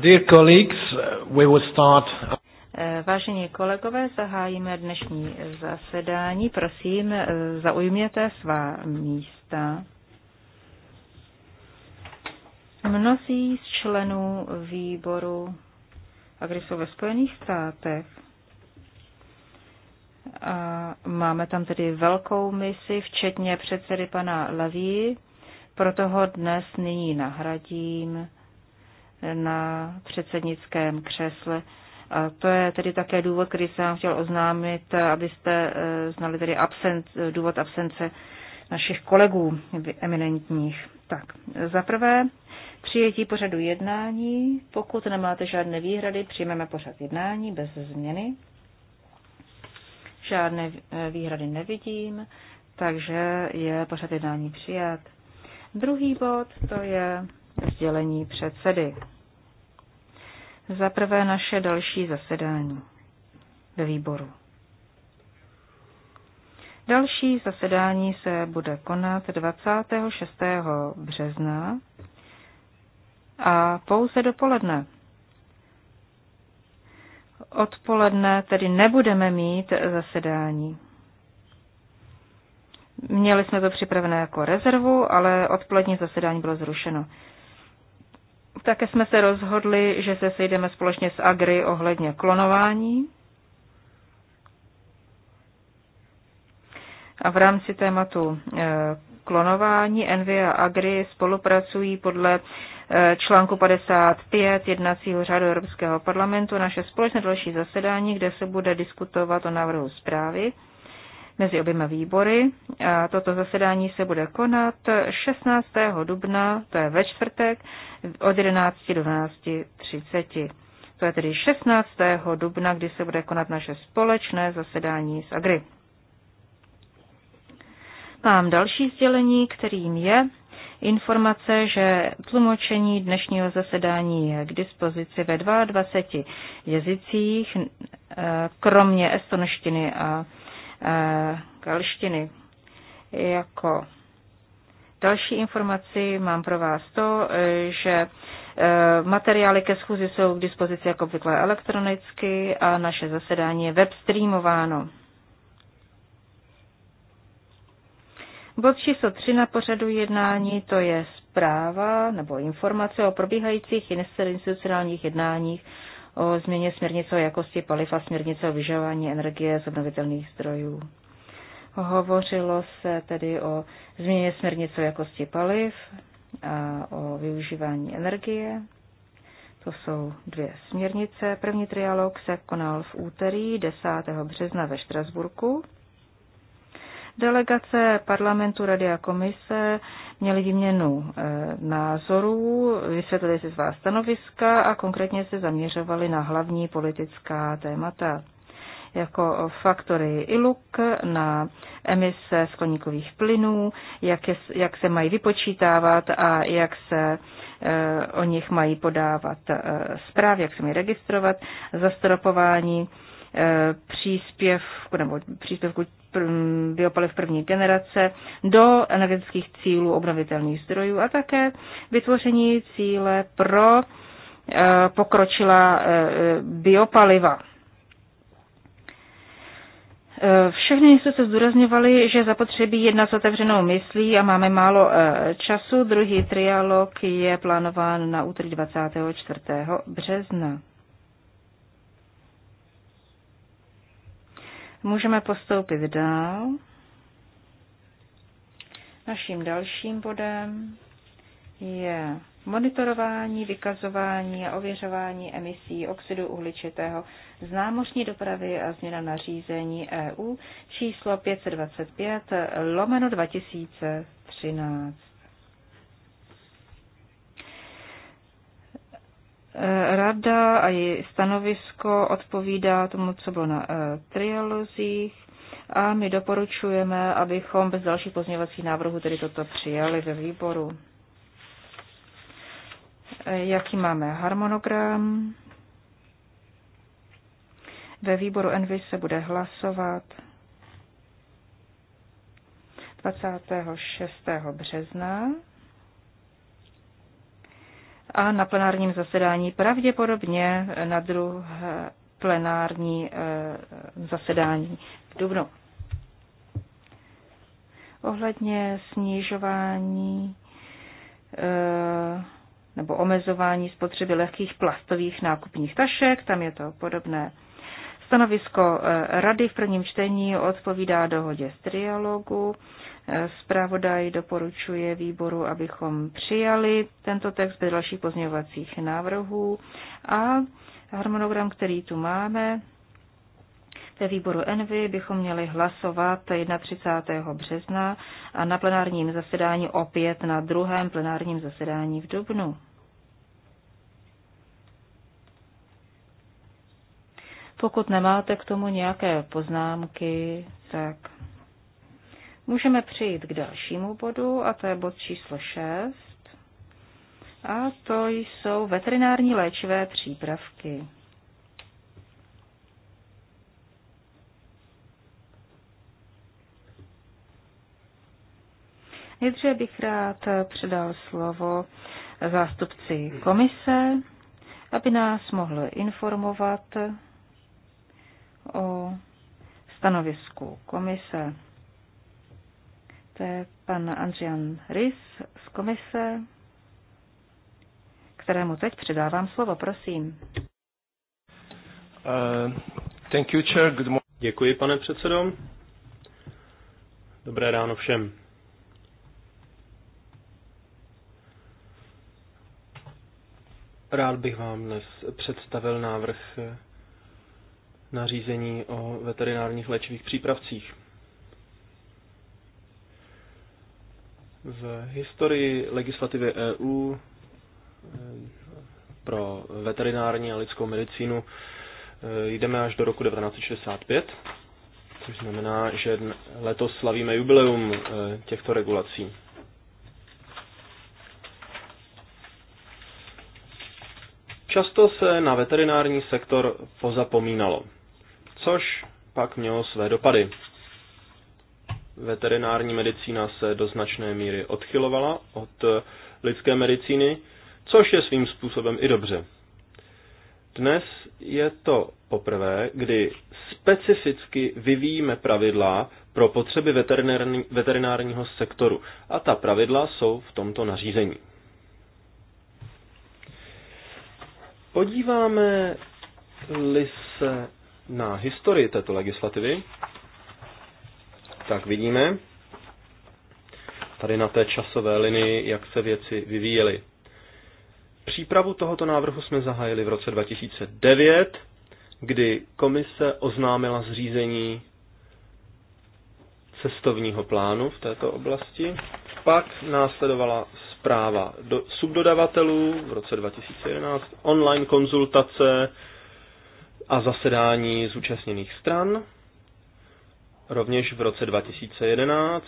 Dear colleagues, we will start. Eh, vážení kolegové, zahájíme dnešní zasedání. Prosím, eh, zaujměte svá místa. Mnozí z členů výboru, a když jsou ve Spojených státech, a máme tam tedy velkou misi, včetně předsedy pana Laví, proto ho dnes nyní nahradím na předsednickém křesle. A to je tedy také důvod, který jsem vám chtěl oznámit, abyste eh, znali tedy absent, důvod absence našich kolegů eminentních. Tak, za prvé přijetí pořadu jednání. Pokud nemáte žádné výhrady, přijmeme pořad jednání bez změny. Žádné eh, výhrady nevidím, takže je pořad jednání přijat. Druhý bod to je sdělení předsedy. Za prvé naše další zasedání ve výboru. Další zasedání se bude konat 26. března a pouze dopoledne. Odpoledne tedy nebudeme mít zasedání. Měli jsme to připravené jako rezervu, ale odpolední zasedání bylo zrušeno. Také jsme se rozhodli, že se sejdeme společně s Agri ohledně klonování. A v rámci tématu eh, klonování Envy a Agri spolupracují podle eh, článku 55 jednacího řádu Evropského parlamentu naše společné další zasedání, kde se bude diskutovat o návrhu zprávy mezi oběma výbory. A toto zasedání se bude konat 16. dubna, to je ve čtvrtek, od 11 do 12.30. To je tedy 16. dubna, kdy se bude konat naše společné zasedání s Agri. Mám další sdělení, kterým je informace, že tlumočení dnešního zasedání je k dispozici ve 22 jazycích, eh, kromě estonštiny a Eh, galštiny. Jako další informaci mám pro vás to, eh, že eh, Materiály ke schůzi jsou k dispozici jako obvykle elektronicky a naše zasedání je webstreamováno. Bod číslo 3 na pořadu jednání to je zpráva nebo informace o probíhajících institucionálních jednáních o změně směrnice o jakosti paliv a směrnice o vyžování energie z obnovitelných zdrojů. Hovořilo se tedy o změně směrnice o jakosti paliv a o využívání energie. To jsou dvě směrnice. První trialog se konal v úterý 10. března ve Štrasburku. Delegace parlamentu, rady a komise měly výměnu eh, názorů, vysvětlili si svá stanoviska a konkrétně se zaměřovali na hlavní politická témata jako faktory ILUK na emise skleníkových plynů, jak, je, jak se mají vypočítávat a jak se e, o nich mají podávat e, zprávy, jak se mají registrovat, zastropování Eh, příspěvku nebo příspěvku biopaliv první generace do energetických cílů obnovitelných zdrojů a také vytvoření cíle pro eh, pokročila eh, biopaliva. Všechny instituce zdůrazňovaly, že zapotřebí jedna s otevřenou myslí a máme málo času. Druhý trialog je plánován na úterý 24. března. Můžeme postoupit dál. Naším dalším bodem je monitorování, vykazování a ověřování emisí oxidu uhličitého z námořní dopravy a změna nařízení EU číslo 525 lomeno 2013. Eh, rada a její stanovisko odpovídá tomu, co bylo na eh, trialozích a my doporučujeme, abychom bez dalších pozměňovacích návrhů tedy toto přijali ve výboru. Eh, jaký máme harmonogram? Ve výboru Envy se bude hlasovat 26. března a na plenárním zasedání pravděpodobně na druhé plenární eh, zasedání v Dubnu. Ohledně snižování eh, nebo omezování spotřeby lehkých plastových nákupních tašek, tam je to podobné. Stanovisko eh, rady v prvním čtení odpovídá dohodě z trialogu. Zpravodaj doporučuje výboru, abychom přijali tento text bez dalších pozměňovacích návrhů a harmonogram, který tu máme, ve výboru Envy bychom měli hlasovat 31. března a na plenárním zasedání opět na druhém plenárním zasedání v Dubnu. Pokud nemáte k tomu nějaké poznámky, tak Můžeme přejít k dalšímu bodu, a to je bod číslo 6. A to jsou veterinární léčivé přípravky. Nejdříve bych rád předal slovo zástupci komise, aby nás mohl informovat o stanovisku komise. Poté pan Andrian Rys z komise, kterému teď předávám slovo, prosím. Uh, thank you, chair. Good morning. Děkuji, pane předsedo. Dobré ráno všem. Rád bych vám dnes představil návrh nařízení o veterinárních léčivých přípravcích. V historii legislativy EU eh, pro veterinární a lidskou medicínu eh, jdeme až do roku 1965, což znamená, že letos slavíme jubileum eh, těchto regulací. Často se na veterinární sektor pozapomínalo, což pak mělo své dopady veterinární medicína se do značné míry odchylovala od lidské medicíny, což je svým způsobem i dobře. Dnes je to poprvé, kdy specificky vyvíjíme pravidla pro potřeby veterinární, veterinárního sektoru a ta pravidla jsou v tomto nařízení. Podíváme-li se na historii této legislativy, tak vidíme tady na té časové linii, jak se věci vyvíjely. Přípravu tohoto návrhu jsme zahájili v roce 2009, kdy komise oznámila zřízení cestovního plánu v této oblasti. Pak následovala zpráva do subdodavatelů v roce 2011, online konzultace a zasedání zúčastněných stran rovněž v roce 2011,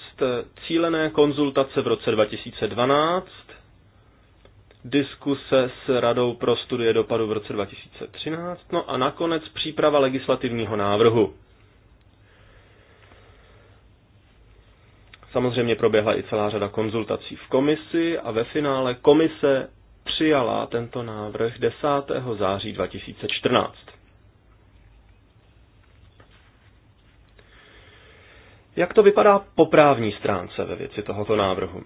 cílené konzultace v roce 2012, diskuse s Radou pro studie dopadu v roce 2013, no a nakonec příprava legislativního návrhu. Samozřejmě proběhla i celá řada konzultací v komisi a ve finále komise přijala tento návrh 10. září 2014. Jak to vypadá po právní stránce ve věci tohoto návrhu?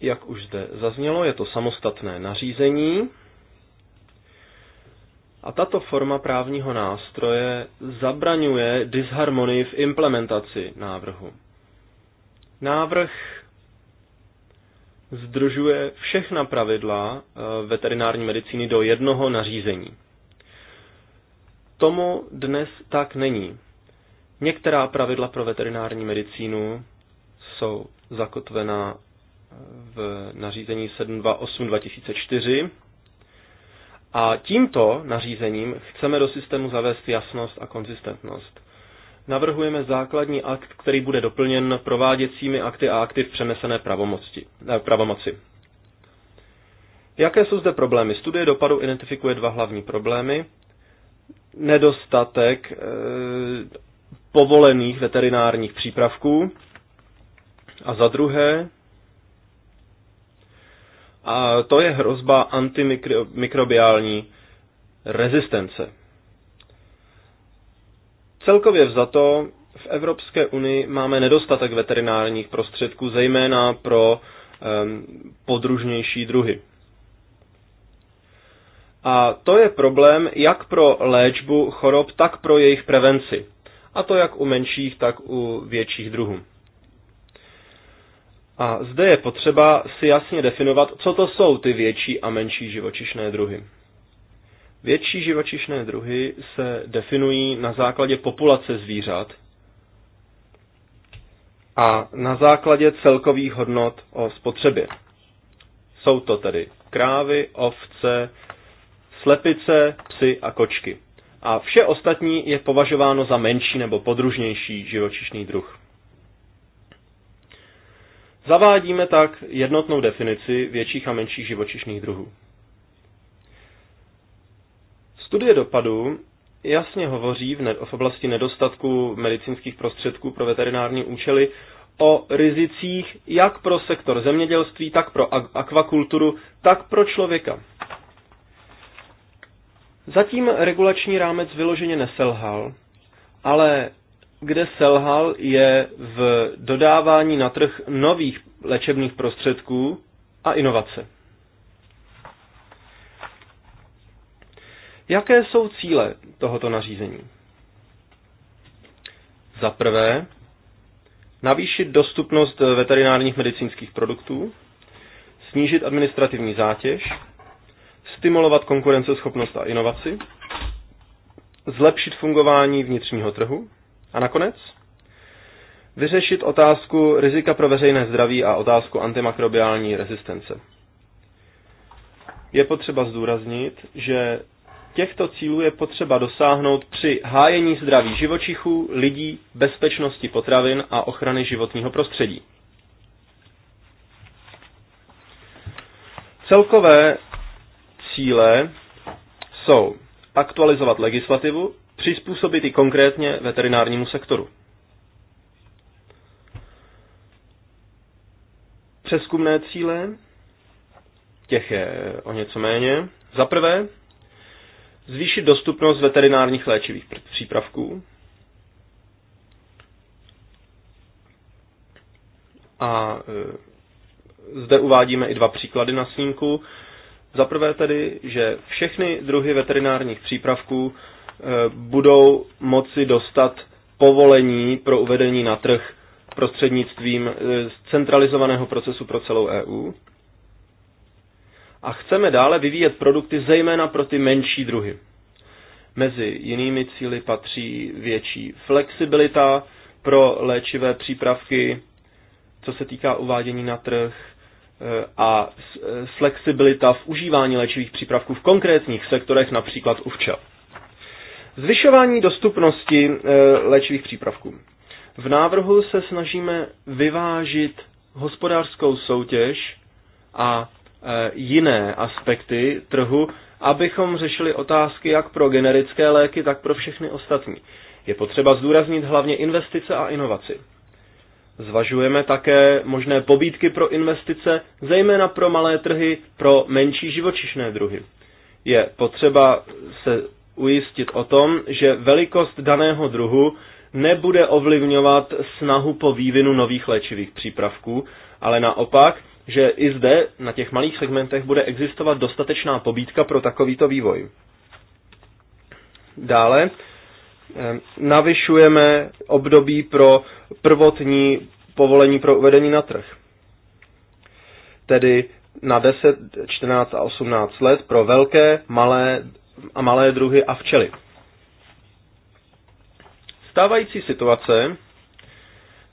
Jak už zde zaznělo, je to samostatné nařízení a tato forma právního nástroje zabraňuje disharmonii v implementaci návrhu. Návrh združuje všechna pravidla eh, veterinární medicíny do jednoho nařízení. Tomu dnes tak není. Některá pravidla pro veterinární medicínu jsou zakotvená eh, v nařízení 728-2004 a tímto nařízením chceme do systému zavést jasnost a konzistentnost. Navrhujeme základní akt, který bude doplněn prováděcími akty a akty v přenesené pravomoci. Eh, pravomoci. Jaké jsou zde problémy? Studie dopadu identifikuje dva hlavní problémy. Nedostatek eh, povolených veterinárních přípravků a za druhé a to je hrozba antimikrobiální rezistence. Celkově vzato v Evropské unii máme nedostatek veterinárních prostředků, zejména pro um, podružnější druhy. A to je problém jak pro léčbu chorob, tak pro jejich prevenci a to jak u menších, tak u větších druhů. A zde je potřeba si jasně definovat, co to jsou ty větší a menší živočišné druhy. Větší živočišné druhy se definují na základě populace zvířat a na základě celkových hodnot o spotřebě. Jsou to tedy krávy, ovce, slepice, psy a kočky a vše ostatní je považováno za menší nebo podružnější živočišný druh. Zavádíme tak jednotnou definici větších a menších živočišných druhů. Studie dopadu jasně hovoří v oblasti nedostatku medicínských prostředků pro veterinární účely o rizicích jak pro sektor zemědělství, tak pro akvakulturu, tak pro člověka. Zatím regulační rámec vyloženě neselhal, ale kde selhal je v dodávání na trh nových léčebných prostředků a inovace. Jaké jsou cíle tohoto nařízení? Za prvé, navýšit dostupnost veterinárních medicínských produktů, snížit administrativní zátěž, stimulovat konkurenceschopnost a inovaci, zlepšit fungování vnitřního trhu a nakonec vyřešit otázku rizika pro veřejné zdraví a otázku antimakrobiální rezistence. Je potřeba zdůraznit, že těchto cílů je potřeba dosáhnout při hájení zdraví živočichů, lidí, bezpečnosti potravin a ochrany životního prostředí. Celkové cíle jsou aktualizovat legislativu, přizpůsobit ji konkrétně veterinárnímu sektoru. Přeskumné cíle, těch je o něco méně. Za prvé, zvýšit dostupnost veterinárních léčivých přípravků. A e, zde uvádíme i dva příklady na snímku. Za prvé tedy, že všechny druhy veterinárních přípravků eh, budou moci dostat povolení pro uvedení na trh prostřednictvím eh, centralizovaného procesu pro celou EU. A chceme dále vyvíjet produkty zejména pro ty menší druhy. Mezi jinými cíly patří větší flexibilita pro léčivé přípravky, co se týká uvádění na trh, a flexibilita v užívání léčivých přípravků v konkrétních sektorech, například u včel. Zvyšování dostupnosti e, léčivých přípravků. V návrhu se snažíme vyvážit hospodářskou soutěž a e, jiné aspekty trhu, abychom řešili otázky jak pro generické léky, tak pro všechny ostatní. Je potřeba zdůraznit hlavně investice a inovaci. Zvažujeme také možné pobídky pro investice, zejména pro malé trhy, pro menší živočišné druhy. Je potřeba se ujistit o tom, že velikost daného druhu nebude ovlivňovat snahu po vývinu nových léčivých přípravků, ale naopak, že i zde, na těch malých segmentech, bude existovat dostatečná pobídka pro takovýto vývoj. Dále Eh, navyšujeme období pro prvotní povolení pro uvedení na trh. Tedy na 10, 14 a 18 let pro velké, malé a malé druhy a včely. Stávající situace,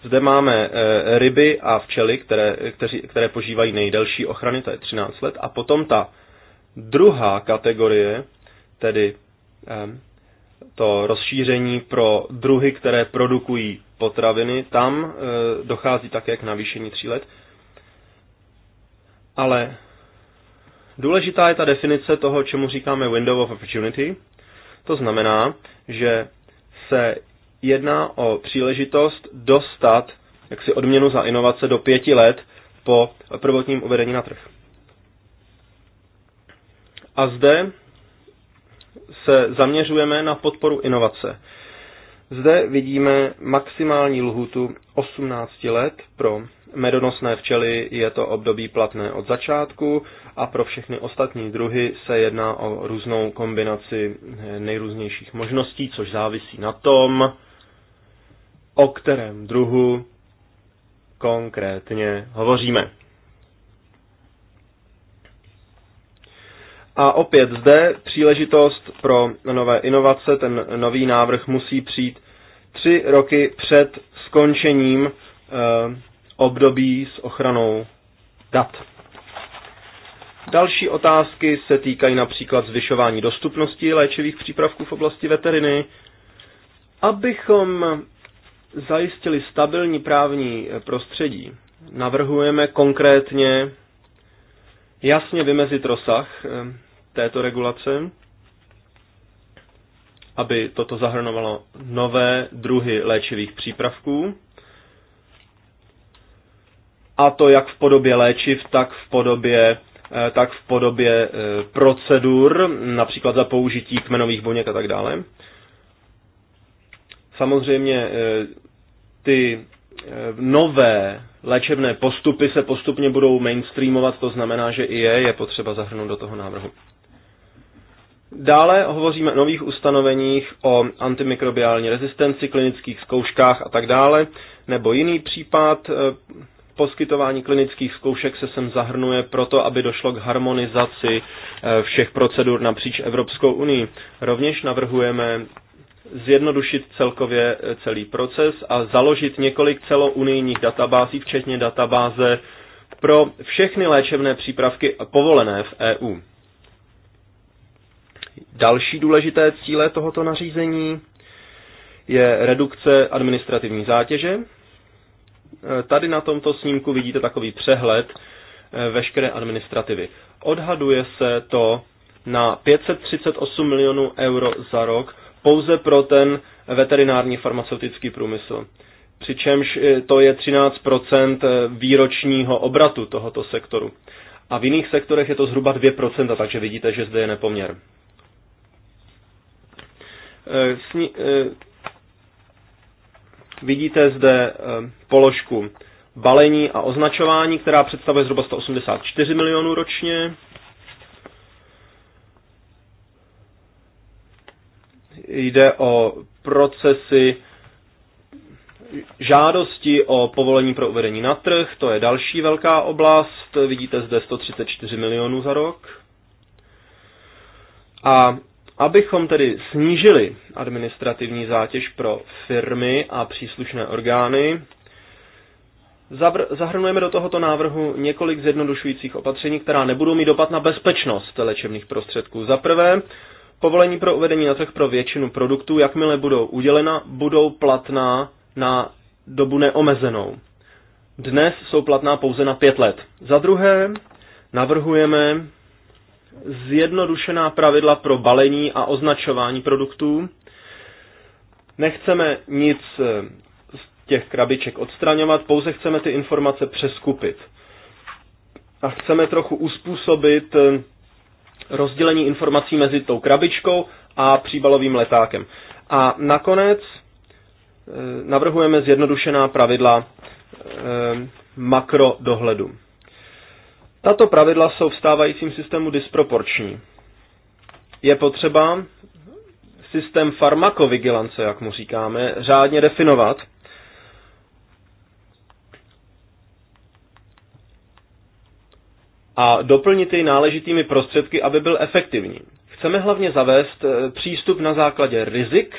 zde máme eh, ryby a včely, které, kteří, které požívají nejdelší ochrany, to je 13 let, a potom ta druhá kategorie, tedy eh, to rozšíření pro druhy, které produkují potraviny, tam e, dochází také k navýšení tří let. Ale důležitá je ta definice toho, čemu říkáme window of opportunity. To znamená, že se jedná o příležitost dostat jaksi odměnu za inovace do pěti let po prvotním uvedení na trh. A zde se zaměřujeme na podporu inovace. Zde vidíme maximální lhutu 18 let. Pro medonosné včely je to období platné od začátku a pro všechny ostatní druhy se jedná o různou kombinaci eh, nejrůznějších možností, což závisí na tom, o kterém druhu konkrétně hovoříme. A opět zde příležitost pro nové inovace, ten nový návrh musí přijít tři roky před skončením eh, období s ochranou dat. Další otázky se týkají například zvyšování dostupnosti léčivých přípravků v oblasti veteriny. Abychom zajistili stabilní právní prostředí, navrhujeme konkrétně jasně vymezit rozsah eh, této regulace, aby toto zahrnovalo nové druhy léčivých přípravků, a to jak v podobě léčiv, tak v podobě eh, tak v podobě eh, procedur, například za použití kmenových buněk a tak dále. Samozřejmě eh, ty nové léčebné postupy se postupně budou mainstreamovat, to znamená, že i je je potřeba zahrnout do toho návrhu. Dále hovoříme o nových ustanoveních o antimikrobiální rezistenci, klinických zkouškách a tak dále, nebo jiný případ eh, poskytování klinických zkoušek se sem zahrnuje proto, aby došlo k harmonizaci eh, všech procedur napříč Evropskou unii. Rovněž navrhujeme zjednodušit celkově eh, celý proces a založit několik celounijních databází, včetně databáze pro všechny léčebné přípravky povolené v EU. Další důležité cíle tohoto nařízení je redukce administrativní zátěže. E, tady na tomto snímku vidíte takový přehled e, veškeré administrativy. Odhaduje se to na 538 milionů euro za rok pouze pro ten veterinární farmaceutický průmysl. Přičemž e, to je 13 výročního obratu tohoto sektoru. A v jiných sektorech je to zhruba 2 takže vidíte, že zde je nepoměr. Eh, sni- eh, vidíte zde eh, položku balení a označování, která představuje zhruba 184 milionů ročně. Jde o procesy žádosti o povolení pro uvedení na trh, to je další velká oblast, vidíte zde 134 milionů za rok. A Abychom tedy snížili administrativní zátěž pro firmy a příslušné orgány, zahrnujeme do tohoto návrhu několik zjednodušujících opatření, která nebudou mít dopad na bezpečnost léčebných prostředků. Za prvé, povolení pro uvedení na trh pro většinu produktů, jakmile budou udělena, budou platná na dobu neomezenou. Dnes jsou platná pouze na pět let. Za druhé, navrhujeme zjednodušená pravidla pro balení a označování produktů. Nechceme nic eh, z těch krabiček odstraňovat, pouze chceme ty informace přeskupit. A chceme trochu uspůsobit eh, rozdělení informací mezi tou krabičkou a příbalovým letákem. A nakonec eh, navrhujeme zjednodušená pravidla makrodohledu. Tato pravidla jsou v stávajícím systému disproporční. Je potřeba systém farmakovigilance, jak mu říkáme, řádně definovat. A doplnit jej náležitými prostředky, aby byl efektivní. Chceme hlavně zavést eh, přístup na základě rizik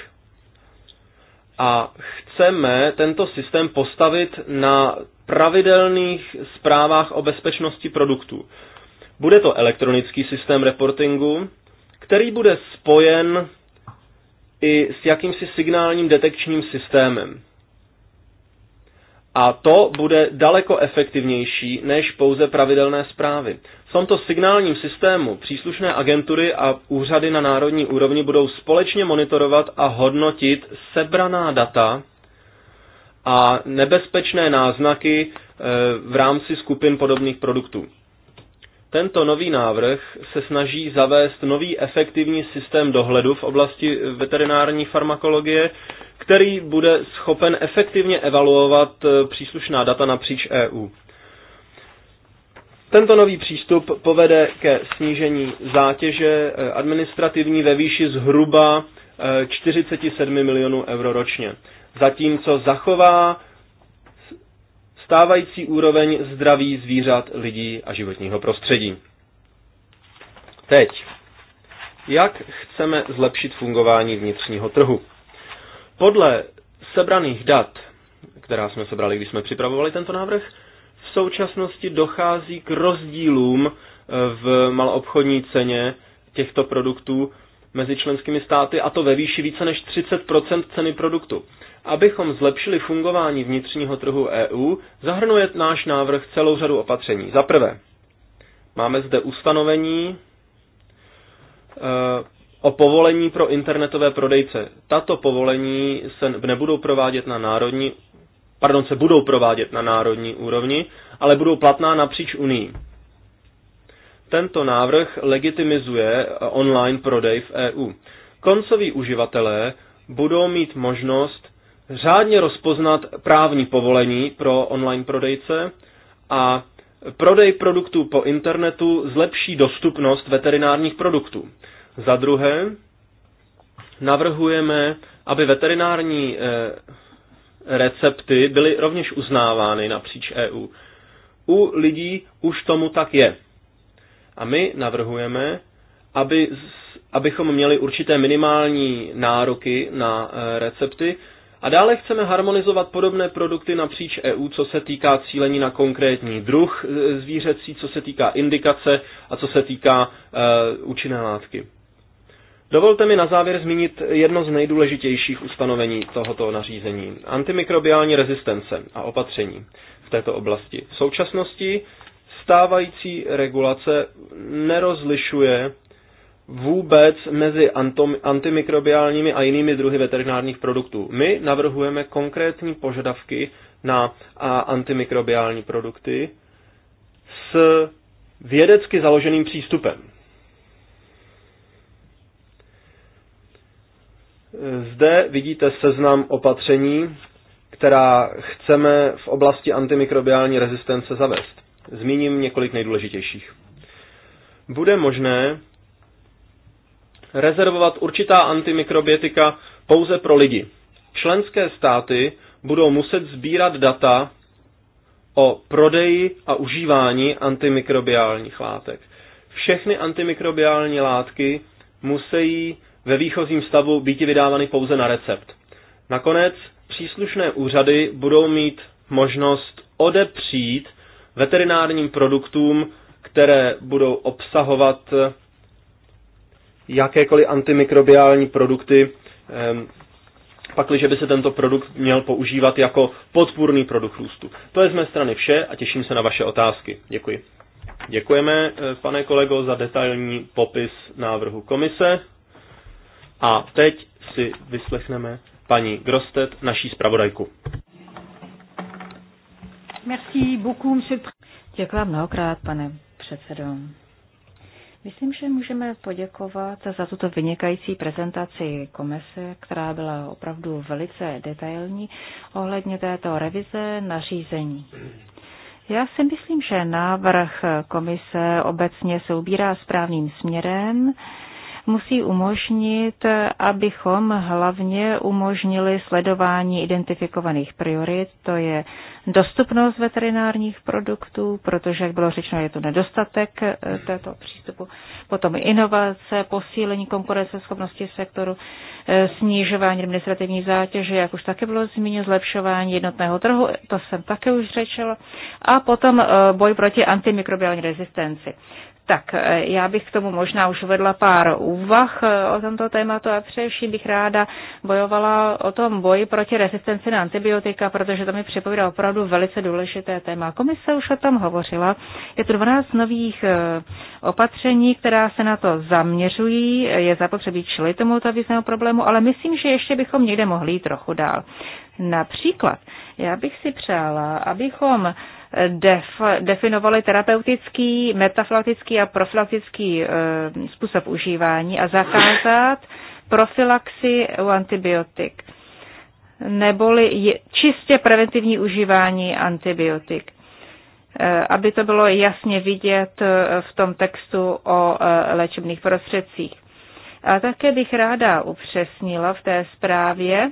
a chceme tento systém postavit na pravidelných zprávách o bezpečnosti produktů. Bude to elektronický systém reportingu, který bude spojen i s jakýmsi signálním detekčním systémem. A to bude daleko efektivnější než pouze pravidelné zprávy. V tomto signálním systému příslušné agentury a úřady na národní úrovni budou společně monitorovat a hodnotit sebraná data a nebezpečné náznaky eh, v rámci skupin podobných produktů. Tento nový návrh se snaží zavést nový efektivní systém dohledu v oblasti eh, veterinární farmakologie, který bude schopen efektivně evaluovat eh, příslušná data napříč EU. Tento nový přístup povede ke snížení zátěže administrativní ve výši zhruba 47 milionů euro ročně zatímco zachová stávající úroveň zdraví zvířat, lidí a životního prostředí. Teď. Jak chceme zlepšit fungování vnitřního trhu? Podle sebraných dat, která jsme sebrali, když jsme připravovali tento návrh, v současnosti dochází k rozdílům eh, v maloobchodní ceně těchto produktů mezi členskými státy, a to ve výši více než 30 ceny produktu. Abychom zlepšili fungování vnitřního trhu EU, zahrnuje náš návrh celou řadu opatření. Za prvé, máme zde ustanovení eh, o povolení pro internetové prodejce. Tato povolení se nebudou provádět na národní, pardon, se budou provádět na národní úrovni, ale budou platná napříč Unii. Tento návrh legitimizuje eh, online prodej v EU. Koncoví uživatelé budou mít možnost řádně rozpoznat právní povolení pro online prodejce a prodej produktů po internetu zlepší dostupnost veterinárních produktů. Za druhé, navrhujeme, aby veterinární eh, recepty byly rovněž uznávány napříč EU. U lidí už tomu tak je. A my navrhujeme, aby, abychom měli určité minimální nároky na eh, recepty, a dále chceme harmonizovat podobné produkty napříč EU, co se týká cílení na konkrétní druh e, zvířecí, co se týká indikace a co se týká e, účinné látky. Dovolte mi na závěr zmínit jedno z nejdůležitějších ustanovení tohoto nařízení. Antimikrobiální rezistence a opatření v této oblasti. V současnosti stávající regulace nerozlišuje vůbec mezi antimikrobiálními a jinými druhy veterinárních produktů. My navrhujeme konkrétní požadavky na antimikrobiální produkty s vědecky založeným přístupem. Zde vidíte seznam opatření, která chceme v oblasti antimikrobiální rezistence zavést. Zmíním několik nejdůležitějších. Bude možné rezervovat určitá antimikrobiotika pouze pro lidi. Členské státy budou muset sbírat data o prodeji a užívání antimikrobiálních látek. Všechny antimikrobiální látky musí ve výchozím stavu být vydávány pouze na recept. Nakonec příslušné úřady budou mít možnost odepřít veterinárním produktům, které budou obsahovat jakékoliv antimikrobiální produkty, pakliže by se tento produkt měl používat jako podpůrný produkt růstu. To je z mé strany vše a těším se na vaše otázky. Děkuji. Děkujeme, eh, pane kolego, za detailní popis návrhu komise. A teď si vyslechneme paní Grostet, naší zpravodajku. Děkuji mnohokrát, pane předsedo. Myslím, že můžeme poděkovat za tuto vynikající prezentaci komise, která byla opravdu velice detailní ohledně této revize nařízení. Já si myslím, že návrh komise obecně se ubírá správným směrem musí umožnit, abychom hlavně umožnili sledování identifikovaných priorit, to je dostupnost veterinárních produktů, protože, jak bylo řečeno, je to nedostatek eh, této přístupu, potom inovace, posílení konkurenceschopnosti sektoru, eh, snižování administrativní zátěže, jak už také bylo zmíněno, zlepšování jednotného trhu, to jsem také už řečela, a potom eh, boj proti antimikrobiální rezistenci. Tak e, já bych k tomu možná už uvedla pár úvah e, o tomto tématu a především bych ráda bojovala o tom boji proti rezistenci na antibiotika, protože to mi připovídá opravdu velice důležité téma. Komise už o tom hovořila. Je tu 12 nových e, opatření, která se na to zaměřují. Je zapotřebí čili tomuto významu problému, ale myslím, že ještě bychom někde mohli jít trochu dál. Například, já bych si přála, abychom def, definovali terapeutický, metafylaktický a profilaktický e, způsob užívání a zakázat profilaxi u antibiotik, neboli je čistě preventivní užívání antibiotik eh, aby to bylo jasně vidět eh, v tom textu o léčebných prostředcích. A také bych ráda upřesnila v té zprávě,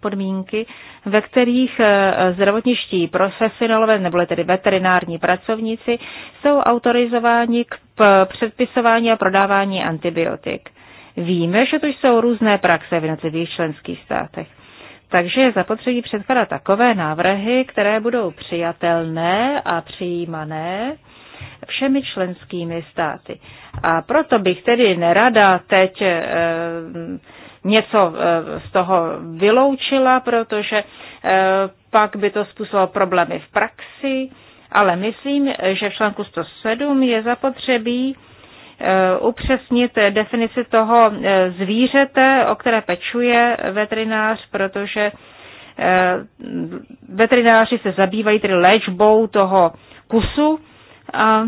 podmínky, ve kterých eh, zdravotniští profesionálové, nebo tedy veterinární pracovníci, jsou autorizováni k předpisování a prodávání antibiotik. Víme, že to jsou různé praxe v jednotlivých členských státech. Takže je zapotřebí předkladat takové návrhy, které budou přijatelné a přijímané všemi členskými státy. A proto bych tedy nerada teď eh, něco eh, z toho vyloučila, protože eh, pak by to způsobilo problémy v praxi, ale myslím, že v článku 107 je zapotřebí eh, upřesnit definici toho zvířete, o které pečuje veterinář, protože veterináři se zabývají tedy léčbou toho kusu a,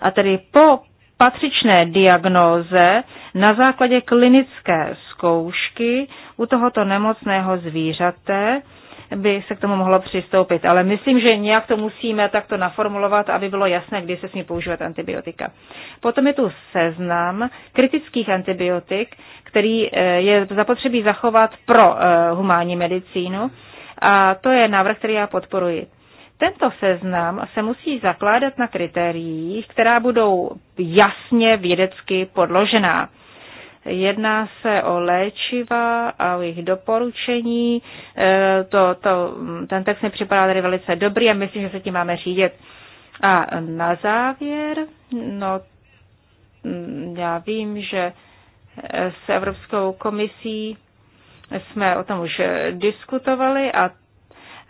a tedy po patřičné diagnóze na základě klinické zkoušky u tohoto nemocného zvířete by se k tomu mohlo přistoupit. Ale myslím, že nějak to musíme takto naformulovat, aby bylo jasné, kdy se smí používat antibiotika. Potom je tu seznam kritických antibiotik, který eh, je zapotřebí zachovat pro eh, humánní medicínu. A to je návrh, který já podporuji. Tento seznam se musí zakládat na kritériích, která budou jasně vědecky podložená. Jedná se o léčiva a o jejich doporučení. E, to, to, ten text mi připadá tady velice dobrý a myslím, že se tím máme řídit. A na závěr, no, mm, já vím, že s Evropskou komisí jsme o tom už e, diskutovali a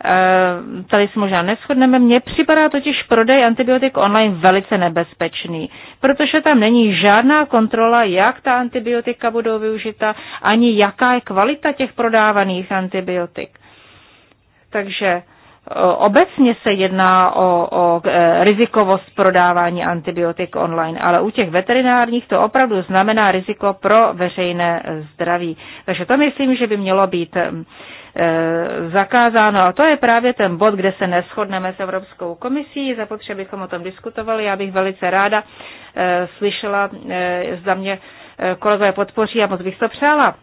Eh, tady se možná neschodneme, mně připadá totiž prodej antibiotik online velice nebezpečný, protože tam není žádná kontrola, jak ta antibiotika budou využita, ani jaká je kvalita těch prodávaných antibiotik. Takže eh, obecně se jedná o, o eh, rizikovost prodávání antibiotik online, ale u těch veterinárních to opravdu znamená riziko pro veřejné zdraví. Takže to myslím, že by mělo být hm, Eh, zakázáno. A to je právě ten bod, kde se neschodneme s Evropskou komisí. Zapotřebí bychom o tom diskutovali. Já bych velice ráda eh, slyšela, eh, zda mě kolegové podpoří a moc bych to přála.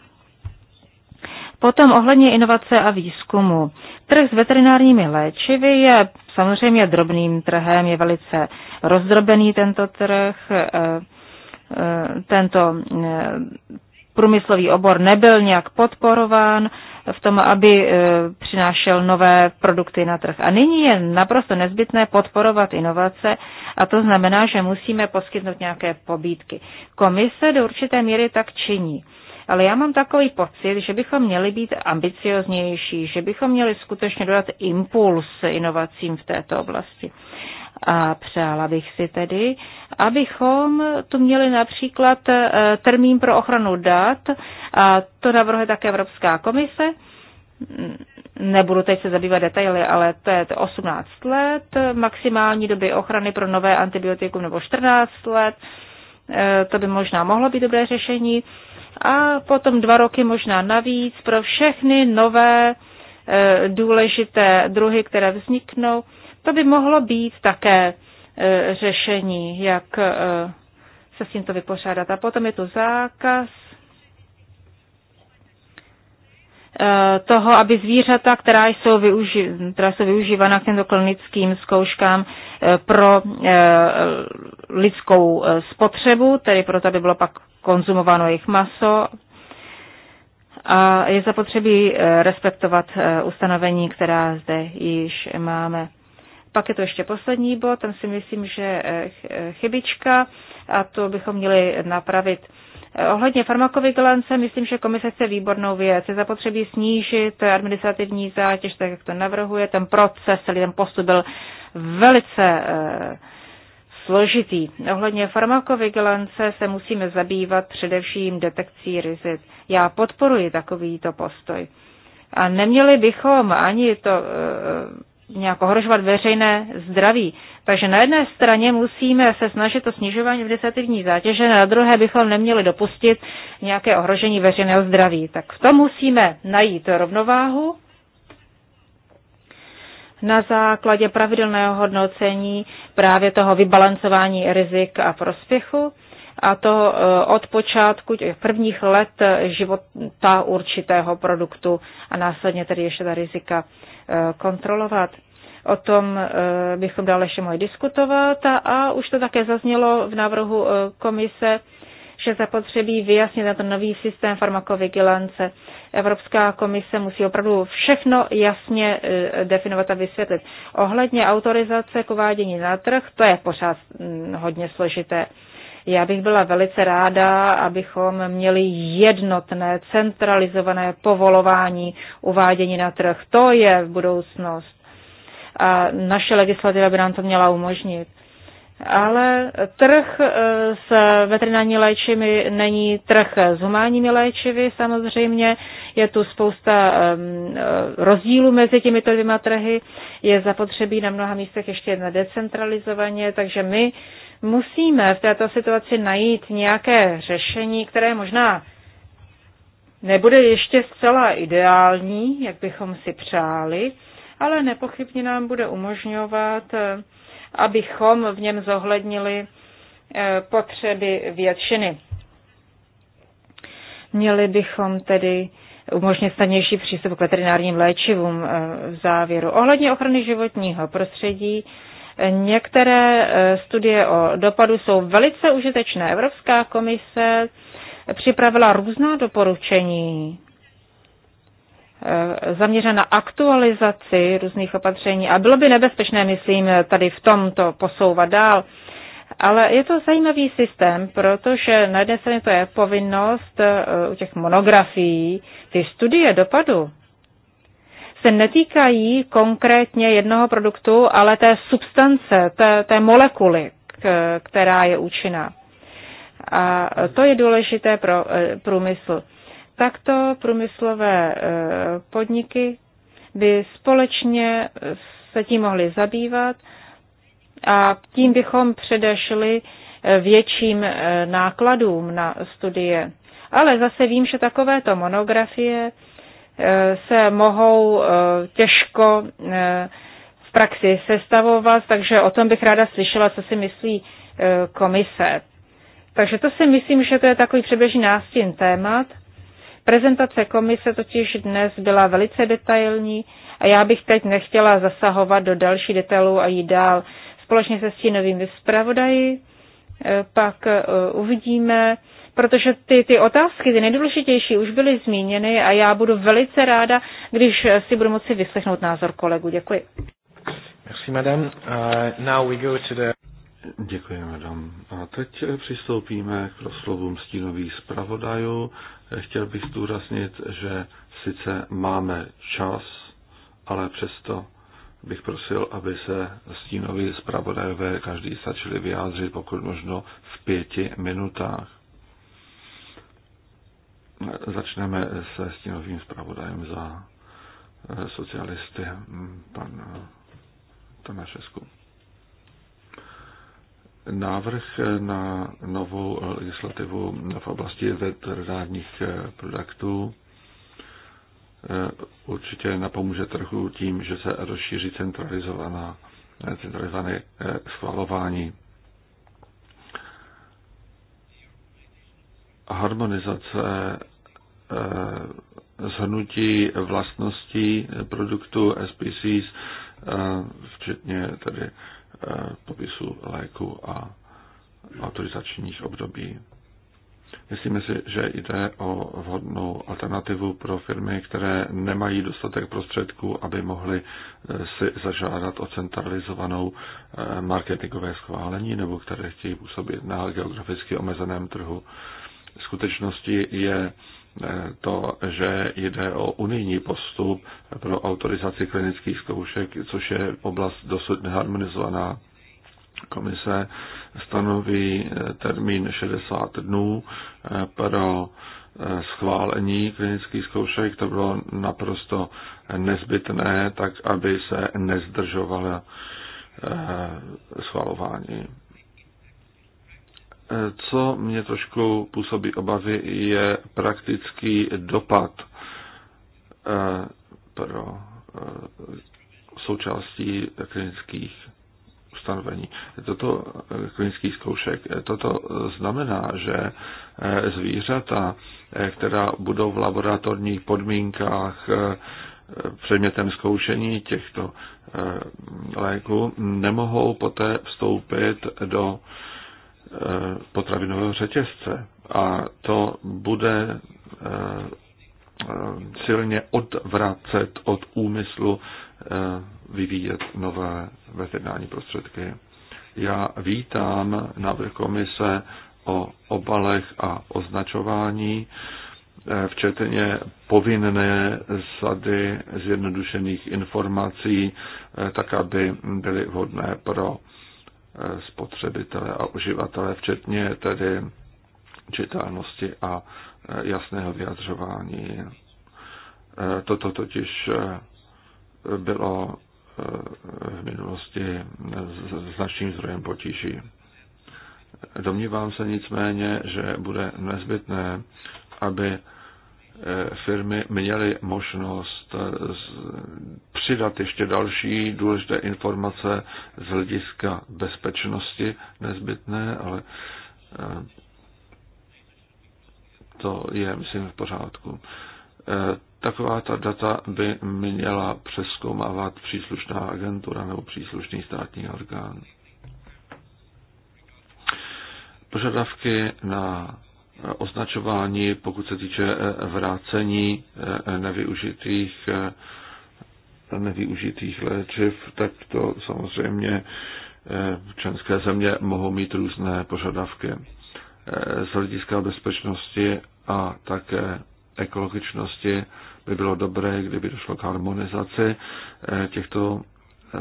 Potom ohledně inovace a výzkumu. Trh s veterinárními léčivy je samozřejmě drobným trhem, je velice rozdrobený tento trh. Tento průmyslový obor nebyl nějak podporován v tom, aby e, přinášel nové produkty na trh. A nyní je naprosto nezbytné podporovat inovace a to znamená, že musíme poskytnout nějaké pobídky. Komise do určité míry tak činí. Ale já mám takový pocit, že bychom měli být ambicioznější, že bychom měli skutečně dodat impuls inovacím v této oblasti. A přála bych si tedy, abychom tu měli například eh, termín pro ochranu dat, a to navrhuje také Evropská komise. Nebudu teď se zabývat detaily, ale to je 18 let, maximální doby ochrany pro nové antibiotikum nebo 14 let, eh, to by možná mohlo být dobré řešení. A potom dva roky možná navíc pro všechny nové eh, důležité druhy, které vzniknou to by mohlo být také e, řešení, jak e, se s tímto vypořádat. A potom je tu zákaz e, toho, aby zvířata, která jsou, využi- která jsou využívána k těmto klinickým zkouškám pro lidskou spotřebu, tedy proto, aby bylo pak konzumováno jejich maso, a je zapotřebí respektovat ustanovení, která zde již máme. Pak je to ještě poslední bod, tam si myslím, že eh, eh, chybička a to bychom měli napravit. Eh, ohledně farmakovigilance, myslím, že komise chce výbornou věc. Je zapotřebí snížit administrativní zátěž, tak jak to navrhuje. Ten proces, celý ten postup byl velice složitý. Ohledně farmakovigilance se musíme zabývat především detekcí rizik. Já podporuji takovýto postoj. A neměli bychom ani to nějak ohrožovat veřejné zdraví. Takže na jedné straně musíme se snažit o snižování administrativní zátěže, na druhé bychom neměli dopustit nějaké ohrožení veřejného zdraví. Tak v tom musíme najít rovnováhu na základě pravidelného hodnocení právě toho vybalancování rizik a prospěchu a to eh, od počátku těch prvních let života určitého produktu a následně tedy ještě ta rizika Eh, kontrolovat. O tom eh, bychom dále ještě mohli diskutovat a, a už to také zaznělo v návrhu eh, komise, že zapotřebí vyjasnit na ten nový systém farmakovigilance. Evropská komise musí opravdu všechno jasně definovat a vysvětlit. Ohledně autorizace k uvádění na trh, to je pořád mm, hodně složité. Já bych byla velice ráda, abychom měli jednotné, centralizované povolování uvádění na trh. To je budoucnost. A naše legislativa by nám to měla umožnit. Ale trh eh, s veterinární léčivy není trh s humánními léčivy samozřejmě. Je tu spousta ehm, eh, rozdílů mezi těmito dvěma trhy. Je zapotřebí na mnoha místech ještě na decentralizovaně, takže my Musíme v této situaci najít nějaké řešení, které možná nebude ještě zcela ideální, jak bychom si přáli, ale nepochybně nám bude umožňovat, eh, abychom v něm zohlednili eh, potřeby většiny. Měli bychom tedy umožnit snadnější přístup k veterinárním léčivům eh, v závěru. Ohledně ochrany životního prostředí Některé e, studie o dopadu jsou velice užitečné. Evropská komise připravila různá doporučení e, zaměřena na aktualizaci různých opatření. A bylo by nebezpečné, myslím, tady v tomto posouvat dál. Ale je to zajímavý systém, protože na jedné straně to je povinnost e, u těch monografií, ty studie dopadu se netýkají konkrétně jednoho produktu, ale té substance, té, té molekuly, která je účinná. A to je důležité pro eh, průmysl. Takto průmyslové eh, podniky by společně se tím mohly zabývat a tím bychom předešli eh, větším nákladům na studie. Ale zase vím, že takovéto monografie se mohou eh, těžko eh, v praxi sestavovat, takže o tom bych ráda slyšela, co si myslí eh, komise. Takže to si myslím, že to je takový přeběžný nástin témat. Prezentace komise totiž dnes byla velice detailní a já bych teď nechtěla zasahovat do další detailů a jít dál. Společně se stínovými zpravodaji pak uvidíme, protože ty, ty otázky, ty nejdůležitější, už byly zmíněny a já budu velice ráda, když si budu moci vyslechnout názor kolegu. Děkuji. Merci, madame. Uh, now we go to the... Děkuji, madam. A teď přistoupíme k proslovům stínových zpravodajů. Chtěl bych zdůraznit, že sice máme čas, ale přesto bych prosil, aby se stínoví zpravodajové každý stačili vyjádřit pokud možno v pěti minutách. Začneme se stínovým zpravodajem za eh, socialisty, mm, pan eh, Tomášesku. Návrh eh, na novou legislativu v oblasti veterinárních produktů určitě napomůže trhu tím, že se rozšíří centralizovaná, centralizované schvalování. Harmonizace Eh, zhrnutí vlastností produktu SPCs, eh, včetně tedy eh, popisu léku a autorizačních období. Myslíme si, že jde o vhodnou alternativu pro firmy, které nemají dostatek prostředků, aby mohly si zažádat o centralizovanou marketingové schválení nebo které chtějí působit na geograficky omezeném trhu. Skutečností je Eh, to, že jde o unijní postup pro autorizaci klinických zkoušek, což je oblast dosud neharmonizovaná. Komise stanoví eh, termín 60 dnů eh, pro schválení klinických zkoušek. To bylo naprosto nezbytné, tak aby se nezdržovalo schvalování co mě trošku působí obavy, je praktický dopad eh, pro eh, součástí klinických ustanovení. Toto eh, klinický zkoušek, toto znamená, že zvířata, která budou v laboratorních podmínkách předmětem zkoušení těchto léků, nemohou poté vstoupit do Eh, potravinového řetězce. A to bude eh, silně odvracet od úmyslu eh, vyvíjet nové veterinární prostředky. Já vítám návrh komise o obalech a označování, včetně povinné sady zjednodušených informací, tak aby byly vhodné pro spotřebitele a uživatele, včetně tedy čitelnosti a e, jasného vyjadřování. E, toto totiž e, bylo v minulosti značným zdrojem potíží. Domnívám se nicméně, že bude nezbytné, aby firmy měly možnost přidat ještě další důležité informace z hlediska bezpečnosti nezbytné, ale eh, to je, myslím, v pořádku. Eh, taková ta data by měla přeskoumávat příslušná agentura nebo příslušný státní orgán. Požadavky na označování, pokud se týče eh, vrácení nevyužitých nevyužitých léčiv, tak to samozřejmě eh, členské země mohou mít různé požadavky eh, z hlediska bezpečnosti a také ekologičnosti by bylo dobré, kdyby došlo k harmonizaci eh, těchto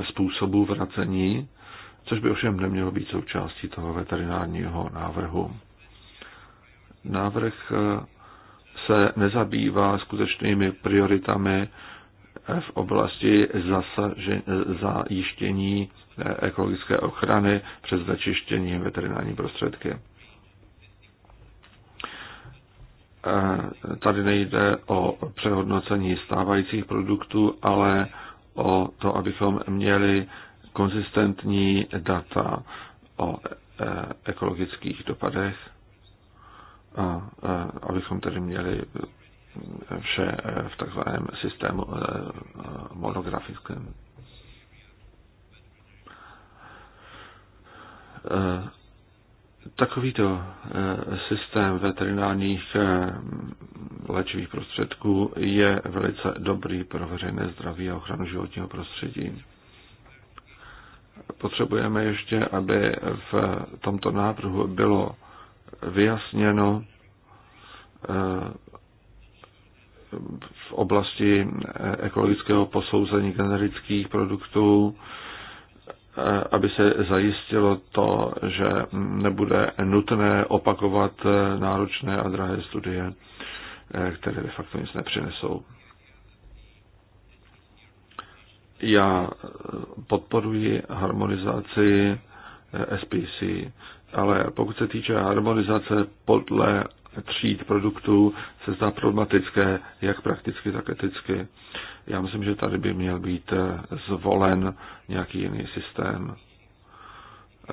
způsobů vracení, což by ovšem nemělo být součástí toho veterinárního návrhu. Návrh se nezabývá skutečnými prioritami v oblasti zajištění eh, ekologické ochrany přes začištění veterinární prostředky. Eh, tady nejde o přehodnocení stávajících produktů, ale o to, abychom měli konzistentní data o eh, ekologických dopadech, a abychom tedy měli vše eh, v takzvaném systému eh, monografickém. Eh, takovýto systém veterinárních léčivých prostředků je velice dobrý pro veřejné zdraví a ochranu životního prostředí. Potřebujeme ještě, aby v tomto návrhu bylo vyjasněno, v oblasti ekologického posouzení generických produktů, eh, aby se zajistilo to, že nebude nutné opakovat náročné a drahé studie, eh, které de facto nic nepřinesou. Já podporuji harmonizaci eh, SPC, ale pokud se týče harmonizace podle tříd produktů se zdá problematické, jak prakticky, tak eticky. Já myslím, že tady by měl být eh, zvolen nějaký jiný systém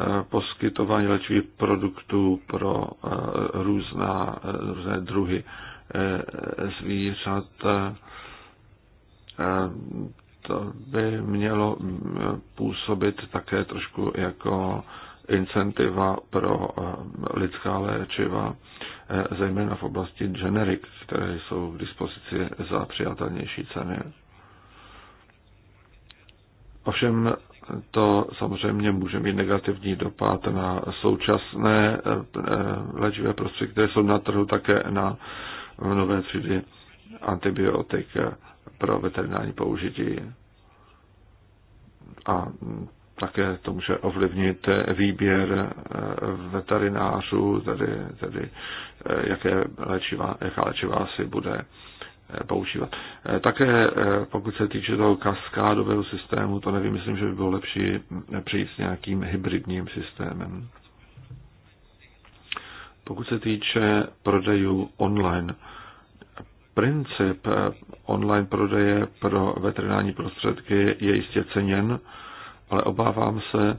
eh, poskytování léčivých produktů pro eh, různá, různé druhy zvířat. To by mělo mm, působit také trošku jako incentiva pro eh, lidská léčiva, eh, zejména v oblasti generik, které jsou k dispozici za přijatelnější ceny. Ovšem to samozřejmě může mít negativní dopad na současné eh, léčivé prostředky, které jsou na trhu také na nové třídy antibiotik pro veterinární použití. A také to může ovlivnit výběr eh, veterinářů, tedy, tedy eh, jaké léčiva, jaká léčiva si bude eh, používat. Také pokud se týče toho kaskádového systému, to nevím, myslím, že by bylo lepší přijít s nějakým hybridním systémem. Pokud se týče prodejů online, princip online prodeje pro veterinární prostředky je jistě ceněn, ale obávám se,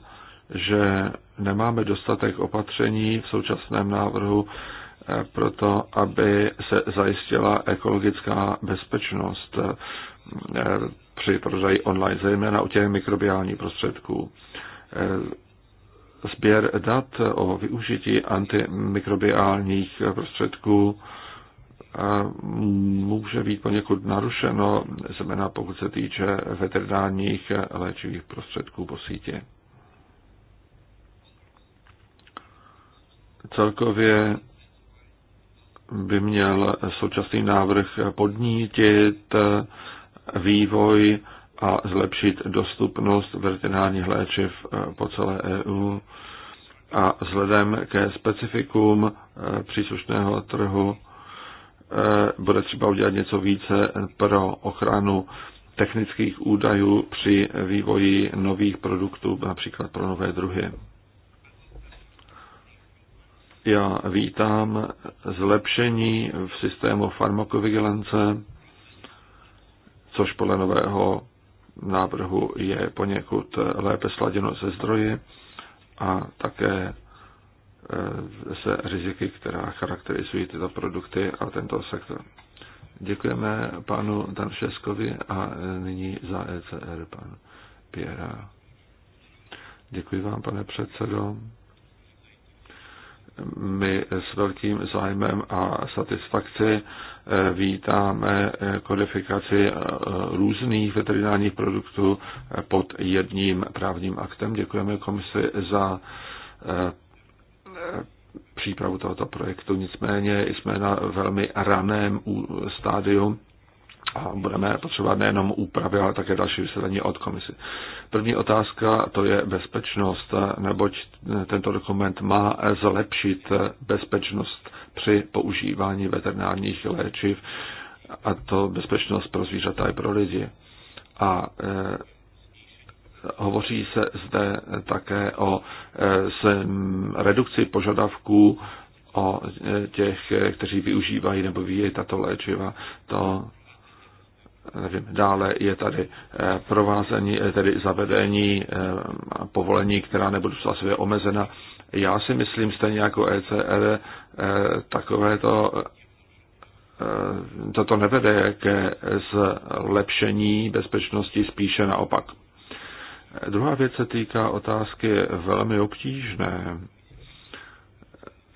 že nemáme dostatek opatření v současném návrhu eh, pro to, aby se zajistila ekologická bezpečnost eh, při prodeji online, zejména u těch mikrobiálních prostředků. Eh, sběr dat o využití antimikrobiálních prostředků může být poněkud narušeno, zejména pokud se týče veterinárních léčivých prostředků po sítě. Celkově by měl současný návrh podnítit vývoj a zlepšit dostupnost veterinárních léčiv po celé EU a vzhledem ke specifikům příslušného trhu Eh, bude třeba udělat něco více pro ochranu technických údajů při vývoji nových produktů, například pro nové druhy. Já vítám zlepšení v systému farmakovigilance, což podle nového návrhu je poněkud lépe sladěno ze zdroje a také se riziky, která charakterizují tyto produkty a tento sektor. Děkujeme panu Danšeskovi a nyní za ECR pan Pěra. Děkuji vám, pane předsedo. My s velkým zájmem a satisfakci eh, vítáme eh, kodifikaci eh, různých veterinárních produktů pod jedním právním aktem. Děkujeme komisi za přípravu tohoto projektu. Nicméně jsme na velmi raném stádiu a budeme potřebovat nejenom úpravy, ale také další vysvětlení od komisy. První otázka to je bezpečnost, neboť tento dokument má zlepšit bezpečnost při používání veterinárních léčiv a to bezpečnost pro zvířata i pro lidi. A e, Hovoří se zde také o e, redukci požadavků o e, těch, e, kteří využívají nebo vyjíjí tato léčiva. To nevím, dále je tady provázení, tedy zavedení povolení, která nebudu svě omezena. Já si myslím, stejně jako ECR, to toto nevede ke zlepšení bezpečnosti, spíše naopak. Druhá věc se týká otázky velmi obtížné.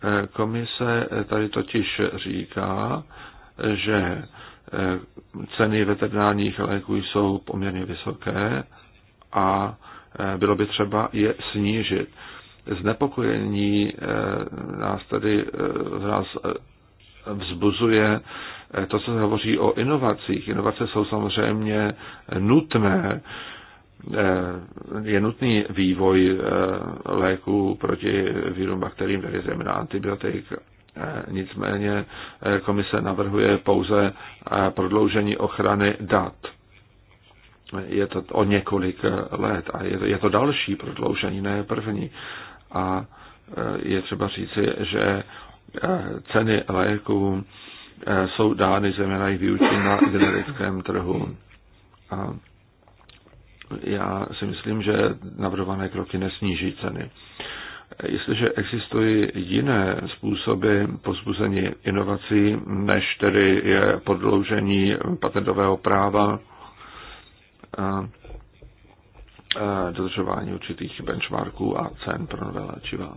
Eh, komise tady totiž říká, že eh, ceny veterinárních léků jsou poměrně vysoké a eh, bylo by třeba je snížit. Znepokojení nás tady nás vzbuzuje to, co se hovoří o inovacích. Inovace jsou samozřejmě nutné, Eh, je nutný vývoj eh, léků proti vírům, bakteriím, tedy zejména antibiotik. Eh, nicméně komise navrhuje pouze prodloužení ochrany dat. Je to o několik let a je to, je to další prodloužení, ne první. A je třeba říci, že ceny léků jsou dány zejména i výučí na generickém trhu. A já si myslím, že navrhované kroky nesníží ceny. Jestliže existují jiné způsoby pozbuzení inovací, než tedy je podloužení patentového práva, a dodržování určitých benchmarků a cen pro nové léčiva.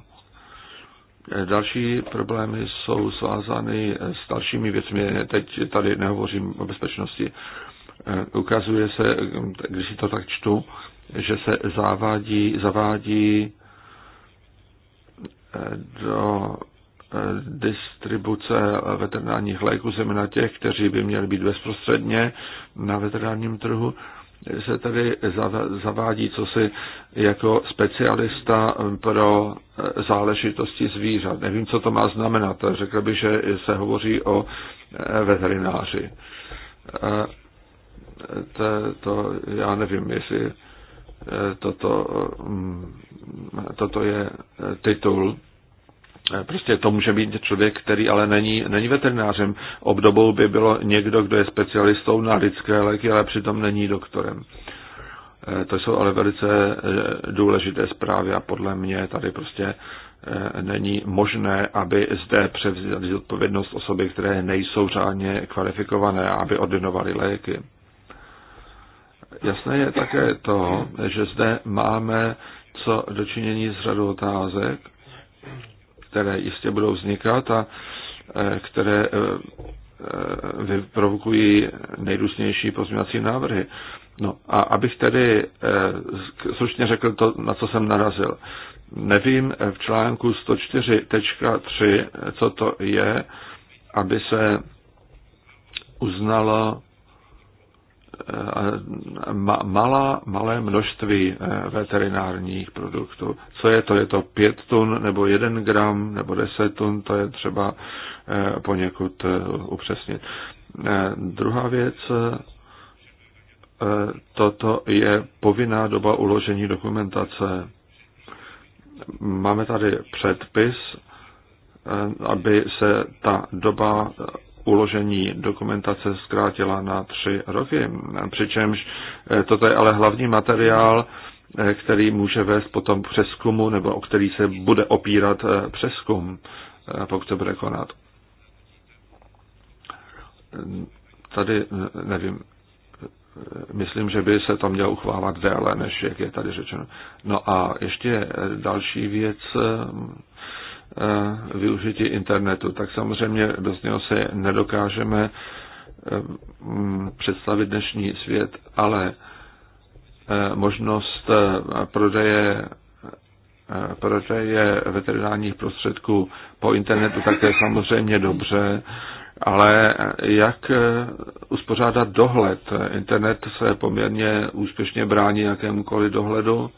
Další problémy jsou svázány s dalšími věcmi. Teď tady nehovořím o bezpečnosti. Eh, ukazuje se, eh, když si to tak čtu, že se zavádí, zavádí eh, do distribuce veterinárních léků, zejména těch, kteří by měli být bezprostředně na veterinárním trhu, se tady zavádí cosi jako specialista pro záležitosti zvířat. Nevím, co to má znamenat. Řekl bych, že se hovoří o veterináři to, to já nevím, jestli eh, toto, mm, toto je eh, titul. Eh, prostě to může být člověk, který ale není, není veterinářem. Obdobou by bylo někdo, kdo je specialistou na lidské léky, ale přitom není doktorem. To jsou ale velice důležité zprávy a podle mě tady prostě není možné, aby zde převzali odpovědnost osoby, které nejsou řádně kvalifikované, aby ordinovali léky. Jasné je také to, že zde máme co dočinění s řadou otázek, které jistě budou vznikat a e, které e, e, vyprovokují nejrůznější pozměňovací návrhy. No a abych tedy slušně řekl to, na co jsem narazil. Nevím v článku 104.3, co to je, aby se uznalo Eh, malá, malé množství eh, veterinárních produktů. Co je to? Je to 5 tun nebo 1 gram nebo 10 tun? To je třeba eh, poněkud upřesnit. Druhá věc, toto je povinná doba uložení dokumentace. Máme tady předpis, aby se ta doba uložení dokumentace zkrátila na tři roky. Přičemž eh, toto je ale hlavní materiál, eh, který může vést potom přeskumu, nebo o který se bude opírat eh, přeskum, pokud to bude konat. Tady, nevím, myslím, že by se to mělo uchvávat déle, než jak je tady řečeno. No a ještě další věc, Eh, využití internetu, tak samozřejmě bez něho se nedokážeme eh, mm, představit dnešní svět, ale eh, možnost prodeje prodeje veterinárních prostředků po internetu, také samozřejmě dobře, ale jak uspořádat dohled? Internet se poměrně úspěšně brání jakémukoliv dohledu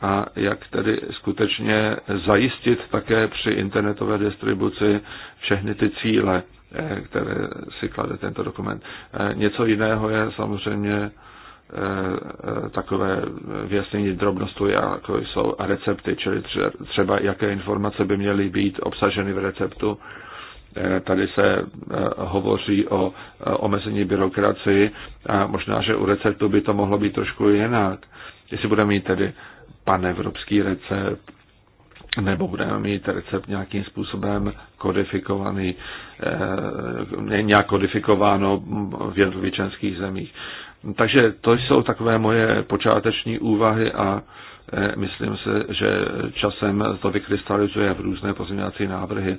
a jak tedy skutečně zajistit také při internetové distribuci všechny ty cíle, eh, které si klade tento dokument. Eh, něco jiného je samozřejmě eh, takové vyjasnění drobnostů, jako jsou recepty, čili třeba jaké informace by měly být obsaženy v receptu. Tady se hovoří o omezení byrokracii a možná, že u receptu by to mohlo být trošku jinak. Jestli budeme mít tedy panevropský recept, nebo budeme mít recept nějakým způsobem kodifikovaný, eh, nějak kodifikováno v jednotlivých zemích. Takže to jsou takové moje počáteční úvahy a eh, myslím se, že časem to vykrystalizuje v různé pozměňovací návrhy.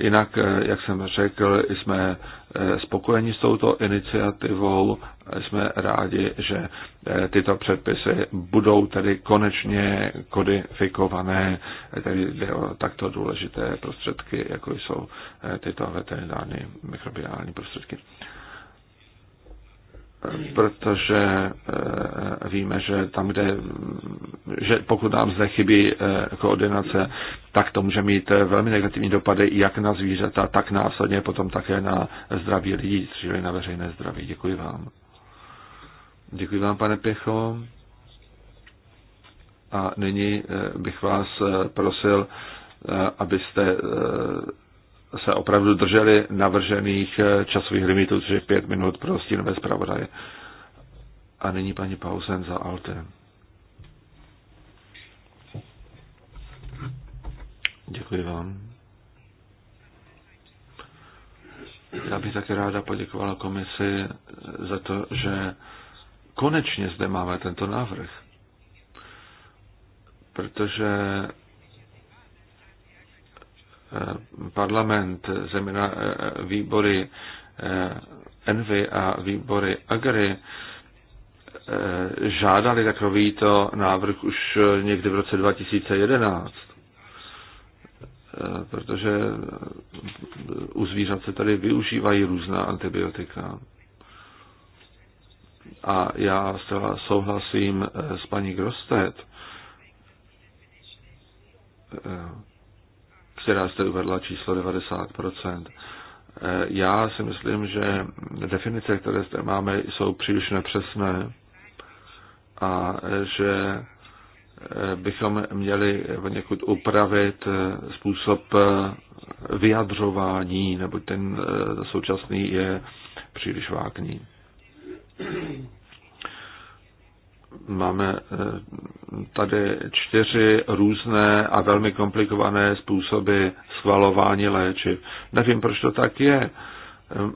Jinak, eh, jak jsem řekl, jsme eh, spokojeni s touto iniciativou jsme rádi, že eh, tyto předpisy budou tedy konečně kodifikované, eh, tedy jde o takto důležité prostředky, jako jsou eh, tyto veterinární mikrobiální prostředky. Protože víme, že tam, kde, že pokud nám zde chybí koordinace, tak to může mít velmi negativní dopady jak na zvířata, tak následně potom také na zdraví lidí, čili na veřejné zdraví. Děkuji vám. Děkuji vám, pane Pěcho. A nyní eh, bych vás eh, prosil, eh, abyste se opravdu drželi navržených časových limitů, což je pět minut pro stínové zpravodaje. A nyní paní Pausen za Alte. Děkuji vám. Já bych také ráda poděkovala komisi za to, že konečně zde máme tento návrh. Protože eh, parlament, zeměna, eh, výbory eh, Envy a výbory Agri, žádali takovýto návrh už někdy v roce 2011. Protože u zvířat se tady využívají různá antibiotika. A já zcela souhlasím eh, s paní Grostet, eh, která jste uvedla číslo 90%. Eh, já si myslím, že definice, které zde máme, jsou příliš nepřesné a že bychom měli někud upravit způsob vyjadřování, neboť ten současný je příliš vágní. Máme eh, tady čtyři různé a velmi komplikované způsoby schvalování léčiv. Nevím, proč to tak je.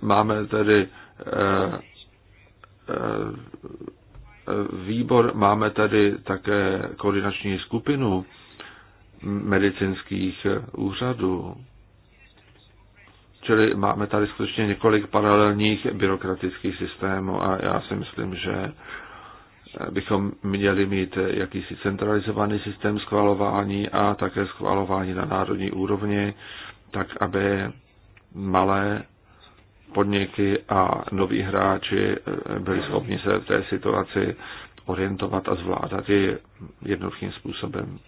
Máme tedy eh, eh, výbor, máme tady také koordinační skupinu medicínských úřadů. Čili máme tady skutečně několik paralelních byrokratických systémů a já si myslím, že bychom měli mít jakýsi centralizovaný systém schvalování a také schvalování na národní úrovni, tak aby malé podniky a noví hráči byli schopni se v té situaci orientovat a zvládat ji jednoduchým způsobem.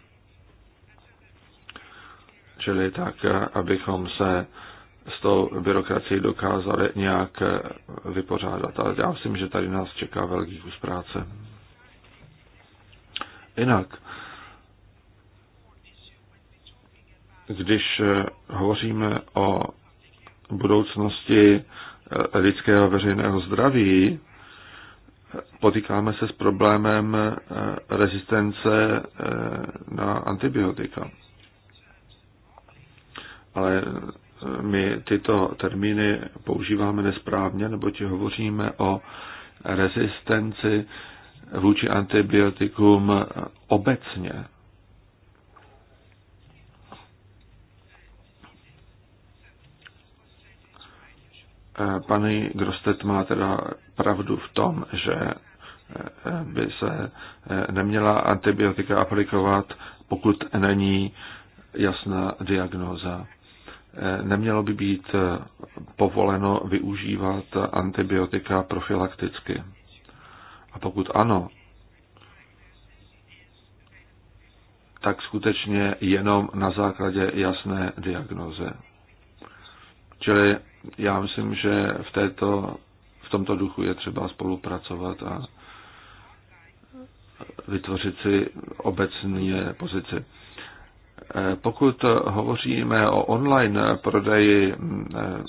Čili tak, abychom se s tou byrokracií dokázali nějak vypořádat. Ale já myslím, že tady nás čeká velký kus práce. Jinak, když hovoříme o budoucnosti lidského veřejného zdraví, potýkáme se s problémem rezistence na antibiotika. Ale my tyto termíny používáme nesprávně, neboť hovoříme o rezistenci vůči antibiotikům obecně. Pane Grostet má teda pravdu v tom, že by se neměla antibiotika aplikovat, pokud není jasná diagnóza nemělo by být eh, povoleno využívat antibiotika profilakticky. A pokud ano, tak skutečně jenom na základě jasné diagnoze. Čili já myslím, že v, této, v tomto duchu je třeba spolupracovat a vytvořit si obecně pozici. Pokud hovoříme o online prodeji eh,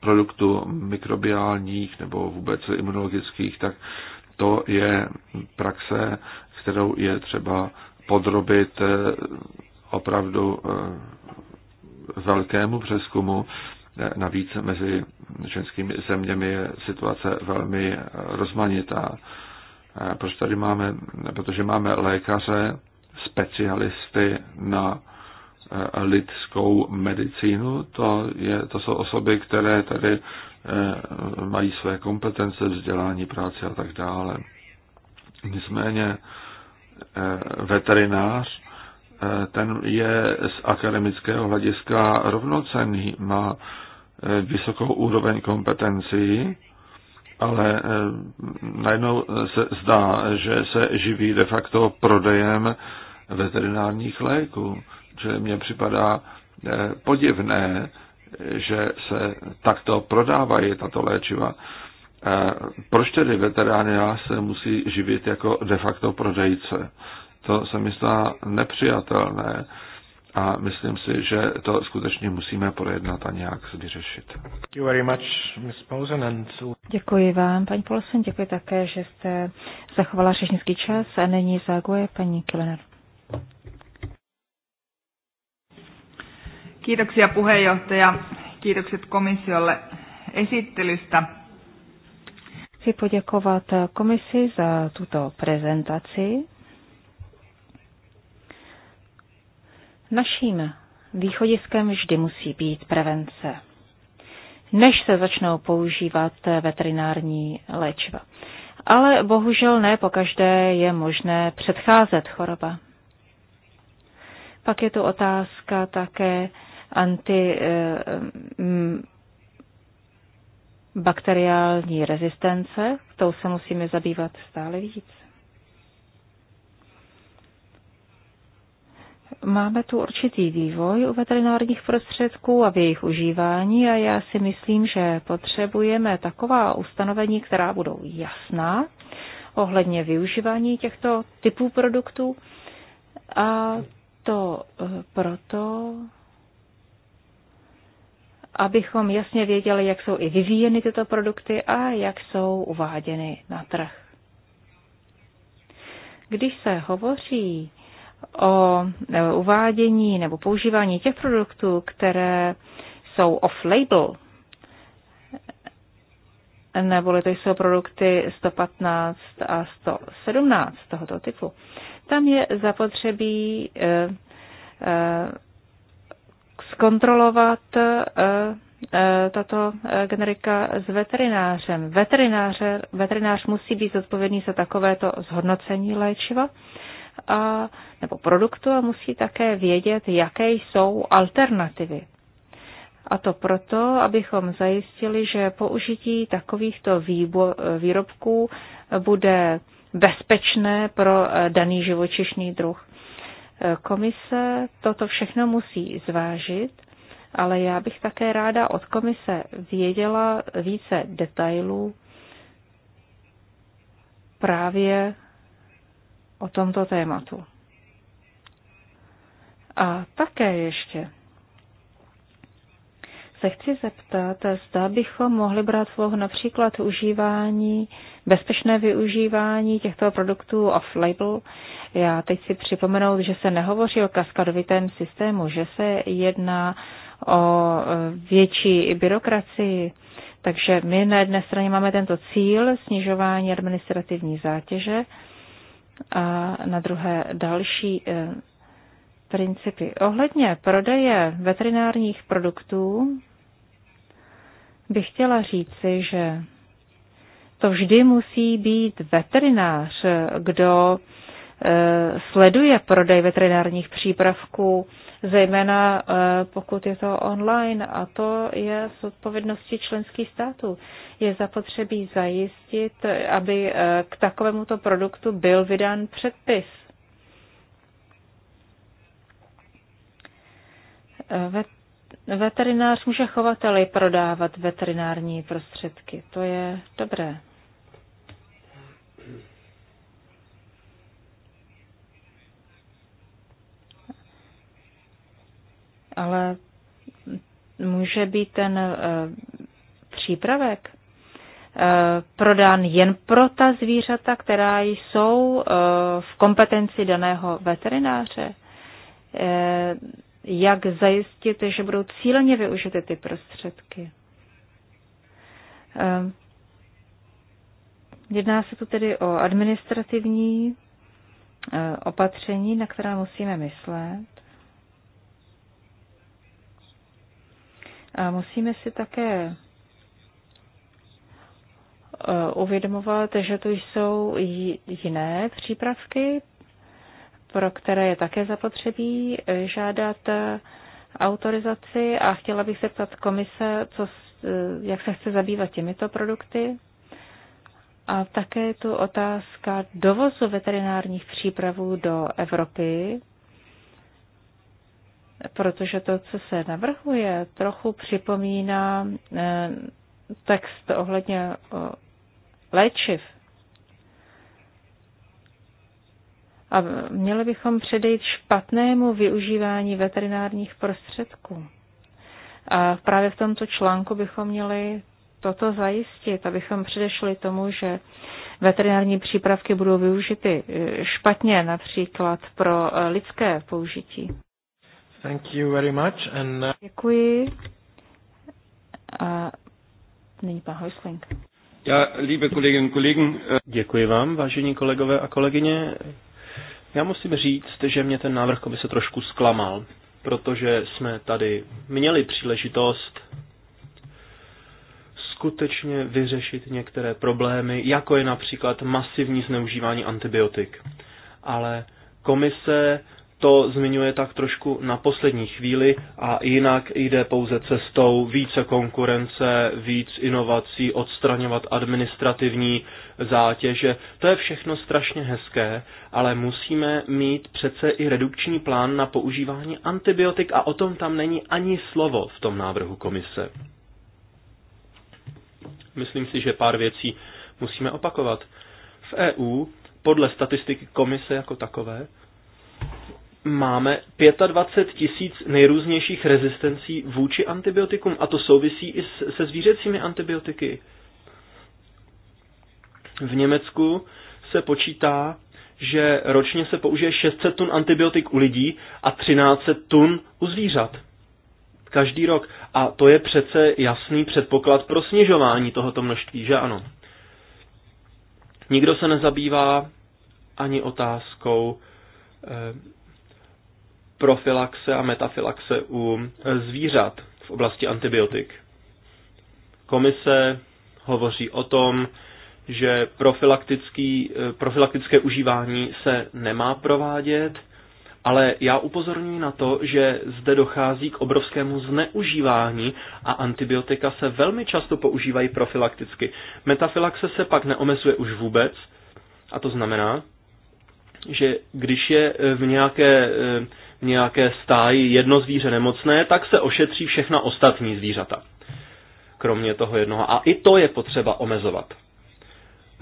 produktů mikrobiálních nebo vůbec imunologických, tak to je praxe, kterou je třeba podrobit eh, opravdu eh, velkému přeskumu. Navíc mezi ženskými zeměmi je situace velmi rozmanitá. Proč tady máme? Protože máme lékaře, specialisty na eh, lidskou medicínu. To, je, to jsou osoby, které tady eh, mají své kompetence, vzdělání, práci a tak dále. Nicméně eh, veterinář, ten je z akademického hlediska rovnocenný, má vysokou úroveň kompetencí, ale najednou se zdá, že se živí de facto prodejem veterinárních léků. že mně připadá eh, podivné, že se takto prodávají tato léčiva. Eh, proč tedy veterinář se musí živit jako de facto prodejce? To se mi zdá nepřijatelné a myslím si, že to skutečně musíme projednat a nějak vyřešit. Děkuji vám, paní Polsen, děkuji také, že jste zachovala řečnický čas a není zágoje paní Kilener. Kiitoksia puheenjohtaja. Kiitokset komissiolle esittelystä. Chci poděkovat komisi za tuto prezentaci. Naším východiskem vždy musí být prevence, než se začnou používat veterinární léčiva. Ale bohužel ne pokaždé je možné předcházet choroba. Pak je to otázka také anti eh, mm, bakteriální rezistence, tou se musíme zabývat stále víc. Máme tu určitý vývoj u veterinárních prostředků a v jejich užívání a já si myslím, že potřebujeme taková ustanovení, která budou jasná ohledně využívání těchto typů produktů a to eh, proto, abychom jasně věděli, jak jsou i vyvíjeny tyto produkty a jak jsou uváděny na trh. Když se hovoří o eh, uvádění nebo používání těch produktů, které jsou off-label, eh, neboli to jsou produkty 115 a 117 tohoto typu, tam je zapotřebí eh, eh, zkontrolovat eh, tato generika s veterinářem. Veterináře, veterinář musí být zodpovědný za takovéto zhodnocení léčiva a, nebo produktu a musí také vědět, jaké jsou alternativy. A to proto, abychom zajistili, že použití takovýchto výbo- výrobků bude bezpečné pro eh, daný živočišný druh. Eh, komise toto všechno musí zvážit, ale já bych také ráda od komise věděla více detailů právě o tomto tématu. A také ještě se chci zeptat, zda bychom mohli brát v úvahu například užívání, bezpečné využívání těchto produktů off-label. Já teď si připomenout, že se nehovoří o kaskadovitém systému, že se jedná o e, větší byrokracii. Takže my na jedné straně máme tento cíl snižování administrativní zátěže a na druhé další e, principy. Ohledně prodeje veterinárních produktů bych chtěla říci, že to vždy musí být veterinář, kdo eh, sleduje prodej veterinárních přípravků, zejména eh, pokud je to online, a to je z odpovědnosti členských států. Je zapotřebí zajistit, aby eh, k takovémuto produktu byl vydán předpis. Veterinář může chovateli prodávat veterinární prostředky. To je dobré. Ale může být ten eh, přípravek eh, prodán jen pro ta zvířata, která jsou eh, v kompetenci daného veterináře jak zajistit, že budou cíleně využity ty prostředky. Ehm, jedná se tu tedy o administrativní eh, opatření, na která musíme myslet. A musíme si také eh, uvědomovat, že tu jsou jiné přípravky pro které je také zapotřebí eh, žádat eh, autorizaci a chtěla bych se ptat komise, co, eh, jak se chce zabývat těmito produkty. A také tu otázka dovozu veterinárních přípravů do Evropy, protože to, co se navrhuje, trochu připomíná text ohledně léčiv a měli bychom předejít špatnému využívání veterinárních prostředků. A právě v tomto článku bychom měli toto zajistit, abychom předešli tomu, že veterinární přípravky budou využity e, špatně, například pro e, lidské použití. Thank you very much and... Uh, Děkuji. A nyní pan Hojsling. Ja, liebe Kolleginnen und Kollegen. Äh, Děkuji vám, vážení kolegové a kolegyně. Já musím říct, že mě ten návrh komise trošku zklamal, protože jsme tady měli příležitost skutečně vyřešit některé problémy, jako je například masivní zneužívání antibiotik. Ale komise to zmiňuje tak trošku na poslední chvíli a jinak jde pouze cestou více konkurence, víc inovací, odstraňovat administrativní zátěže. To je všechno strašně hezké, ale musíme mít přece i redukční plán na používání antibiotik a o tom tam není ani slovo v tom návrhu komise. Myslím si, že pár věcí musíme opakovat. V EU, podle statistiky komise jako takové, máme 25 tisíc nejrůznějších rezistencí vůči antibiotikum a to souvisí i se zvířecími antibiotiky. V Německu se počítá, že ročně se použije 600 tun antibiotik u lidí a 1300 tun u zvířat. Každý rok. A to je přece jasný předpoklad pro snižování tohoto množství, že ano? Nikdo se nezabývá ani otázkou eh, profilaxe a metafilaxe u zvířat v oblasti antibiotik. Komise hovoří o tom, že eh, profilaktické užívání se nemá provádět, ale já upozorňuji na to, že zde dochází k obrovskému zneužívání a antibiotika se velmi často používají profilakticky. Metafilaxe se pak neomezuje už vůbec a to znamená, že když je eh, v nějaké, eh, v nějaké stáji jedno zvíře nemocné, tak se ošetří všechna ostatní zvířata, kromě toho jednoho. A i to je potřeba omezovat.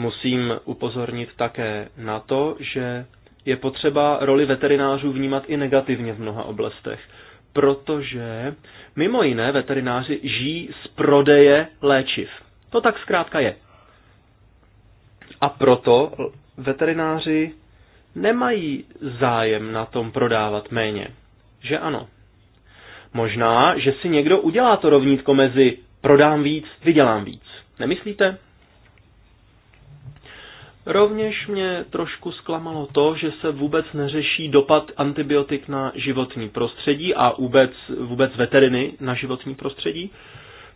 Musím upozornit také na to, že je potřeba roli veterinářů vnímat i negativně v mnoha oblastech, protože mimo jiné veterináři žijí z prodeje léčiv. To tak zkrátka je. A proto veterináři nemají zájem na tom prodávat méně. Že ano? Možná, že si někdo udělá to rovnítko mezi prodám víc, vydělám víc. Nemyslíte? Rovněž mě trošku zklamalo to, že se vůbec neřeší dopad antibiotik na životní prostředí a vůbec, vůbec veteriny na životní prostředí,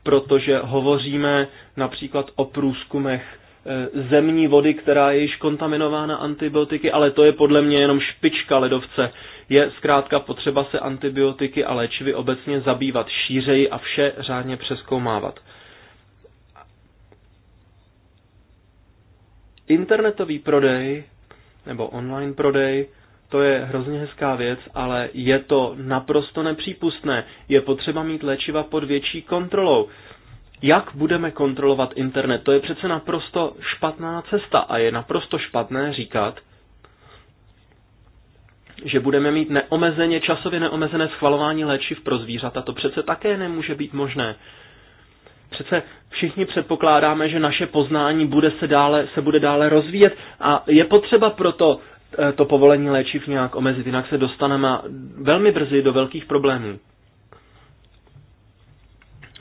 protože hovoříme například o průzkumech eh, zemní vody, která je již kontaminována antibiotiky, ale to je podle mě jenom špička ledovce. Je zkrátka potřeba se antibiotiky a léčivy obecně zabývat šířeji a vše řádně přeskoumávat. Internetový prodej nebo online prodej, to je hrozně hezká věc, ale je to naprosto nepřípustné. Je potřeba mít léčiva pod větší kontrolou. Jak budeme kontrolovat internet? To je přece naprosto špatná cesta a je naprosto špatné říkat, že budeme mít neomezeně, časově neomezené schvalování léčiv pro zvířata. To přece také nemůže být možné. Přece všichni předpokládáme, že naše poznání bude se, dále, se bude dále rozvíjet a je potřeba proto eh, to povolení léčiv nějak omezit, jinak se dostaneme velmi brzy do velkých problémů.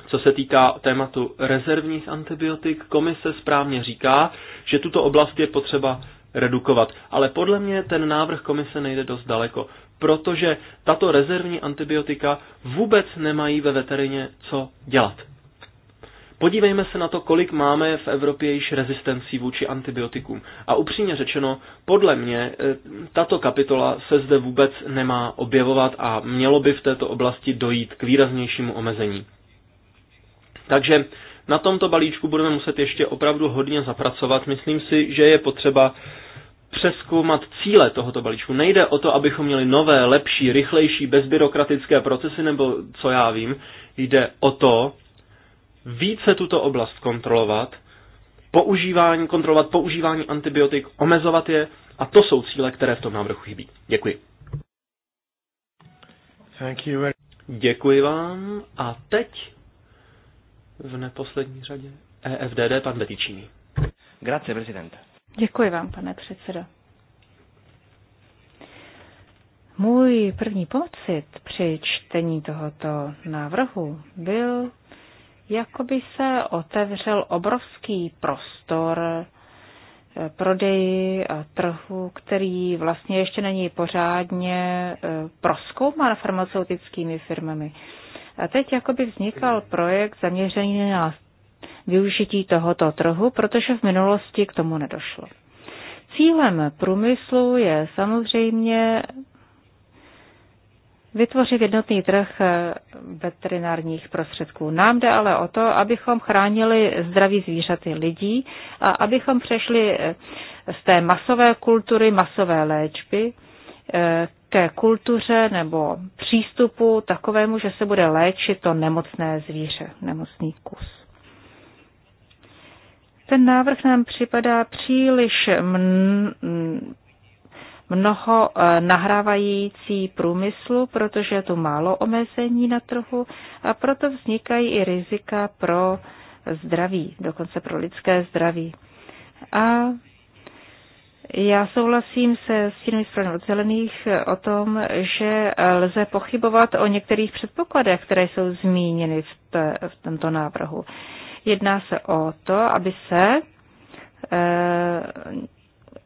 Co se týká tématu rezervních antibiotik, komise správně říká, že tuto oblast je potřeba redukovat. Ale podle mě ten návrh komise nejde dost daleko, protože tato rezervní antibiotika vůbec nemají ve veterině co dělat. Podívejme se na to, kolik máme v Evropě již rezistencí vůči antibiotikům. A upřímně řečeno, podle mě eh, tato kapitola se zde vůbec nemá objevovat a mělo by v této oblasti dojít k výraznějšímu omezení. Takže na tomto balíčku budeme muset ještě opravdu hodně zapracovat. Myslím si, že je potřeba přeskoumat cíle tohoto balíčku. Nejde o to, abychom měli nové, lepší, rychlejší, bezbyrokratické procesy, nebo co já vím, jde o to, více tuto oblast kontrolovat, používání, kontrolovat používání antibiotik, omezovat je a to jsou cíle, které v tom návrhu chybí. Děkuji. Thank you. Děkuji vám a teď v neposlední řadě EFDD pan Betičíny. Grazie, prezidente. Děkuji vám, pane předsedo. Můj první pocit při čtení tohoto návrhu byl jako by se otevřel obrovský prostor eh, prodeji a eh, trhu, který vlastně ještě není pořádně eh, proskoumán farmaceutickými firmami. A teď jakoby vznikal projekt zaměřený na využití tohoto trhu, protože v minulosti k tomu nedošlo. Cílem průmyslu je samozřejmě vytvořit jednotný trh eh, veterinárních prostředků. Nám jde ale o to, abychom chránili zdraví zvířaty lidí a abychom přešli eh, z té masové kultury, masové léčby eh, ke kultuře nebo přístupu takovému, že se bude léčit to nemocné zvíře, nemocný kus. Ten návrh nám připadá příliš mnoho eh, nahrávající průmyslu, protože je tu málo omezení na trhu a proto vznikají i rizika pro zdraví, dokonce pro lidské zdraví. A já souhlasím se s tím stranou od zelených eh, o tom, že eh, lze pochybovat o některých předpokladech, které jsou zmíněny v, t- v tomto návrhu. Jedná se o to, aby se e,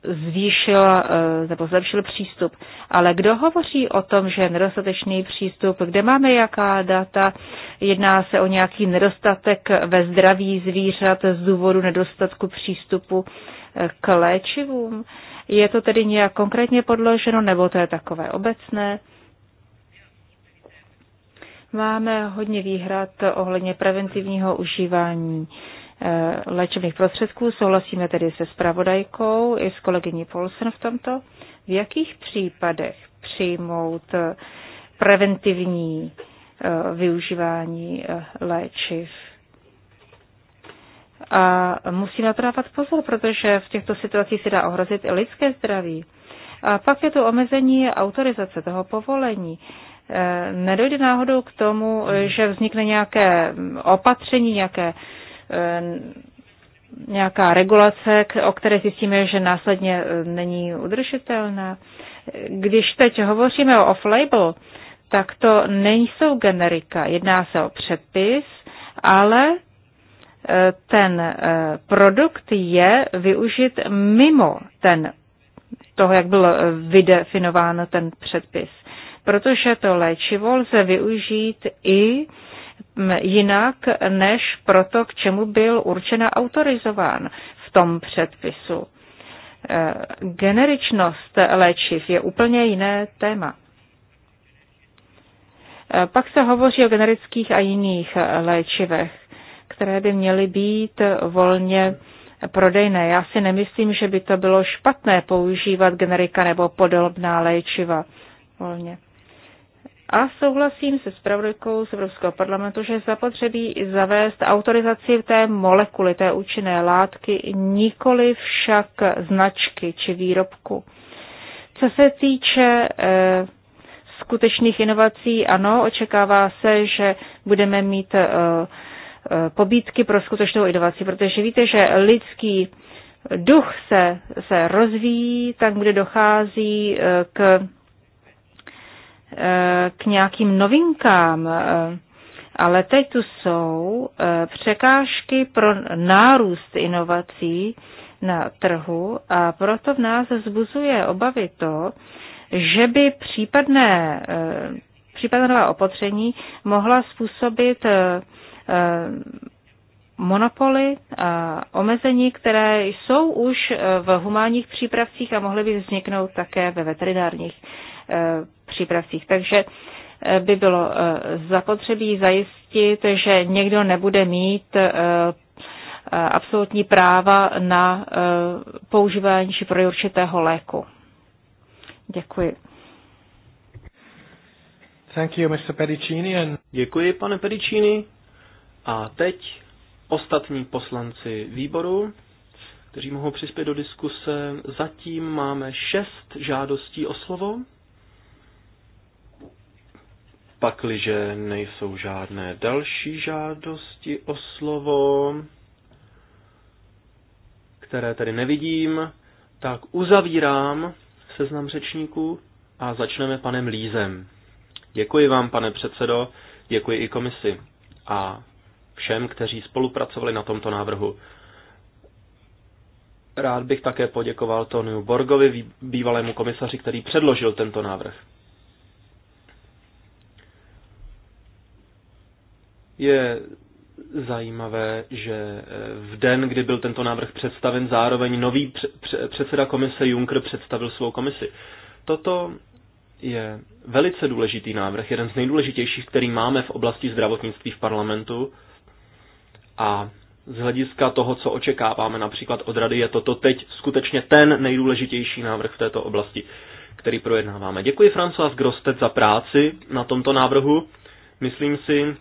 zvýšil eh, nebo zlepšil přístup. Ale kdo hovoří o tom, že je nedostatečný přístup, kde máme jaká data, jedná se o nějaký nedostatek ve zdraví zvířat z důvodu nedostatku přístupu eh, k léčivům? Je to tedy nějak konkrétně podloženo nebo to je takové obecné? Máme hodně výhrad ohledně preventivního užívání Eh, léčebných prostředků. Souhlasíme tedy se spravodajkou i s kolegyní Polsen v tomto. V jakých případech přijmout eh, preventivní eh, využívání léčiv? A musíme to dávat pozor, protože v těchto situacích se dá ohrozit i lidské zdraví. A pak je to omezení autorizace toho povolení. Nedojde náhodou k tomu, že vznikne nějaké opatření, nějaké Eh, nějaká regulace, o které zjistíme, že následně eh, není udržitelná. Když teď hovoříme o off-label, tak to nejsou generika. Jedná se o předpis, ale eh, ten produkt je využit mimo ten, toho, jak byl vydefinován ten předpis. Protože to léčivo lze využít i jinak než proto, k čemu byl určena autorizován v tom předpisu. Eh, generičnost léčiv je úplně jiné téma. Eh, pak se hovoří o generických a jiných léčivech, které by měly být volně prodejné. Já si nemyslím, že by to bylo špatné používat generika nebo podobná léčiva volně. A souhlasím se zpravodajkou z Evropského parlamentu, že zapotřebí zavést autorizaci té molekuly, té účinné látky, nikoli však značky či výrobku. Co se týče e, skutečných inovací, ano, očekává se, že budeme mít e, pobídky pro skutečnou inovaci, protože víte, že lidský duch se, se rozvíjí, tak bude dochází k k nějakým novinkám, eh, ale teď tu jsou eh, překážky pro nárůst inovací na trhu a proto v nás zbuzuje obavy to, že by případné, eh, případné opotření opatření mohla způsobit monopoly a omezení, které jsou už v humánních přípravcích a mohly by vzniknout také ve veterinárních přípravcích. Takže eh, by bylo eh, zapotřebí zajistit, že někdo nebude mít eh, absolutní práva na používání či pro určitého léku. Děkuji. Thank you, Mr. Pedicini. And... Děkuji, pane Pedicini. A teď ostatní poslanci výboru, kteří mohou přispět do diskuse. Zatím máme šest žádostí o slovo. Pakliže nejsou žádné další žádosti o slovo, které tedy nevidím, tak uzavírám seznam řečníků a začneme panem Lízem. Děkuji vám, pane předsedo, děkuji i komisi a všem, kteří spolupracovali na tomto návrhu. Rád bych také poděkoval Toniu Borgovi, bývalému komisaři, který předložil tento návrh. Je zajímavé, že eh, v den, kdy byl tento návrh představen, zároveň nový předseda komise Juncker představil svou komisi. Toto je velice důležitý návrh, jeden z nejdůležitějších, který máme v oblasti zdravotnictví v parlamentu. A z hlediska toho, co očekáváme například od rady, je toto teď skutečně ten nejdůležitější návrh v této oblasti, který projednáváme. Děkuji François Grostet za práci na tomto návrhu. Myslím si,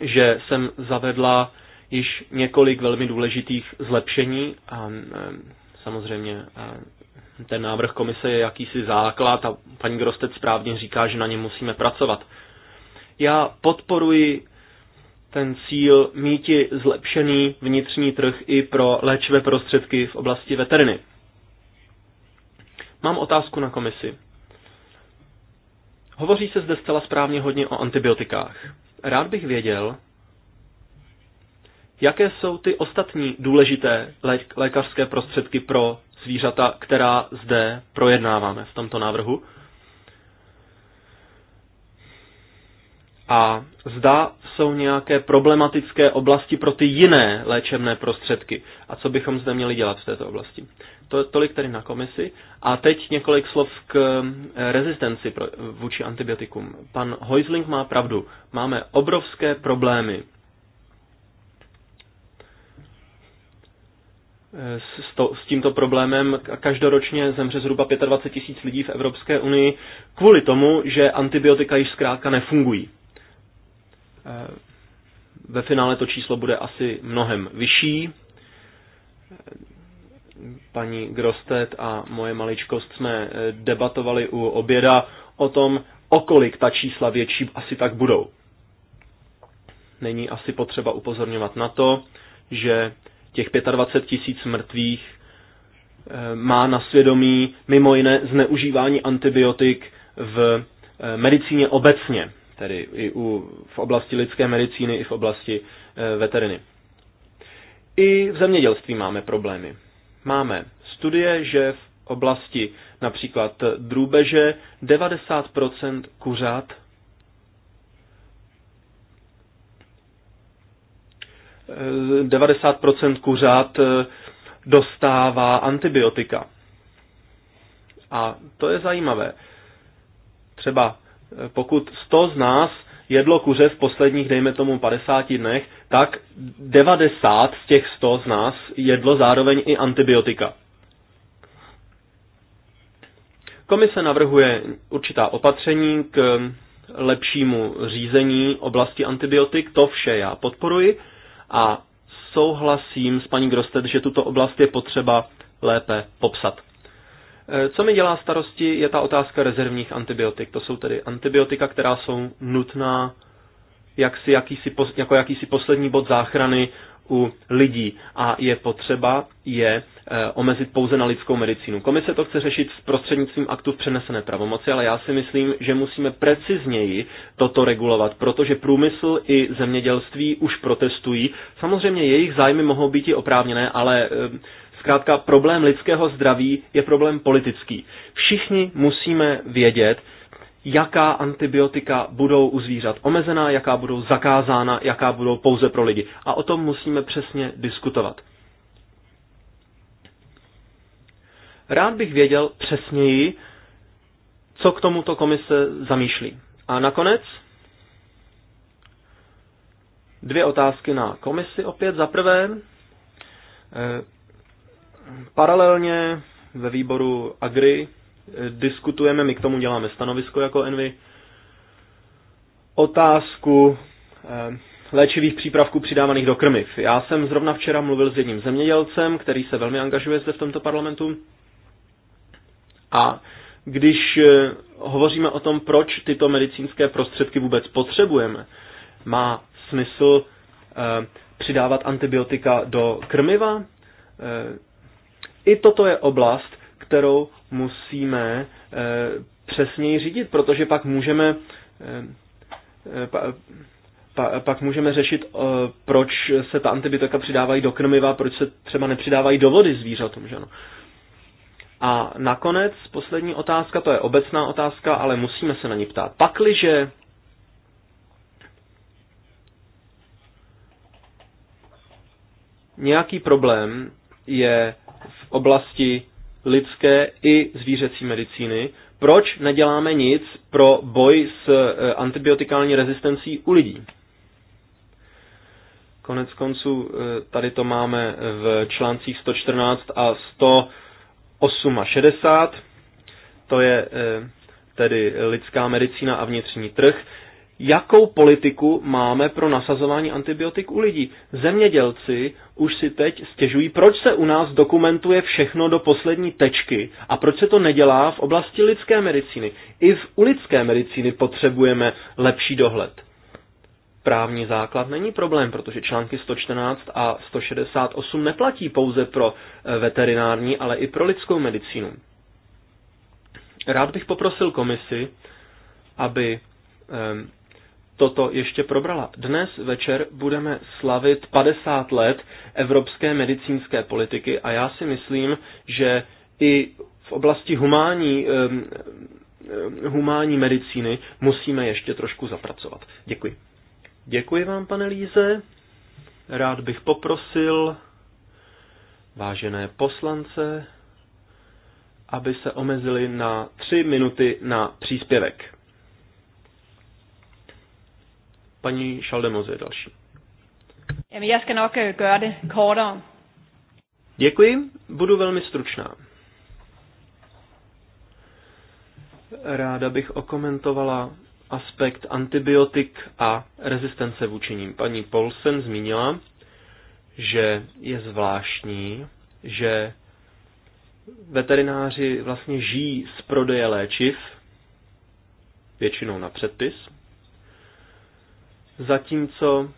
že jsem zavedla již několik velmi důležitých zlepšení a e, samozřejmě e, ten návrh komise je jakýsi základ a paní Grostec správně říká, že na něm musíme pracovat. Já podporuji ten cíl míti zlepšený vnitřní trh i pro léčivé prostředky v oblasti veteriny. Mám otázku na komisi. Hovoří se zde zcela správně hodně o antibiotikách. Rád bych věděl, jaké jsou ty ostatní důležité lékařské prostředky pro zvířata, která zde projednáváme v tomto návrhu a zda jsou nějaké problematické oblasti pro ty jiné léčebné prostředky a co bychom zde měli dělat v této oblasti. To, tolik tedy na komisi. A teď několik slov k eh, rezistenci pro, vůči antibiotikum. Pan Heusling má pravdu. Máme obrovské problémy eh, s, to, s tímto problémem. Každoročně zemře zhruba 25 tisíc lidí v Evropské unii kvůli tomu, že antibiotika již zkrátka nefungují. Eh, ve finále to číslo bude asi mnohem vyšší. Paní Grostet a moje maličkost jsme eh, debatovali u oběda o tom, o kolik ta čísla větší asi tak budou. Není asi potřeba upozorňovat na to, že těch 25 tisíc mrtvých eh, má na svědomí mimo jiné zneužívání antibiotik v medicíně obecně tedy i u, v oblasti lidské medicíny, i v oblasti e, veteriny. I v zemědělství máme problémy. Máme studie, že v oblasti například drůbeže 90% kuřat e, 90% kuřat e, dostává antibiotika. A to je zajímavé. Třeba pokud 100 z nás jedlo kuře v posledních, dejme tomu, 50 dnech, tak 90 z těch 100 z nás jedlo zároveň i antibiotika. Komise navrhuje určitá opatření k lepšímu řízení oblasti antibiotik, to vše já podporuji a souhlasím s paní Grosted, že tuto oblast je potřeba lépe popsat. Eh, co mi dělá starosti, je ta otázka rezervních antibiotik. To jsou tedy antibiotika, která jsou nutná jaksi, jakýsi, jako jakýsi poslední bod záchrany u lidí a je potřeba je eh, omezit pouze na lidskou medicínu. Komise to chce řešit s prostřednictvím aktu v přenesené pravomoci, ale já si myslím, že musíme precizněji toto regulovat, protože průmysl i zemědělství už protestují. Samozřejmě jejich zájmy mohou být i oprávněné, ale eh, Zkrátka problém lidského zdraví je problém politický. Všichni musíme vědět, jaká antibiotika budou u zvířat omezená, jaká budou zakázána, jaká budou pouze pro lidi. A o tom musíme přesně diskutovat. Rád bych věděl přesněji, co k tomuto komise zamýšlí. A nakonec dvě otázky na komisi opět. Za prvé, eh, Paralelně ve výboru Agri eh, diskutujeme, my k tomu děláme stanovisko jako Envy, otázku eh, léčivých přípravků přidávaných do krmiv. Já jsem zrovna včera mluvil s jedním zemědělcem, který se velmi angažuje zde v tomto parlamentu. A když eh, hovoříme o tom, proč tyto medicínské prostředky vůbec potřebujeme, má smysl přidávat antibiotika do krmiva? I toto je oblast, kterou musíme eh, přesněji řídit, protože pak můžeme eh, eh, pa, pa, pak můžeme řešit, proč se ta antibiotika přidávají do krmiva, proč se třeba nepřidávají do vody zvířatům, že no? A nakonec poslední otázka, to je obecná otázka, ale musíme se na ní ptát. Pakliže nějaký problém je v oblasti lidské i zvířecí medicíny. Proč neděláme nic pro boj s eh, antibiotikální rezistencí u lidí? Konec konců eh, tady to máme v článcích 114 a 108 a 60. To je eh, tedy lidská medicína a vnitřní trh jakou politiku máme pro nasazování antibiotik u lidí. Zemědělci už si teď stěžují, proč se u nás dokumentuje všechno do poslední tečky a proč se to nedělá v oblasti lidské medicíny. I v u lidské medicíny potřebujeme lepší dohled. Právní základ není problém, protože články 114 a 168 neplatí pouze pro eh, veterinární, ale i pro lidskou medicínu. Rád bych poprosil komisi, aby eh, toto ještě probrala. Dnes večer budeme slavit 50 let evropské medicínské politiky a já si myslím, že i v oblasti humání, humání medicíny musíme ještě trošku zapracovat. Děkuji. Děkuji vám, pane Líze. Rád bych poprosil vážené poslance, aby se omezili na tři minuty na příspěvek. Paní Šaldemoze je další. Jamen, se skal nok øh, gøre det kortere. Děkuji, budu velmi stručná. Ráda bych okomentovala aspekt antibiotik a rezistence vůči ním. Paní Polsen zmínila, že je zvláštní, že veterináři vlastně žijí z prodeje léčiv, většinou na předpis, zatímco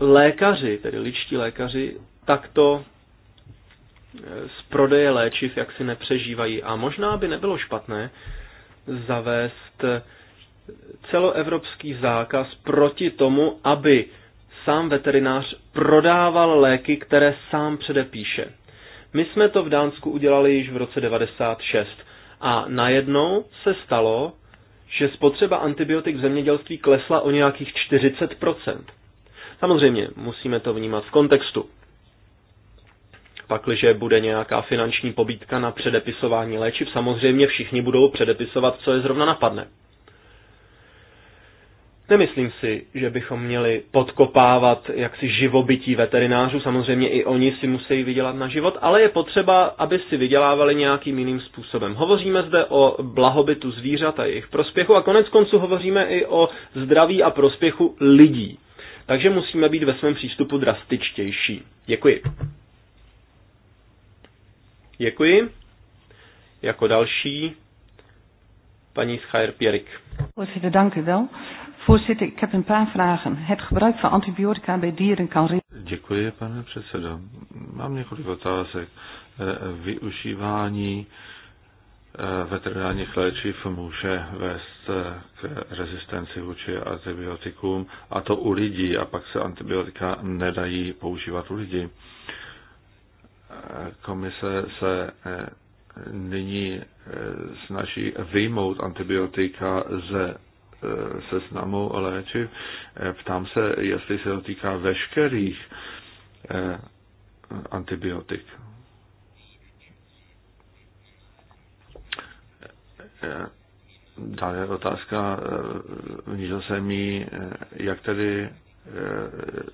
lékaři, tedy ličtí lékaři, takto eh, z prodeje léčiv jaksi nepřežívají. A možná by nebylo špatné zavést eh, celoevropský zákaz proti tomu, aby sám veterinář prodával léky, které sám předepíše. My jsme to v Dánsku udělali již v roce 96 a najednou se stalo, že spotřeba antibiotik v zemědělství klesla o nějakých 40%. Samozřejmě musíme to vnímat v kontextu. Pakliže bude nějaká finanční pobídka na předepisování léčiv, samozřejmě všichni budou předepisovat, co je zrovna napadne. Nemyslím si, že bychom měli podkopávat jaksi živobytí veterinářů, samozřejmě i oni si musí vydělat na život, ale je potřeba, aby si vydělávali nějakým jiným způsobem. Hovoříme zde o blahobytu zvířat a jejich prospěchu a konec konců hovoříme i o zdraví a prospěchu lidí. Takže musíme být ve svém přístupu drastičtější. Děkuji. Děkuji. Jako další paní Schajer pierik Voorzitter, dank u wel. Voorzitter, ik heb een paar vragen. Het gebruik van antibiotica bij dieren kan... Děkuji, pane předsedo. Mám několik otázek. Eh, využívání eh, veterinárních léčiv může vést eh, k rezistenci vůči antibiotikům, a to u lidí, a pak se antibiotika nedají používat u lidí. Komise se nyní snaží vyjmout antibiotika ze Eh, seznamu léčiv. Eh, ptám se, jestli se to týká veškerých eh, antibiotik. Dále otázka v nízozemí, jak tedy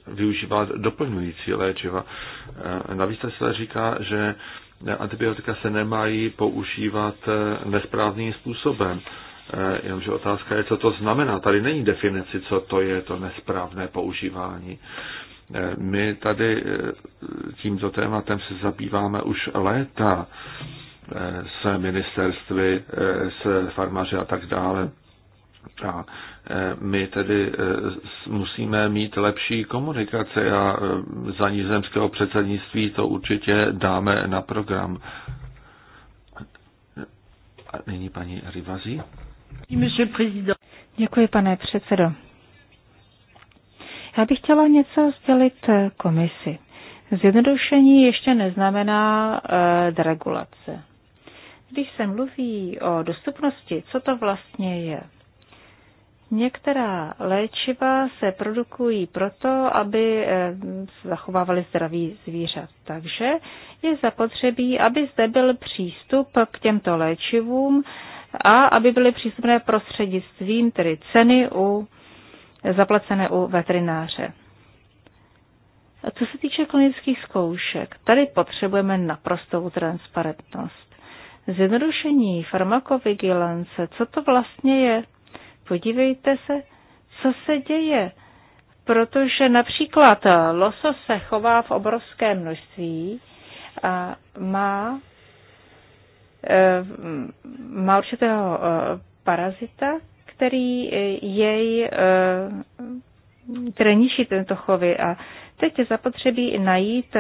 využívat doplňující léčiva. Navíc se říká, že antibiotika se nemají používat nesprávným způsobem. Eh, jenomže otázka je, co to znamená. Tady není definici, co to je to nesprávné používání. Eh, my tady eh, tímto tématem se zabýváme už léta s ministerstvy, s farmaři a tak dále. A my tedy musíme mít lepší komunikaci a za nizemského předsednictví to určitě dáme na program. A nyní paní Rivazí. Děkuji, pane předsedo. Já bych chtěla něco sdělit eh, komisi. Zjednodušení ještě neznamená uh, deregulace. Když se mluví o dostupnosti, co to vlastně je? Některá léčiva se produkují proto, aby se eh, zachovávali zdraví zvířat. Takže je zapotřebí, aby zde byl přístup k těmto léčivům, a aby byly přístupné prostřednictvím, tedy ceny u, zaplacené u veterináře. A co se týče klinických zkoušek, tady potřebujeme naprostou transparentnost. Zjednodušení farmakovigilance, co to vlastně je? Podívejte se, co se děje, protože například losos se chová v obrovském množství a má Eh, má určitého eh, parazita, který eh, jej, který ničí tento chovy a teď je zapotřebí najít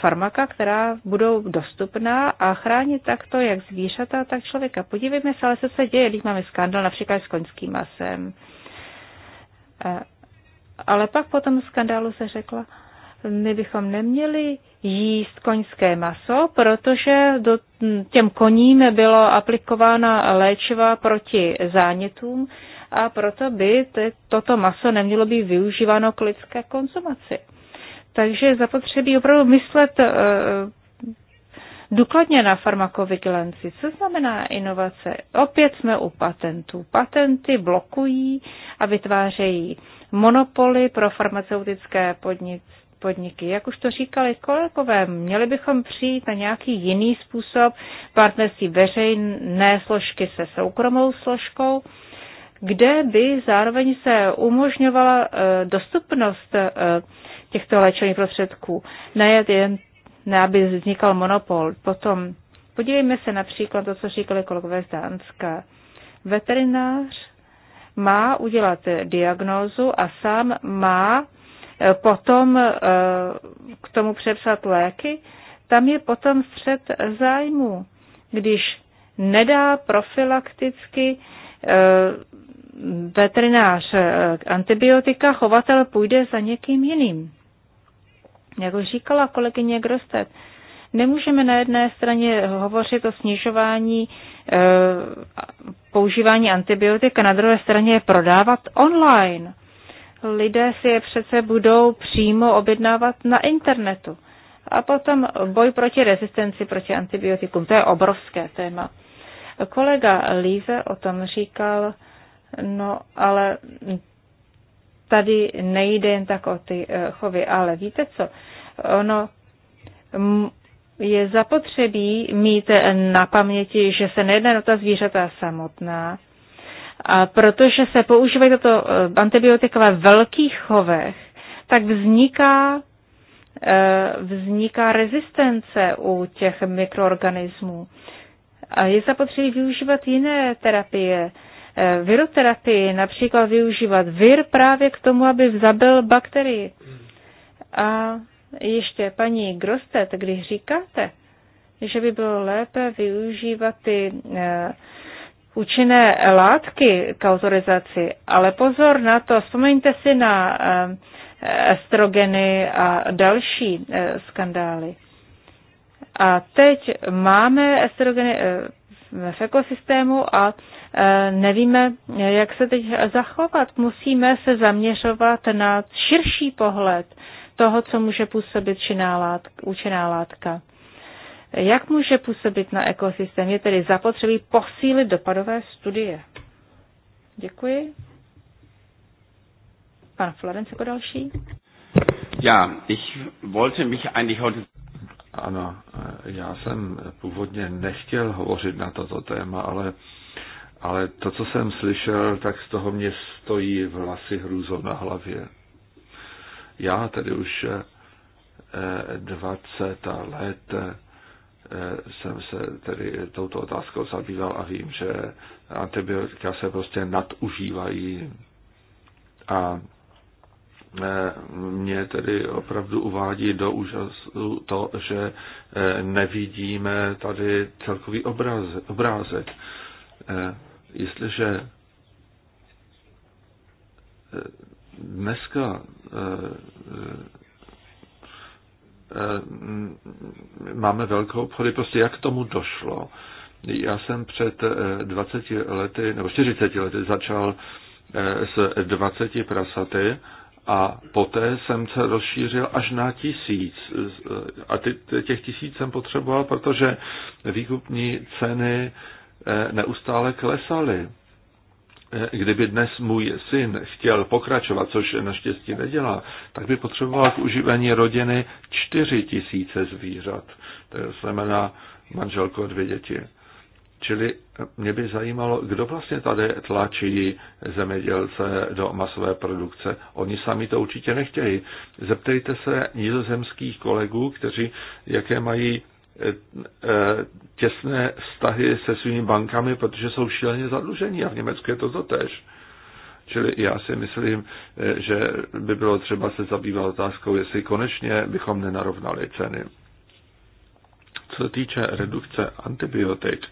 farmaka, která budou dostupná a chránit takto jak zvířata, tak člověka. Podívejme se, ale co se děje, když máme skandal například s koňským masem. Ale pak po tom skandálu se řekla, my bychom neměli jíst koňské maso, protože do, těm koním bylo aplikována léčiva proti zánětům a proto by toto maso nemělo být využíváno k lidské konzumaci. Takže zapotřebí opravdu myslet e, důkladně na farmakovigilanci. Co znamená inovace? Opět jsme u patentů. Patenty blokují a vytvářejí monopoly pro farmaceutické podnice podniky. Jak už to říkali kolegové, měli bychom přijít na nějaký jiný způsob partnerství veřejné složky se soukromou složkou, kde by zároveň se umožňovala eh, dostupnost eh, těchto léčených prostředků, ne jen ne aby vznikal monopol. Potom podívejme se například to, co říkali kolegové z Dánska. Veterinář má udělat diagnózu a sám má Eh, potom eh, k tomu přepsat léky, tam je potom střed zájmu, když nedá profilakticky eh, veterinář antibiotika, chovatel půjde za někým jiným. Jak už říkala kolegyně Grostet, nemůžeme na jedné straně hovořit o snižování používání antibiotika, na druhé straně je prodávat online lidé si je přece budou přímo objednávat na internetu. A potom boj proti rezistenci proti antibiotikům, to je obrovské téma. Kolega Líze o tom říkal, no ale tady nejde jen tak o ty eh, chovy, ale víte co, ono je zapotřebí mít na paměti, že se nejedná o ta zvířata samotná, protože se používají toto eh, antibiotika ve velkých chovech, tak vzniká, eh, vzniká rezistence u těch mikroorganismů. A je zapotřebí využívat jiné terapie, eh, viroterapii, například využívat vir právě k tomu, aby zabil bakterii. A ještě paní Grostet, když říkáte, že by bylo lépe využívat ty účinné látky k autorizaci, ale pozor na to, vzpomeňte si na eh, estrogeny a další eh, skandály. A teď máme estrogeny eh, v ekosystému a nevíme, jak se teď zachovat. Musíme se zaměřovat na širší pohled toho, co může působit činná látka, účinná látka. Jak může působit na ekosystém? Je tedy zapotřebí posílit dopadové studie. Děkuji. Pan Florence jako další. Já, ich wollte mich eigentlich heute... Ano, já jsem původně nechtěl hovořit na toto téma, ale, ale to, co jsem slyšel, tak z toho mě stojí vlasy hrůzou na hlavě. Já tedy už 20 eh, let eh, Eh, jsem se tedy touto otázkou zabýval a vím, že antibiotika se prostě nadužívají a eh, mě tedy opravdu uvádí do úžasu to, že eh, nevidíme tady celkový obrázek. Jestliže dneska Eh, máme velkou obchody, prostě jak k tomu došlo. Já jsem před 20 eh, lety, nebo 40 lety začal eh, s 20 prasaty a poté jsem se rozšířil až na tisíc. A těch tisíc jsem potřeboval, protože výkupní ceny neustále klesaly kdyby dnes můj syn chtěl pokračovat, což naštěstí nedělá, tak by potřeboval k uživení rodiny 4 tisíce zvířat. To znamená manželko dvě děti. Čili mě by zajímalo, kdo vlastně tady tlačí zemědělce do masové produkce. Oni sami to určitě nechtějí. Zeptejte se nizozemských kolegů, kteří jaké mají těsné vztahy se svými bankami, protože jsou šíleně zadlužení a v Německu je to totež. Čili já si myslím, že by bylo třeba se zabývat otázkou, jestli konečně bychom nenarovnali ceny. Co se týče redukce antibiotik,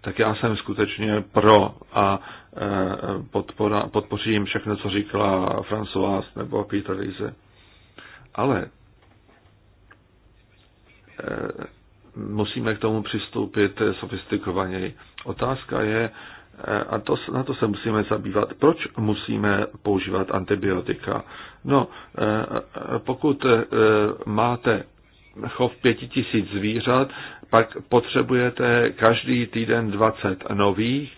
tak já jsem skutečně pro a e, podpora, podpořím všechno, co říkala François nebo Peter Lise. Ale e, musíme k tomu přistoupit sofistikovaněji. Otázka je, eh, a to, na to se musíme zabývat, proč musíme používat antibiotika. No, eh, eh, pokud máte chov pěti tisíc zvířat, pak potřebujete každý týden 20 nových,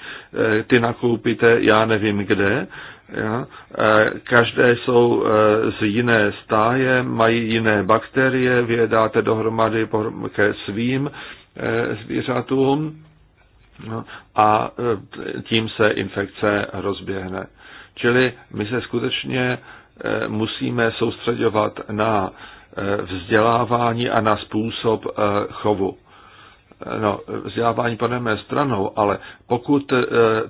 ty nakoupíte já nevím kde E, každé jsou e, z jiné stáje, mají jiné bakterie, vy je dáte dohromady ke svým e, zvířatům no, a tím se infekce rozběhne. Čili my se skutečně musíme soustředovat na vzdělávání a na způsob chovu. No, vzdělávání poneme stranou, ale pokud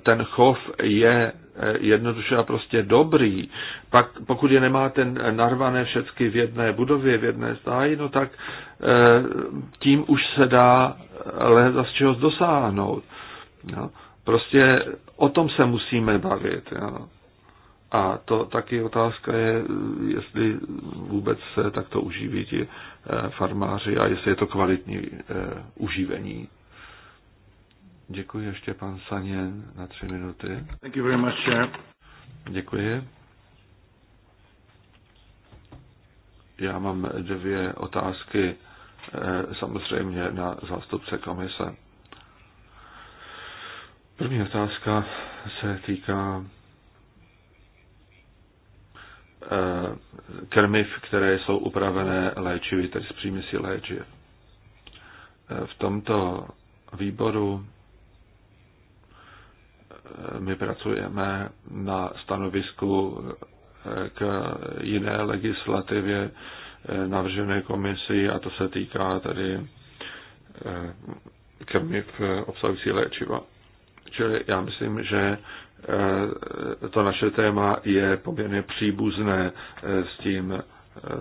ten chov je jednoduše a prostě dobrý, pak pokud je nemáte narvané všechny v jedné budově, v jedné stáji, no tak eh, tím už se dá leda z čeho dosáhnout. Jo. Prostě o tom se musíme bavit. Jo. A to taky otázka je, jestli vůbec se takto uživí ti eh, farmáři a jestli je to kvalitní eh, uživení. Děkuji ještě pan Sanjen na tři minuty. Thank you very much, Chair. Děkuji. Já mám dvě otázky eh, samozřejmě na zástupce komise. První otázka se týká eh, krmiv, které jsou upravené léčivy, tedy z příměsí léčiv. Eh, v tomto výboru my pracujeme na stanovisku k jiné legislativě navržené komisi a to se týká tedy eh, krmiv eh, obsahující léčiva. Čili já myslím, že eh, to naše téma je poměrně příbuzné s tím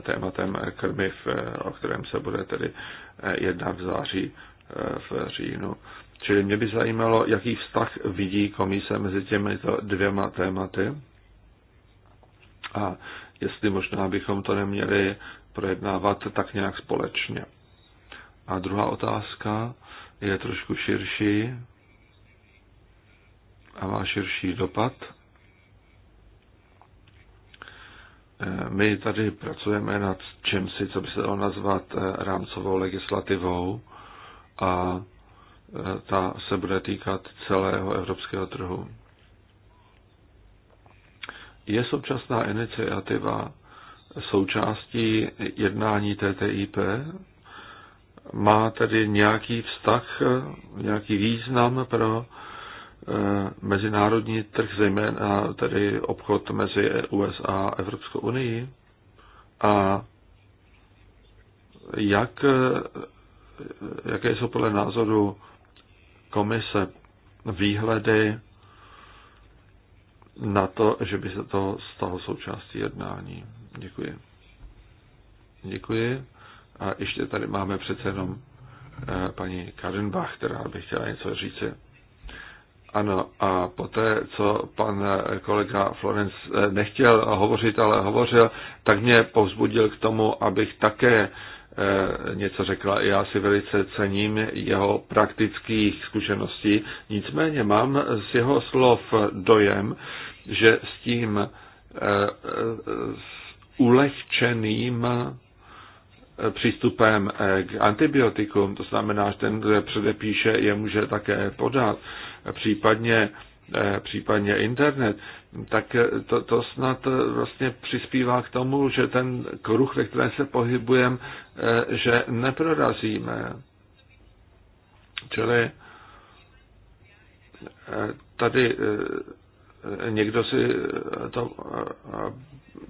tématem krmiv, o kterém se bude tedy jednat v září v říjnu. Čili mě by zajímalo, jaký vztah vidí komise mezi těmito dvěma tématy a jestli možná bychom to neměli projednávat tak nějak společně. A druhá otázka je trošku širší a má širší dopad. My tady pracujeme nad čemsi, co by se dalo nazvat eh, rámcovou legislativou a Eh, ta se bude týkat celého evropského trhu. Je současná iniciativa součástí jednání TTIP? Má tedy nějaký vztah, nějaký význam pro eh, mezinárodní trh, zejména tedy obchod mezi USA a Evropskou unii? A jak, eh, jaké jsou podle názoru komise výhledy na to, že by se to stalo součástí jednání. Děkuji. Děkuji. A ještě tady máme přece jenom eh, paní Karenbach, která by chtěla něco říci. Ano, a poté, co pan eh, kolega Florenc eh, nechtěl hovořit, ale hovořil, tak mě povzbudil k tomu, abych také Eh, něco řekla. Já si velice cením jeho praktických zkušeností, nicméně mám z jeho slov dojem, že s tím s eh, ulehčeným eh, přístupem k antibiotikům, to znamená, že ten, kdo předepíše, je může také podat, případně Eh, případně internet, tak eh, to, to snad eh, vlastně přispívá k tomu, že ten kruh, ve kterém se pohybujeme, že neprorazíme. Čili tady někdo si to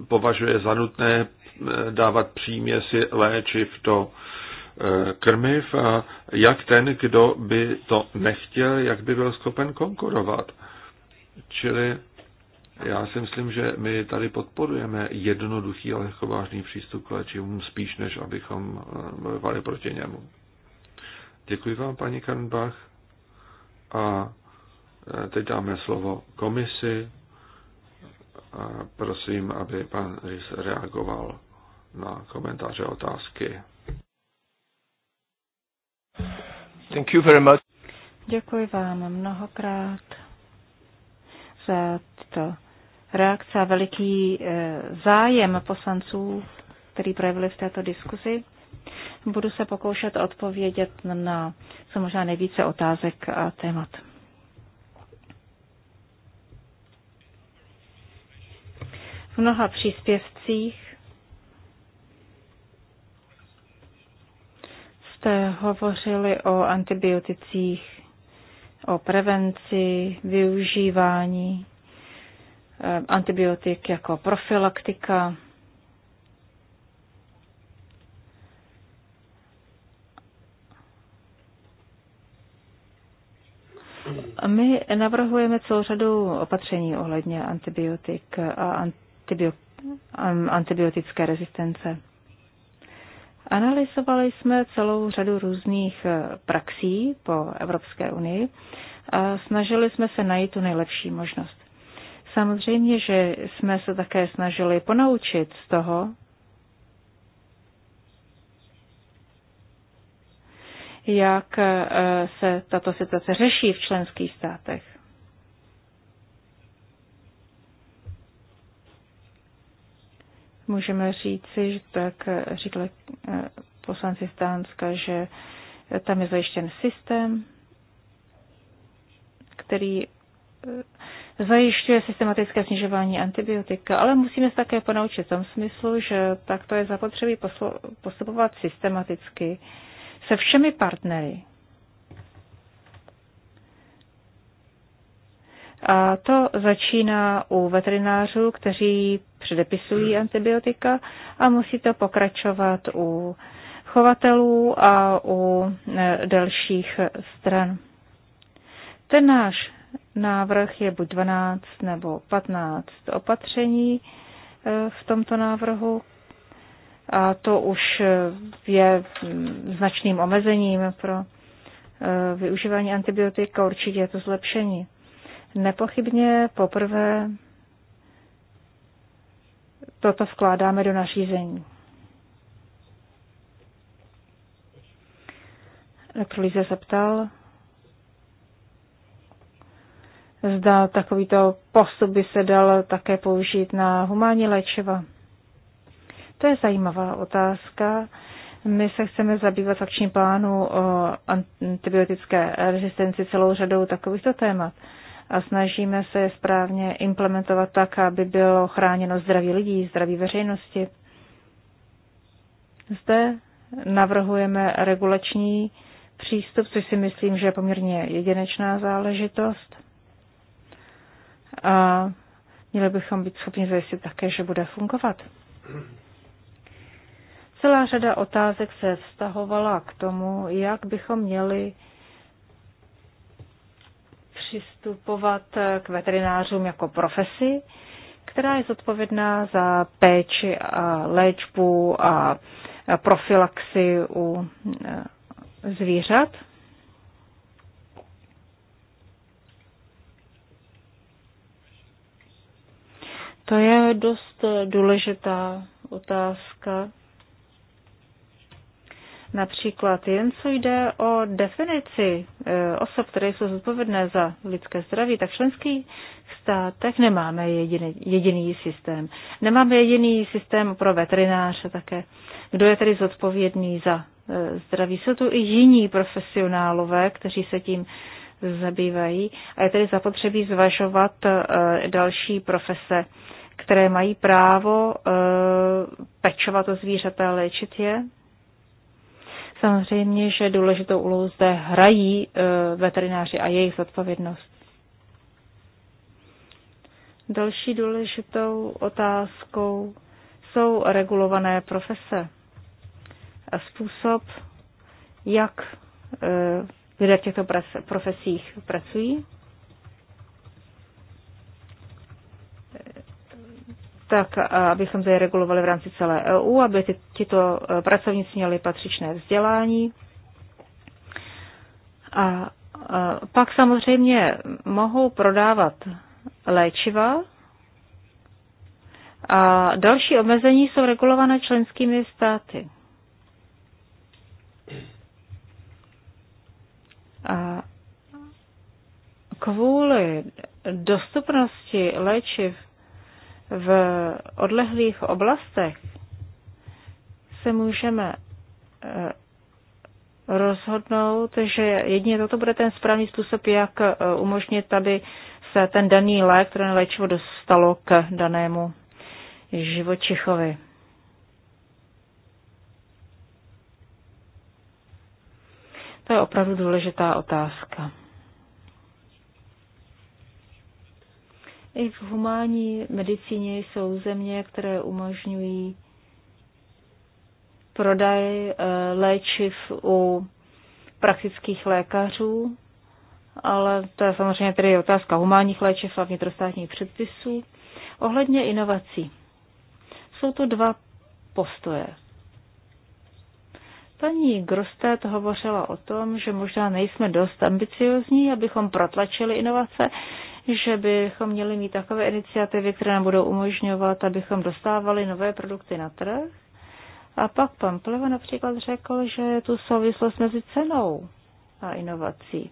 považuje za nutné dávat příměsi léčiv do krmiv a jak ten, kdo by to nechtěl, jak by byl schopen konkurovat. Čili já si myslím, že my tady podporujeme jednoduchý a lehkovážný přístup k léčivům spíš, než abychom eh, bojovali proti němu. Děkuji vám, paní Karnbach. A eh, teď dáme slovo komisi. A prosím, aby pan Rys reagoval na komentáře a otázky. Thank you very much. Děkuji vám mnohokrát za tyto reakce a veliký e, zájem poslanců, který projevili v této diskuzi. Budu se pokoušet odpovědět na co možná nejvíce otázek a témat. V mnoha příspěvcích jste hovořili o antibioticích o prevenci, využívání eh, antibiotik jako profilaktika. My navrhujeme celou řadu opatření ohledně antibiotik a antibiotik antibiotické rezistence. Analyzovali jsme celou řadu různých eh, praxí po Evropské unii a snažili jsme se najít tu nejlepší možnost. Samozřejmě, že jsme se také snažili ponaučit z toho, jak eh, se tato situace řeší v členských státech. můžeme říci, že tak eh, říkali eh, poslanci Stánska, že tam je zajištěn systém, který eh, zajišťuje systematické snižování antibiotik, ale musíme se také ponaučit v tom smyslu, že takto je zapotřebí postupovat systematicky se všemi partnery. A to začíná u veterinářů, kteří předepisují antibiotika a musí to pokračovat u chovatelů a u e, dalších stran. Ten náš návrh je buď 12 nebo 15 opatření e, v tomto návrhu a to už je mm, značným omezením pro e, využívání antibiotika, určitě je to zlepšení. Nepochybně poprvé proto vkládáme do nařízení. Doktor Líze se ptal, zda takovýto postup by se dal také použít na humánní léčiva. To je zajímavá otázka. My se chceme zabývat v akčním plánu o antibiotické rezistenci celou řadou takovýchto témat a snažíme se je správně implementovat tak, aby bylo chráněno zdraví lidí, zdraví veřejnosti. Zde navrhujeme regulační přístup, což si myslím, že je poměrně jedinečná záležitost. A měli bychom být schopni zajistit také, že bude fungovat. Celá řada otázek se vztahovala k tomu, jak bychom měli přistupovat eh, k veterinářům jako profesi, která je zodpovědná za péči a léčbu a profilaxi u eh, zvířat. To je dost eh, důležitá otázka. Například jen co jde o definici eh, osob, které jsou zodpovědné za lidské zdraví, tak v členských státech nemáme jediný, jediný systém. Nemáme jediný systém pro veterináře také. Kdo je tedy zodpovědný za eh, zdraví? Jsou tu i jiní profesionálové, kteří se tím zabývají a je tedy zapotřebí zvažovat eh, další profese, které mají právo pečovat o zvířata a léčit je Samozřejmě, že důležitou úlohu zde hrají e, veterináři a jejich zodpovědnost. Další důležitou otázkou jsou regulované profese a způsob, jak e, lidé v těchto profesích pracují. tak abychom je regulovali v rámci celé EU, aby ty, tyto eh, pracovníci měli patřičné vzdělání. A eh, pak samozřejmě mohou prodávat léčiva. A další omezení jsou regulované členskými státy. A kvůli dostupnosti léčiv v odlehlých oblastech se můžeme eh, rozhodnout, že jedině toto bude ten správný způsob, jak eh, umožnit, aby se ten daný lék, které léčivo dostalo k danému živočichovi. To je opravdu důležitá otázka. I v humánní medicíně jsou země, které umožňují prodaj eh, léčiv u praktických lékařů, ale to je samozřejmě tedy otázka humánních léčiv a vnitrostátních předpisů. Ohledně inovací. Jsou to dva postoje. Paní Grostet hovořila o tom, že možná nejsme dost ambiciozní, abychom protlačili inovace že bychom měli mít takové iniciativy, které nám budou umožňovat, abychom dostávali nové produkty na trh. A pak pan Pleva například řekl, že je tu souvislost mezi cenou a inovací.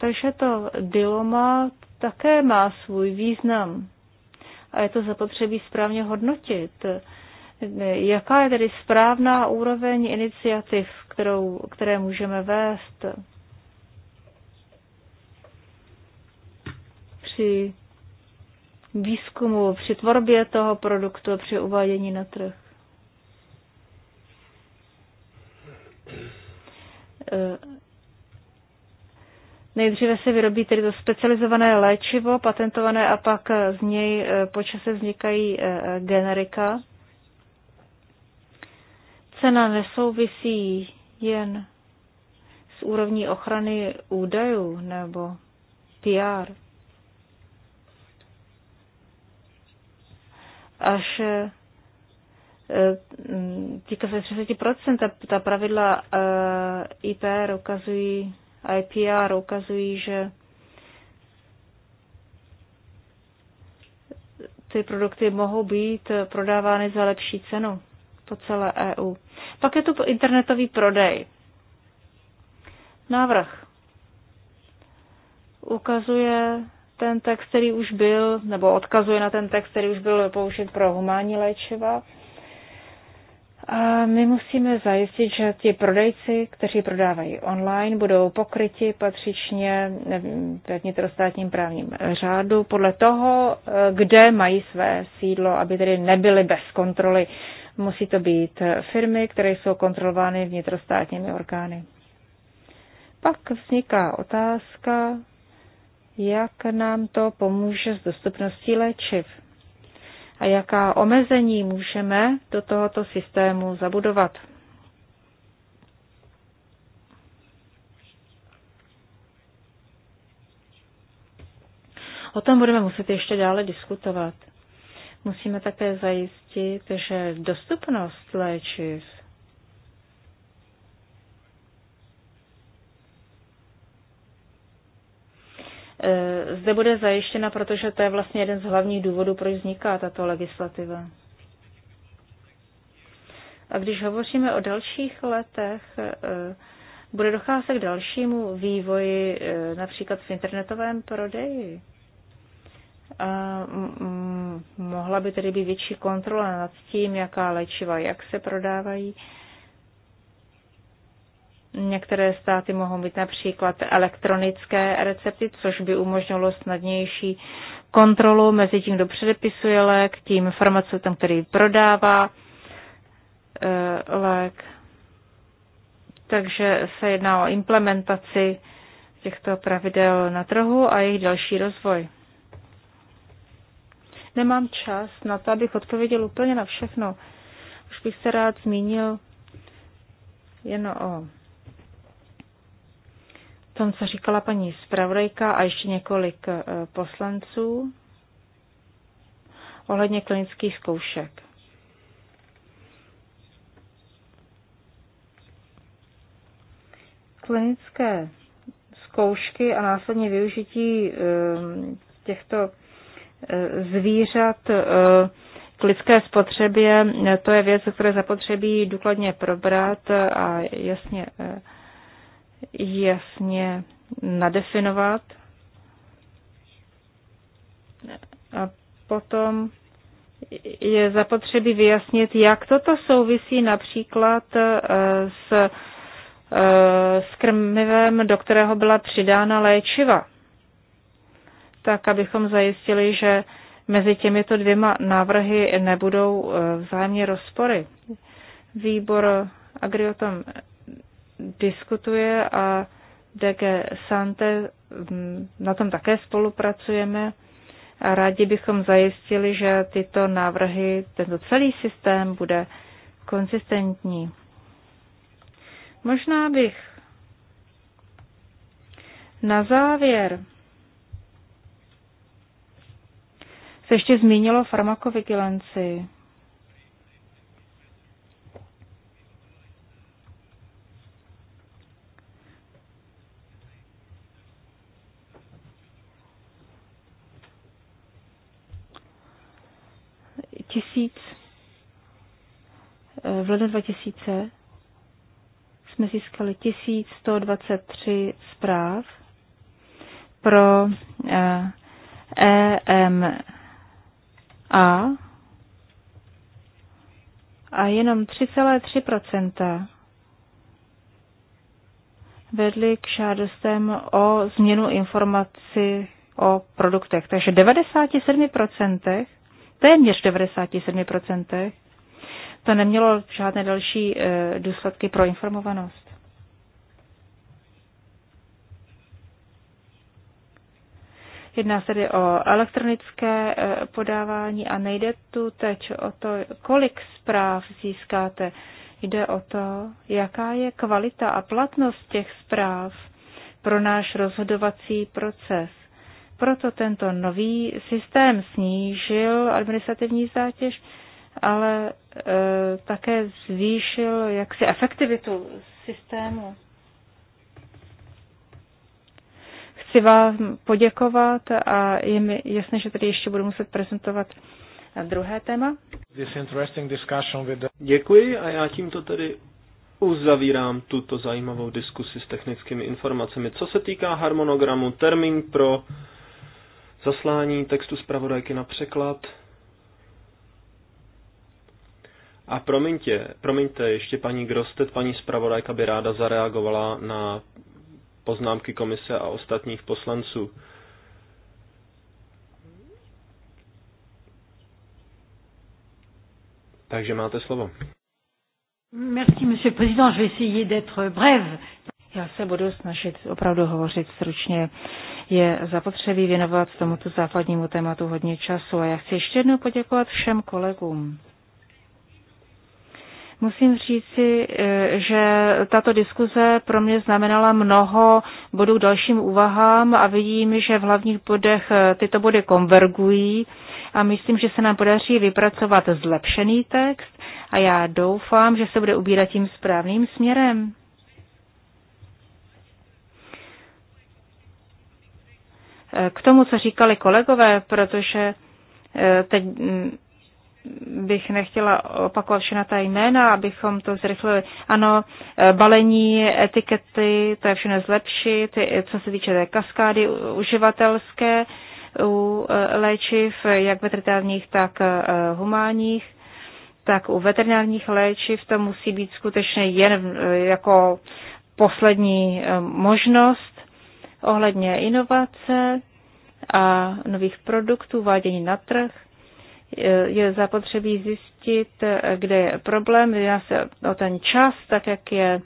Takže to dilema také má svůj význam. A je to zapotřebí správně hodnotit. Jaká je tedy správná úroveň iniciativ, kterou, které můžeme vést? při výzkumu, při tvorbě toho produktu, při uvádění na trh. Eh, nejdříve se vyrobí tedy to specializované léčivo, patentované, a pak z něj eh, počase vznikají eh, generika. Cena nesouvisí jen s úrovní ochrany údajů nebo PR. až eh, eh, týká se 30%, ta, ta pravidla eh, IPR ukazují, IPR ukazují, že ty produkty mohou být prodávány za lepší cenu po celé EU. Pak je tu internetový prodej. Návrh ukazuje ten text, který už byl, nebo odkazuje na ten text, který už byl použit pro humánní léčiva. A my musíme zajistit, že ti prodejci, kteří prodávají online, budou pokryti patřičně ve vnitrostátním právním řádu podle toho, kde mají své sídlo, aby tedy nebyly bez kontroly. Musí to být firmy, které jsou kontrolovány vnitrostátními orgány. Pak vzniká otázka, jak nám to pomůže s dostupností léčiv a jaká omezení můžeme do tohoto systému zabudovat. O tom budeme muset ještě dále diskutovat. Musíme také zajistit, že dostupnost léčiv Eh, zde bude zajištěna, protože to je vlastně jeden z hlavních důvodů, proč vzniká tato legislativa. A když hovoříme o dalších letech, eh, bude docházet k dalšímu vývoji eh, například v internetovém prodeji. A mohla by tedy být větší kontrola nad tím, jaká léčiva, jak se prodávají Některé státy mohou mít například elektronické recepty, což by umožnilo snadnější kontrolu mezi tím, kdo předepisuje lék, tím farmaceutem, který prodává eh, lék. Takže se jedná o implementaci těchto pravidel na trhu a jejich další rozvoj. Nemám čas na to, abych odpověděl úplně na všechno. Už bych se rád zmínil jen o tom, co říkala paní zpravodajka a ještě několik eh, poslanců ohledně klinických zkoušek. Klinické zkoušky a následně využití ehm, těchto eh, zvířat eh, k lidské spotřebě, to je věc, o které zapotřebí důkladně probrat a jasně jasně nadefinovat. A potom je zapotřebí vyjasnit, jak toto souvisí například e, s, e, s krmivem, do kterého byla přidána léčiva. Tak, abychom zajistili, že mezi těmito dvěma návrhy nebudou e, vzájemně rozpory. Výbor Agri o tom diskutuje a DG Sante mm, na tom také spolupracujeme a rádi bychom zajistili, že tyto návrhy, tento celý systém bude konzistentní. Možná bych na závěr se ještě zmínilo farmakovigilanci. tisíc, eh, v lednu 2000 jsme získali 1123 zpráv pro EMA eh, e a jenom 3,3 vedli k žádostem o změnu informaci o produktech. Takže 97% téměř 97%, to nemělo žádné další eh, důsledky pro informovanost. Jedná se tedy o elektronické eh, podávání a nejde tu teď o to, kolik zpráv získáte. Jde o to, jaká je kvalita a platnost těch zpráv pro náš rozhodovací proces. Proto tento nový systém snížil administrativní zátěž, ale e, také zvýšil jaksi efektivitu systému. Chci vám poděkovat a je mi jasné, že tady ještě budu muset prezentovat druhé téma. Děkuji a já tímto tedy uzavírám tuto zajímavou diskusi s technickými informacemi. Co se týká harmonogramu, termín pro zaslání textu zpravodajky na překlad. A promiňte, promiňte, ještě paní Grostet, paní zpravodajka by ráda zareagovala na poznámky komise a ostatních poslanců. Takže máte slovo. Merci, monsieur le président. Je vais essayer d'être brève. Já se budu snažit opravdu hovořit stručně. Je zapotřebí věnovat tomuto základnímu tématu hodně času a já chci ještě jednou poděkovat všem kolegům. Musím říci, eh, že tato diskuze pro mě znamenala mnoho bodů dalším úvahám a vidím, že v hlavních bodech eh, tyto body konvergují a myslím, že se nám podaří vypracovat zlepšený text a já doufám, že se bude ubírat tím správným směrem. k tomu, co říkali kolegové, protože eh, teď mm, bych nechtěla opakovat všechna ta jména, abychom to zrychlili. Ano, eh, balení, etikety, to je všechno zlepšit, eh, co se týče té kaskády uživatelské u léčiv, jak veterinárních, tak humánních, tak u veterinárních léčiv to musí být skutečně jen jako poslední možnost ohledně inovace a nových produktů, vádění na trh. Je zapotřebí zjistit, kde je problém, jedná se o ten čas, tak jak je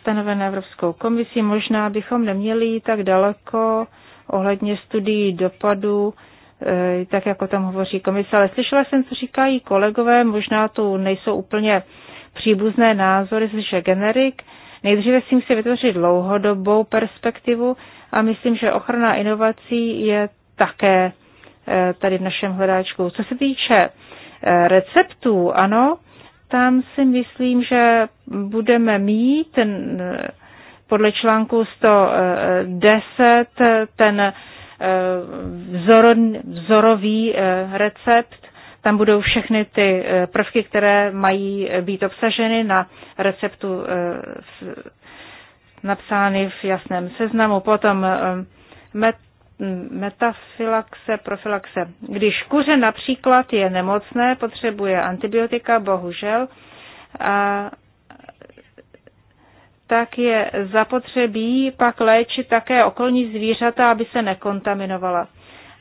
stanovené Evropskou komisí. Možná bychom neměli jít tak daleko ohledně studií dopadů, eh, tak jako tam hovoří komise. Ale slyšela jsem, co říkají kolegové, možná tu nejsou úplně příbuzné názory, slyšel generik, Nejdříve si musí vytvořit dlouhodobou perspektivu a myslím, že ochrana inovací je také eh, tady v našem hledáčku. Co se týče eh, receptů, ano, tam si myslím, že budeme mít ten, podle článku 110 eh, ten vzor, vzorový recept, tam budou všechny ty eh, prvky, které mají být obsaženy na receptu eh, napsány v jasném seznamu. Potom eh, met, metafilaxe, profilaxe. Když kuře například je nemocné, potřebuje antibiotika, bohužel, a tak je zapotřebí pak léčit také okolní zvířata, aby se nekontaminovala.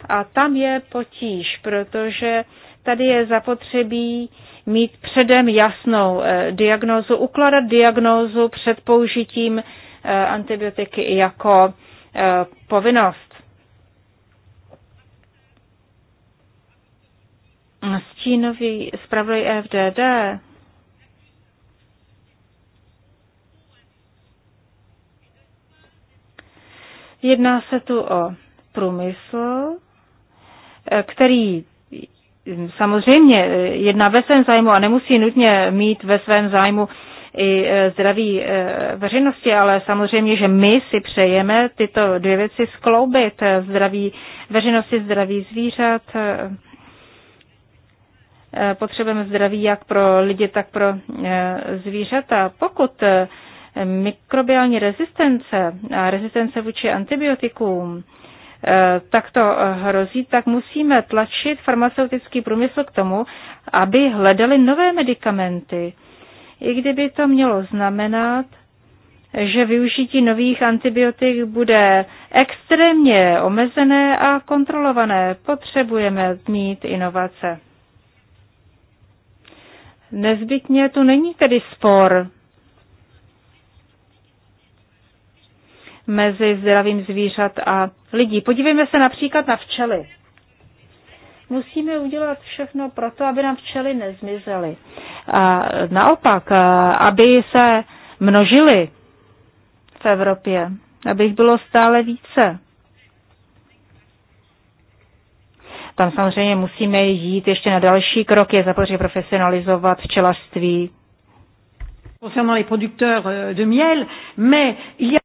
A tam je potíž, protože tady je zapotřebí mít předem jasnou eh, diagnózu, ukládat diagnózu před použitím eh, antibiotiky jako eh, povinnost. Stínový zpravodaj FDD Jedná se tu o průmysl, který samozřejmě eh, jedna ve svém zájmu a nemusí nutně mít ve svém zájmu i eh, zdraví eh, veřejnosti, ale samozřejmě, že my si přejeme tyto dvě věci skloubit. Zdraví veřejnosti, zdraví zvířat. Potřebujeme zdraví jak pro lidi, tak pro zvířata. Pokud mikrobiální rezistence a rezistence vůči antibiotikům Eh, takto eh, hrozí, tak musíme tlačit farmaceutický průmysl k tomu, aby hledali nové medicamenty. I kdyby to mělo znamenat, že využití nových antibiotik bude extrémně omezené a kontrolované. Potřebujeme mít inovace. Nezbytně tu není tedy spor mezi zdravím zvířat a lidí. Podívejme se například na včely. Musíme udělat všechno pro to, aby nám včely nezmizely. A naopak, aby se množily v Evropě, aby jich bylo stále více. Tam samozřejmě musíme jít ještě na další krok, je zapotřebí profesionalizovat včelařství. Concernant les producteurs euh, de miel, mais il y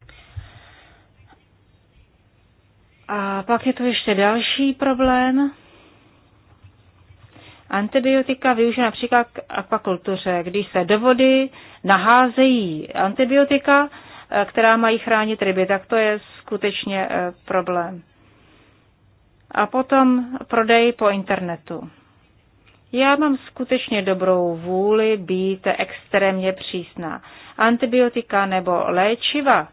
A pak je tu ještě další problém. Antibiotika využívá například k akvakultuře, když se do vody naházejí antibiotika, eh, která mají chránit ryby, tak to je skutečně eh, problém. A potom prodej po internetu. Já mám skutečně dobrou vůli být extrémně přísná. Antibiotika nebo léčiva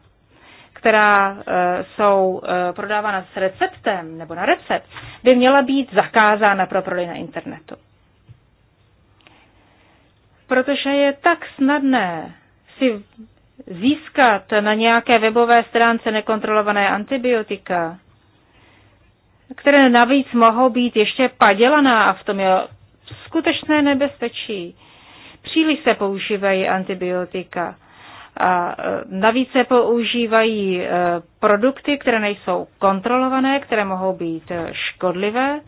která eh, jsou eh, prodávána s receptem nebo na recept, by měla být zakázána pro prodej na internetu. Protože je tak snadné si získat na nějaké webové stránce nekontrolované antibiotika, které navíc mohou být ještě padělaná a v tom je skutečné nebezpečí. Příliš se používají antibiotika a e, navíc se používají e, produkty, které nejsou kontrolované, které mohou být e, škodlivé.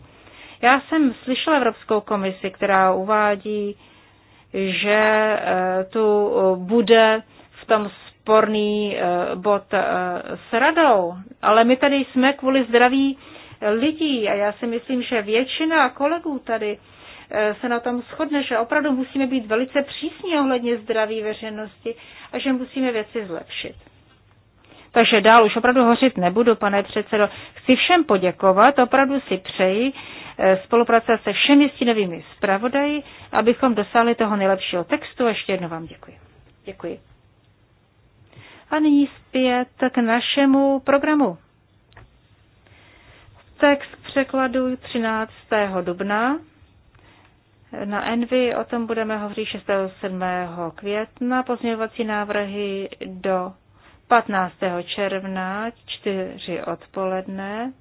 Já jsem slyšela Evropskou komisi, která uvádí, že tu bude v tom sporný bod s radou, ale my tady jsme kvůli zdraví lidí a já si myslím, že většina kolegů tady Eh, se na tom shodne, že opravdu musíme být velice přísní ohledně zdraví veřejnosti a že musíme věci zlepšit. Takže dál už opravdu hořit nebudu, pane předsedo. Chci všem poděkovat, opravdu si přeji eh, spolupráce se všemi stínovými zpravodaji, abychom dosáhli toho nejlepšího textu. Ještě jednou vám děkuji. Děkuji. A nyní zpět k našemu programu. Text překladu 13. dubna na Envy o tom budeme hovořit 6. 7. května, pozměňovací návrhy do 15. června 4 odpoledne,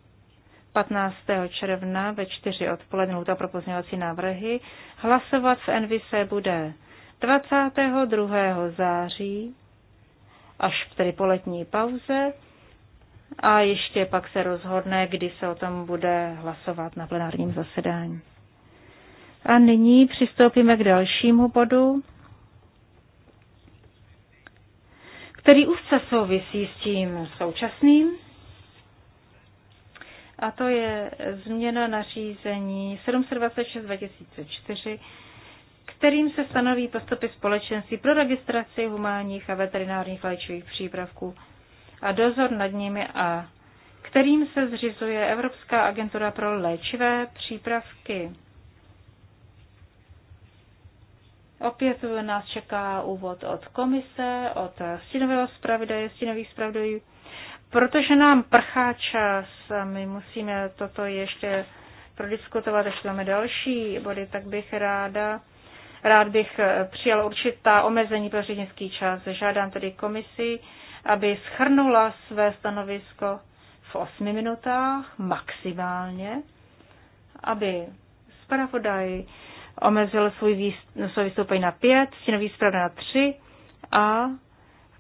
15. června ve 4 odpoledne lhuta pro pozměňovací návrhy. Hlasovat v Envy se bude 22. září až tedy poletní pauze a ještě pak se rozhodne, kdy se o tom bude hlasovat na plenárním zasedání. A nyní přistoupíme k dalšímu bodu, který úzce souvisí s tím současným. A to je změna nařízení 726 2004 kterým se stanoví postupy společenství pro registraci humánních a veterinárních léčivých přípravků a dozor nad nimi a kterým se zřizuje Evropská agentura pro léčivé přípravky. Opět nás čeká úvod od komise, od stínového zpravodaje, stínových zpravodajů. Protože nám prchá čas, my musíme toto ještě prodiskutovat, až máme další body, tak bych ráda, rád bych přijal určitá omezení pro řečnický čas. Žádám tedy komisi, aby schrnula své stanovisko v osmi minutách maximálně, aby zpravodaj omezil svůj výst, svůj vystoupení na pět, stínový zpravodaj na tři a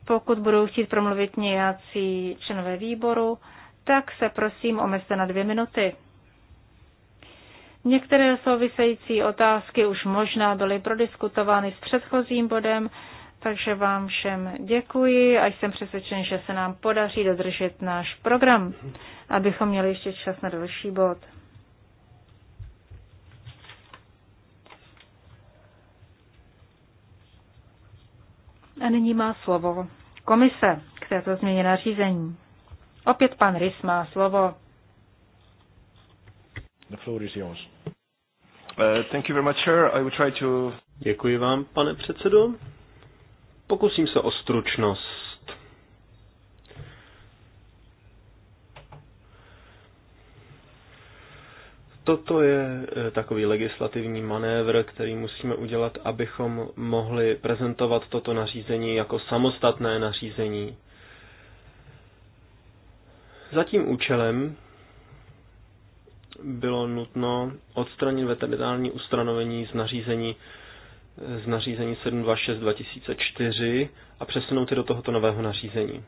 pokud budou chtít promluvit nějací členové výboru, tak se prosím omezte na dvě minuty. Některé související otázky už možná byly prodiskutovány s předchozím bodem, takže vám všem děkuji a jsem přesvědčen, že se nám podaří dodržet náš program, abychom měli ještě čas na další bod. A nyní má slovo komise k této změně nařízení. Opět pan Rys má slovo. The floor is yours. Uh, thank you very much, sir. I will try to... Děkuji vám, pane předsedo. Pokusím se o stručnost. toto je eh, takový legislativní manévr, který musíme udělat, abychom mohli prezentovat toto nařízení jako samostatné nařízení. Za tím účelem bylo nutno odstranit veterinární ustanovení z nařízení, z nařízení 726 2004 a přesunout je do tohoto nového nařízení.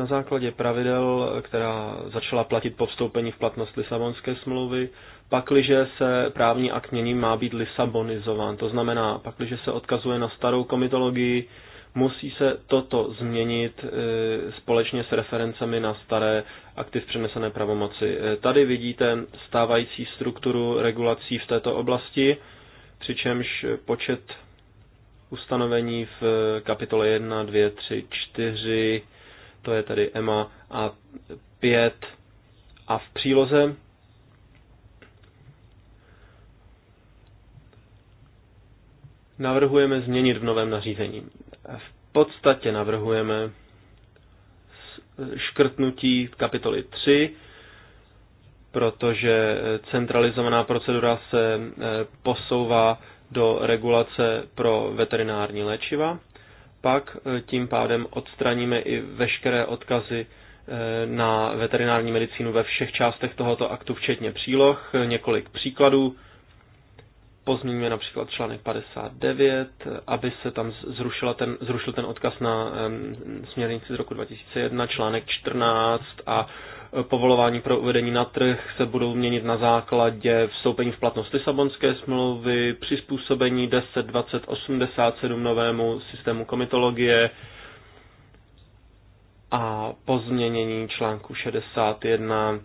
na základě pravidel, která začala platit po vstoupení v platnost Lisabonské smlouvy, pakliže se právní akt mění, má být lisabonizován. To znamená, pakliže se odkazuje na starou komitologii, musí se toto změnit e, společně s referencemi na staré akty v přenesené pravomoci. E, tady vidíte stávající strukturu regulací v této oblasti, přičemž počet ustanovení v kapitole 1, 2, 3, 4 to je tedy EMA A5 a v příloze navrhujeme změnit v novém nařízení. V podstatě navrhujeme škrtnutí kapitoly 3, protože centralizovaná procedura se eh, posouvá do regulace pro veterinární léčiva pak eh, tím pádem odstraníme i veškeré odkazy eh, na veterinární medicínu ve všech částech tohoto aktu, včetně příloh. Eh, několik příkladů pozmíníme například článek 59, aby se tam zrušila ten, zrušil ten odkaz na um, směrnici z roku 2001, článek 14 a e, povolování pro uvedení na trh se budou měnit na základě vstoupení v platnost Lisabonské smlouvy, přizpůsobení 10, 20, 87 novému systému komitologie a pozměnění článku 61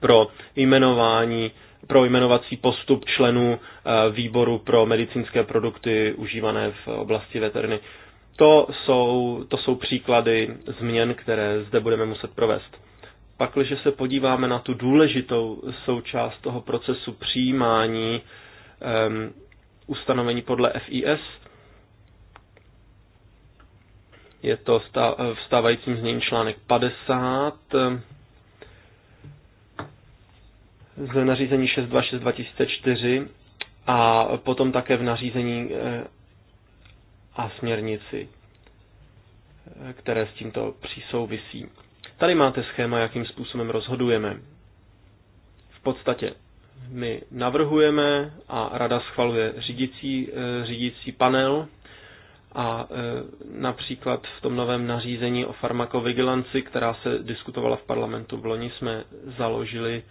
pro jmenování pro jmenovací postup členů eh, výboru pro medicínské produkty užívané v oblasti veteriny. To jsou, to jsou příklady změn, které zde budeme muset provést. Pak, když se podíváme na tu důležitou součást toho procesu přijímání um, ustanovení podle FIS, je to v stávajícím znění článek 50, z nařízení 626 2004 a potom také v nařízení eh, a směrnici, eh, které s tímto přísouvisí. Tady máte schéma, jakým způsobem rozhodujeme. V podstatě my navrhujeme a rada schvaluje řídící, eh, řídící panel a například v tom novém nařízení o farmakovigilanci, která se diskutovala v parlamentu v loni, jsme založili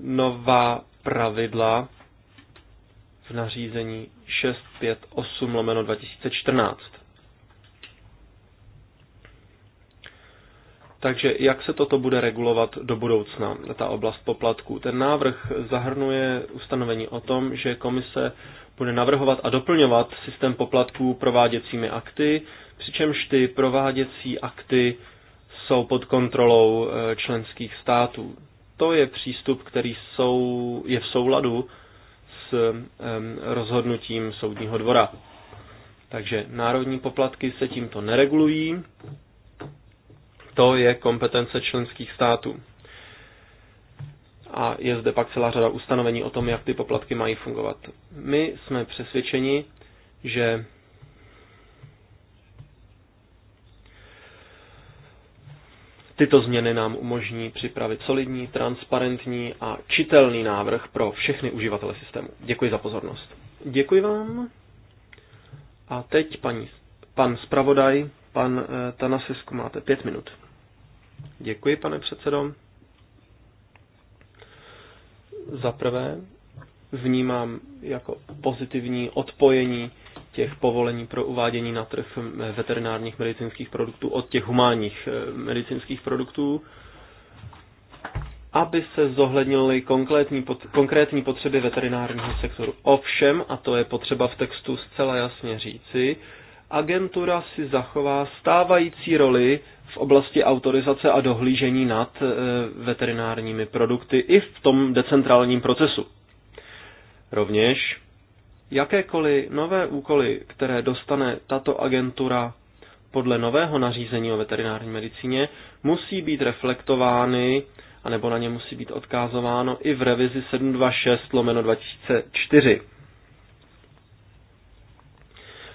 nová pravidla v nařízení 658 lomeno 2014. Takže jak se toto bude regulovat do budoucna, ta oblast poplatků? Ten návrh zahrnuje ustanovení o tom, že komise bude navrhovat a doplňovat systém poplatků prováděcími akty, přičemž ty prováděcí akty jsou pod kontrolou eh, členských států to je přístup, který jsou, je v souladu s rozhodnutím soudního dvora. Takže národní poplatky se tímto neregulují, to je kompetence členských států. A je zde pak celá řada ustanovení o tom, jak ty poplatky mají fungovat. My jsme přesvědčeni, že Tyto změny nám umožní připravit solidní, transparentní a čitelný návrh pro všechny uživatele systému. Děkuji za pozornost. Děkuji vám. A teď paní, pan zpravodaj, pan eh, Tanasisku, máte pět minut. Děkuji, pane předsedo. Za prvé vnímám jako pozitivní odpojení těch povolení pro uvádění na trh veterinárních medicínských produktů od těch humánních eh, medicínských produktů, aby se zohlednily konkrétní, konkrétní potřeby veterinárního sektoru. Ovšem, a to je potřeba v textu zcela jasně říci, agentura si zachová stávající roli v oblasti autorizace a dohlížení nad eh, veterinárními produkty i v tom decentrálním procesu. Rovněž Jakékoliv nové úkoly, které dostane tato agentura podle nového nařízení o veterinární medicíně, musí být reflektovány anebo na ně musí být odkázováno i v revizi 726 lomeno 2004.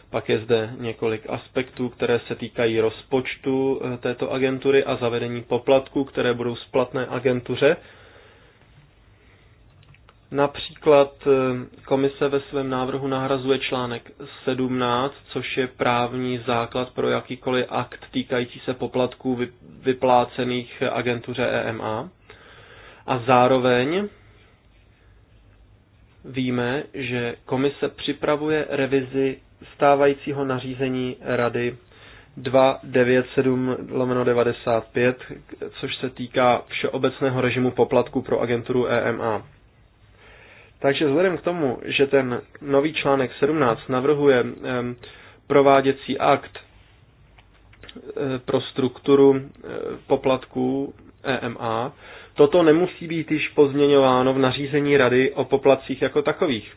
Pak je zde několik aspektů, které se týkají rozpočtu eh, této agentury a zavedení poplatků, které budou splatné agentuře Například eh, komise ve svém návrhu nahrazuje článek 17, což je právní základ pro jakýkoliv akt týkající se poplatků vyplácených agentuře EMA. A zároveň víme, že komise připravuje revizi stávajícího nařízení Rady 297 95, což se týká všeobecného režimu poplatku pro agenturu EMA. Takže vzhledem k tomu, že ten nový článek 17 navrhuje prováděcí akt e, pro strukturu e, poplatků EMA, toto nemusí být již pozměňováno v nařízení Rady o poplatcích jako takových.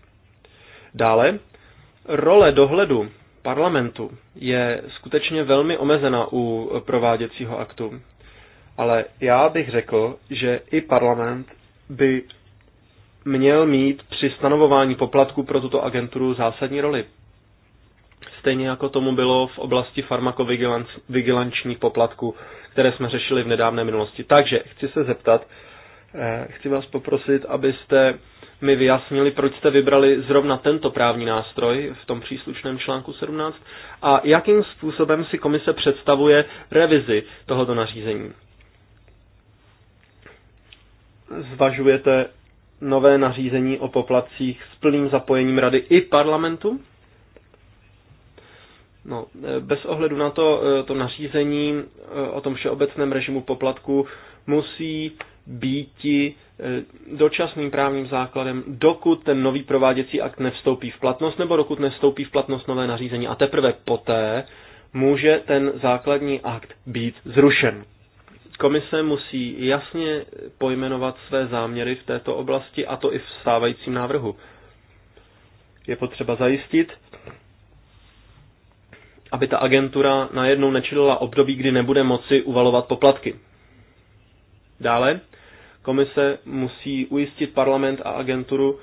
Dále, role dohledu parlamentu je skutečně velmi omezená u prováděcího aktu. Ale já bych řekl, že i parlament by měl mít při stanovování poplatku pro tuto agenturu zásadní roli. Stejně jako tomu bylo v oblasti farmakovigilančních poplatků, které jsme řešili v nedávné minulosti. Takže chci se zeptat, eh, chci vás poprosit, abyste mi vyjasnili, proč jste vybrali zrovna tento právní nástroj v tom příslušném článku 17 a jakým způsobem si komise představuje revizi tohoto nařízení. Zvažujete nové nařízení o poplacích s plným zapojením rady i parlamentu? No, e, bez ohledu na to, e, to nařízení e, o tom všeobecném režimu poplatku musí být dočasným právním základem, dokud ten nový prováděcí akt nevstoupí v platnost, nebo dokud nevstoupí v platnost nové nařízení. A teprve poté může ten základní akt být zrušen. Komise musí jasně pojmenovat své záměry v této oblasti, a to i v stávajícím návrhu. Je potřeba zajistit, aby ta agentura najednou nečilila období, kdy nebude moci uvalovat poplatky. Dále komise musí ujistit parlament a agenturu,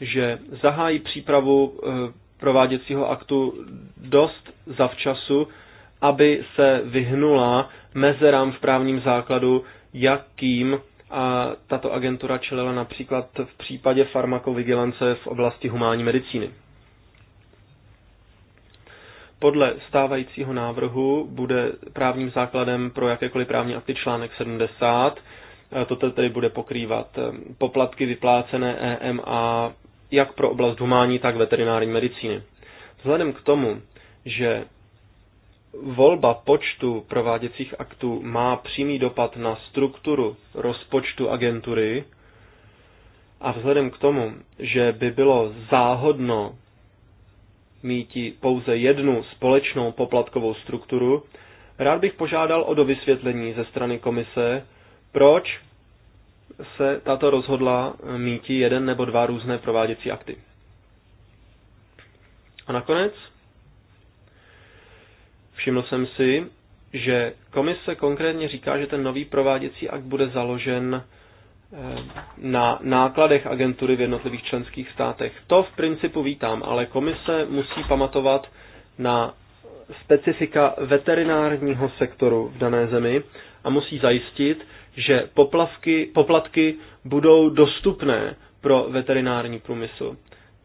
že zahájí přípravu eh, prováděcího aktu dost zavčasu, aby se vyhnula mezerám v právním základu, jakým a tato agentura čelila například v případě farmakovigilance v oblasti humánní medicíny. Podle stávajícího návrhu bude právním základem pro jakékoliv právní akty článek 70. Toto tedy bude pokrývat eh, poplatky vyplácené EMA jak pro oblast humánní, tak veterinární medicíny. Vzhledem k tomu, že volba počtu prováděcích aktů má přímý dopad na strukturu rozpočtu agentury a vzhledem k tomu, že by bylo záhodno mít pouze jednu společnou poplatkovou strukturu, rád bych požádal o dovysvětlení ze strany komise, proč se tato rozhodla míti jeden nebo dva různé prováděcí akty. A nakonec Všiml jsem si, že komise konkrétně říká, že ten nový prováděcí akt bude založen eh, na nákladech agentury v jednotlivých členských státech. To v principu vítám, ale komise musí pamatovat na specifika veterinárního sektoru v dané zemi a musí zajistit, že poplavky, poplatky budou dostupné pro veterinární průmysl,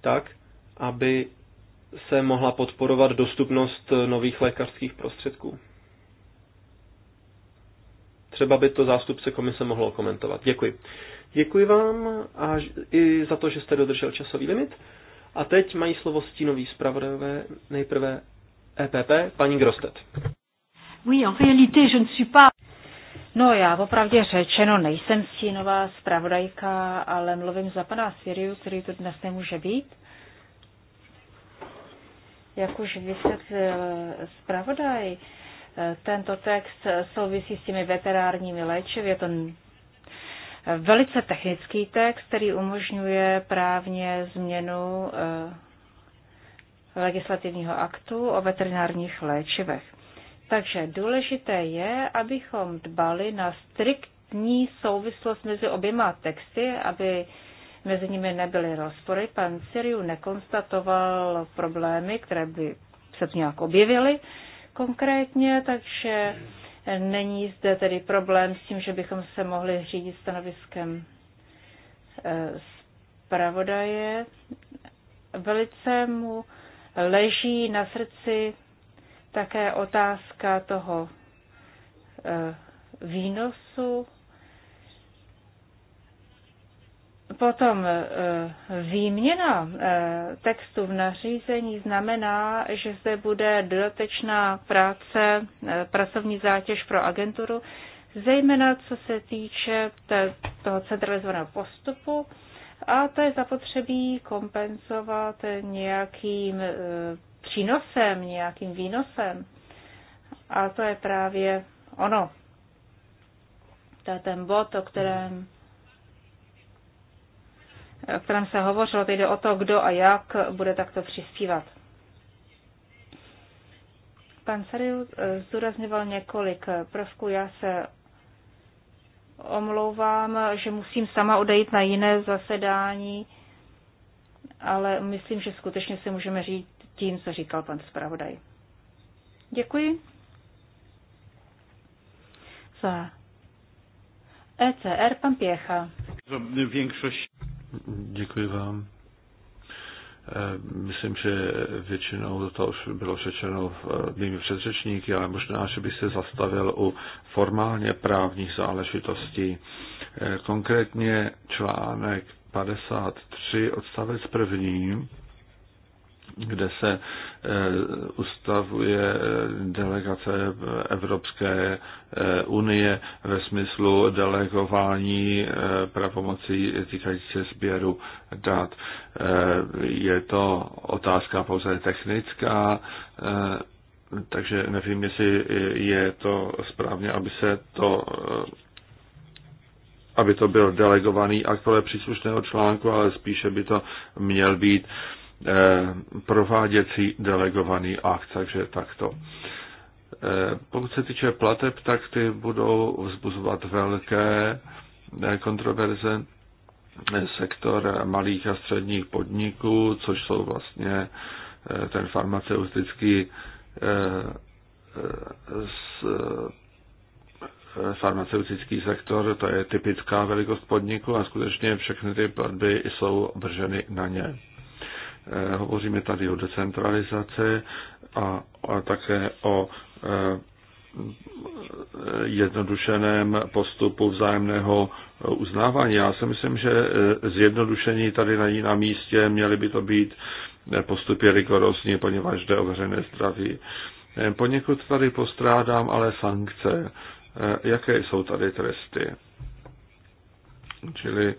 tak, aby se mohla podporovat dostupnost nových lékařských prostředků. Třeba by to zástupce komise mohlo komentovat. Děkuji. Děkuji vám a i za to, že jste dodržel časový limit. A teď mají slovo stínový zpravodajové nejprve EPP, paní Grostet. Oui, en réalité, je ne suis pas... No já opravdě řečeno nejsem stínová zpravodajka, ale mluvím za pana Siriu, který tu dnes nemůže být. Jak už vysvětlil eh, zpravodaj, eh, tento text souvisí s těmi veterárními léčivy. Je to velice technický text, který umožňuje právně změnu eh, legislativního aktu o veterinárních léčivech. Takže důležité je, abychom dbali na striktní souvislost mezi oběma texty, aby mezi nimi nebyly rozpory. Pan Siriu nekonstatoval problémy, které by se tu nějak objevily konkrétně, takže není zde tedy problém s tím, že bychom se mohli řídit stanoviskem eh, zpravodaje. Velice mu leží na srdci také otázka toho eh, výnosu Potom e, výměna e, textu v nařízení znamená, že zde bude dodatečná práce, e, pracovní zátěž pro agenturu, zejména co se týče toho centralizovaného postupu a to je zapotřebí kompenzovat nějakým přínosem, nějakým výnosem. A to je právě ono. To je ten bod, o kterém o kterém se hovořilo, teď jde o to, kdo a jak bude takto přispívat. Pan Sariu eh, zdůrazňoval několik prvků. Já se omlouvám, že musím sama odejít na jiné zasedání, ale myslím, že skutečně si můžeme říct tím, co říkal pan zpravodaj. Děkuji za ECR pan Pěcha. Děkuji vám. Eh, myslím, že většinou to už bylo řečeno eh, mými předřečníky, ale možná, že bych se zastavil u formálně právních záležitostí. Eh, konkrétně článek 53 odstavec první kde se eh, ustavuje delegace Evropské eh, unie ve smyslu delegování eh, pravomocí týkající se sběru dat. Je to otázka pouze technická, takže nevím, jestli je to správně, aby se to aby to byl delegovaný akt podle příslušného článku, ale spíše by to měl být eh, Eh, prováděcí delegovaný akt, takže takto. Eh, pokud se týče plateb, tak ty budou vzbuzovat velké eh, kontroverze sektor malých a středních podniků, což jsou vlastně ten farmaceutický farmaceutický sektor, to je typická velikost podniku a skutečně všechny ty platby jsou brženy na ně. Eh, hovoříme tady o decentralizaci a, a také o eh, jednodušeném postupu vzájemného eh, uznávání. Já si myslím, že zjednodušení tady na, na místě měly by to být postupy rigorózní, poněvadž jde o veřejné zdraví. Poněkud tady postrádám ale sankce. Jaké jsou tady tresty? Čili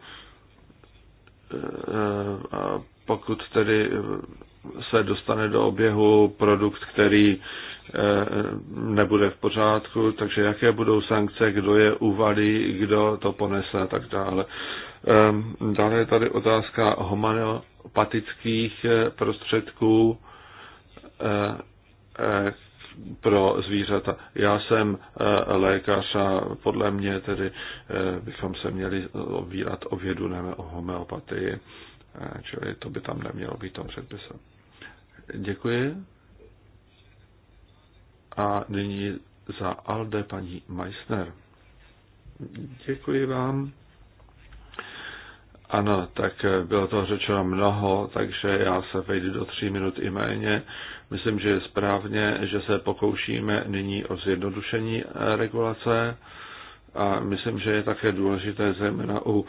pokud tedy eh, se dostane do oběhu produkt, který eh, nebude v pořádku, takže jaké budou sankce, kdo je uvalí, kdo to ponese a tak dále. Ehm, dále je tady otázka homeopatických eh, prostředků pro zvířata. Já jsem lékař a podle mě tedy bychom se měli obírat o vědu, ne o homeopatii. Eh, čili to by tam nemělo být tom předpisem. Děkuji. A nyní za Alde paní Meissner. Děkuji vám. Ano, tak eh, bylo to řečeno mnoho, takže já se vejdu do tří minut i méně. Myslím, že je správně, že se pokoušíme nyní o zjednodušení eh, regulace a myslím, že je také důležité zejména u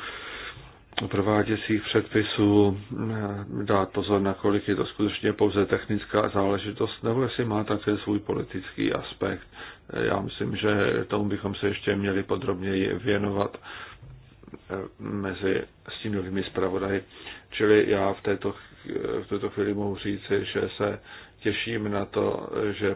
prováděcích předpisů eh, dát pozor, nakolik je to skutečně pouze technická záležitost, nebo jestli má také svůj politický aspekt. Eh, já myslím, že tomu bychom se ještě měli podrobněji věnovat eh, mezi stínovými zpravodaji. Čili já v této, v této chvíli mohu říci, že se těším na to, že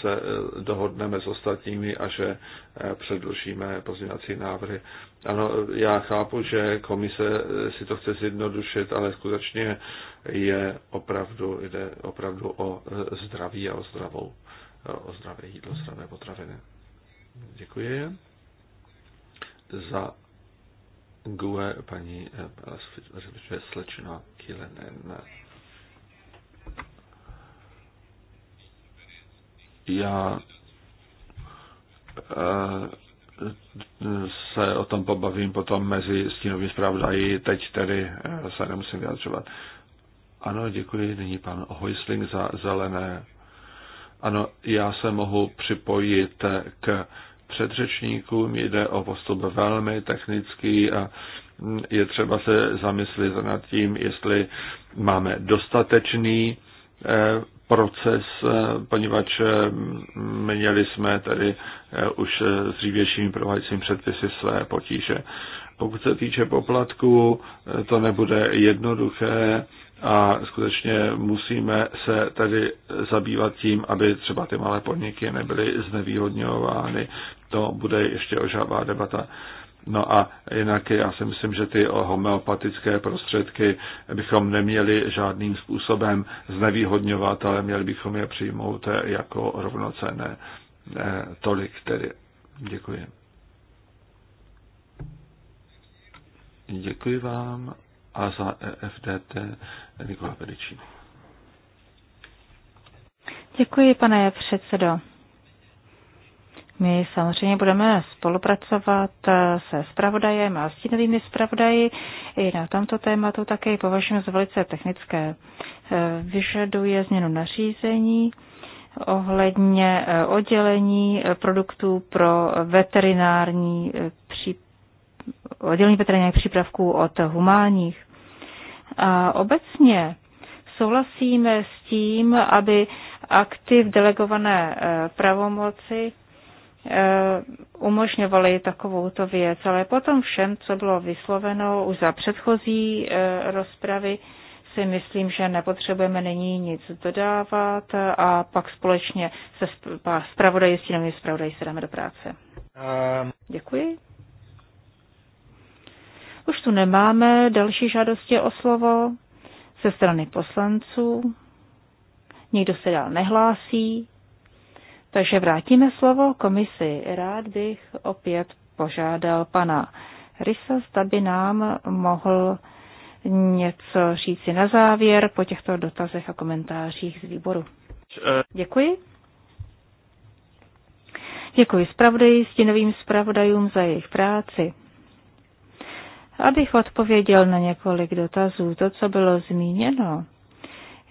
se eh, dohodneme s ostatními a že eh, předložíme pozměňovací návrhy. Ano, já chápu, že komise eh, si to chce zjednodušit, ale skutečně je opravdu, jde opravdu o zdraví a o zdravou, o zdravé jídlo, zdravé potraviny. Děkuji za GUE paní Slečina Kilenen. Já eh, se o tom pobavím potom mezi stínovým zpravodají, teď tedy eh, se nemusím vyjadřovat. Ano, děkuji, nyní pan Hojsling za zelené. Ano, já se mohu připojit eh, k předřečníkům, jde o postup velmi technický a mm, je třeba se zamyslet nad tím, jestli máme dostatečný proces, eh, poněvadž eh, měli jsme tady eh, už s dřívějšími prováděcími předpisy své potíže. Pokud se týče poplatku, to nebude jednoduché a skutečně musíme se tady zabývat tím, aby třeba ty malé podniky nebyly znevýhodňovány. To bude ještě ožává debata. No a jinak já si myslím, že ty homeopatické prostředky bychom neměli žádným způsobem znevýhodňovat, ale měli bychom je přijmout jako rovnocené. Eh, tolik tedy. Děkuji. Děkuji vám a za EFDT Nikola Pedičí. Děkuji, pane předsedo. My samozřejmě budeme spolupracovat se spravodajem a stínovými spravodaji. I na tomto tématu také považujeme za velice technické. Eh, vyžaduje změnu nařízení ohledně eh, oddělení eh, produktů pro veterinární pří... oddělení veterinárních přípravků od humánních. A obecně souhlasíme s tím, aby aktiv delegované pravomoci Eh, umožňovaly takovouto věc, ale potom všem, co bylo vysloveno už za předchozí eh, rozpravy, si myslím, že nepotřebujeme nyní nic dodávat a pak společně se zpravodají, s tím zpravodají se dáme do práce. Um. Děkuji. Už tu nemáme další žádosti o slovo ze strany poslanců. Nikdo se dál nehlásí. Takže vrátíme slovo komisi. Rád bych opět požádal pana Rysa, aby nám mohl něco říci na závěr po těchto dotazech a komentářích z výboru. Děkuji. Děkuji zpravodaji, stinovým zpravodajům za jejich práci. Abych odpověděl na několik dotazů, to, co bylo zmíněno,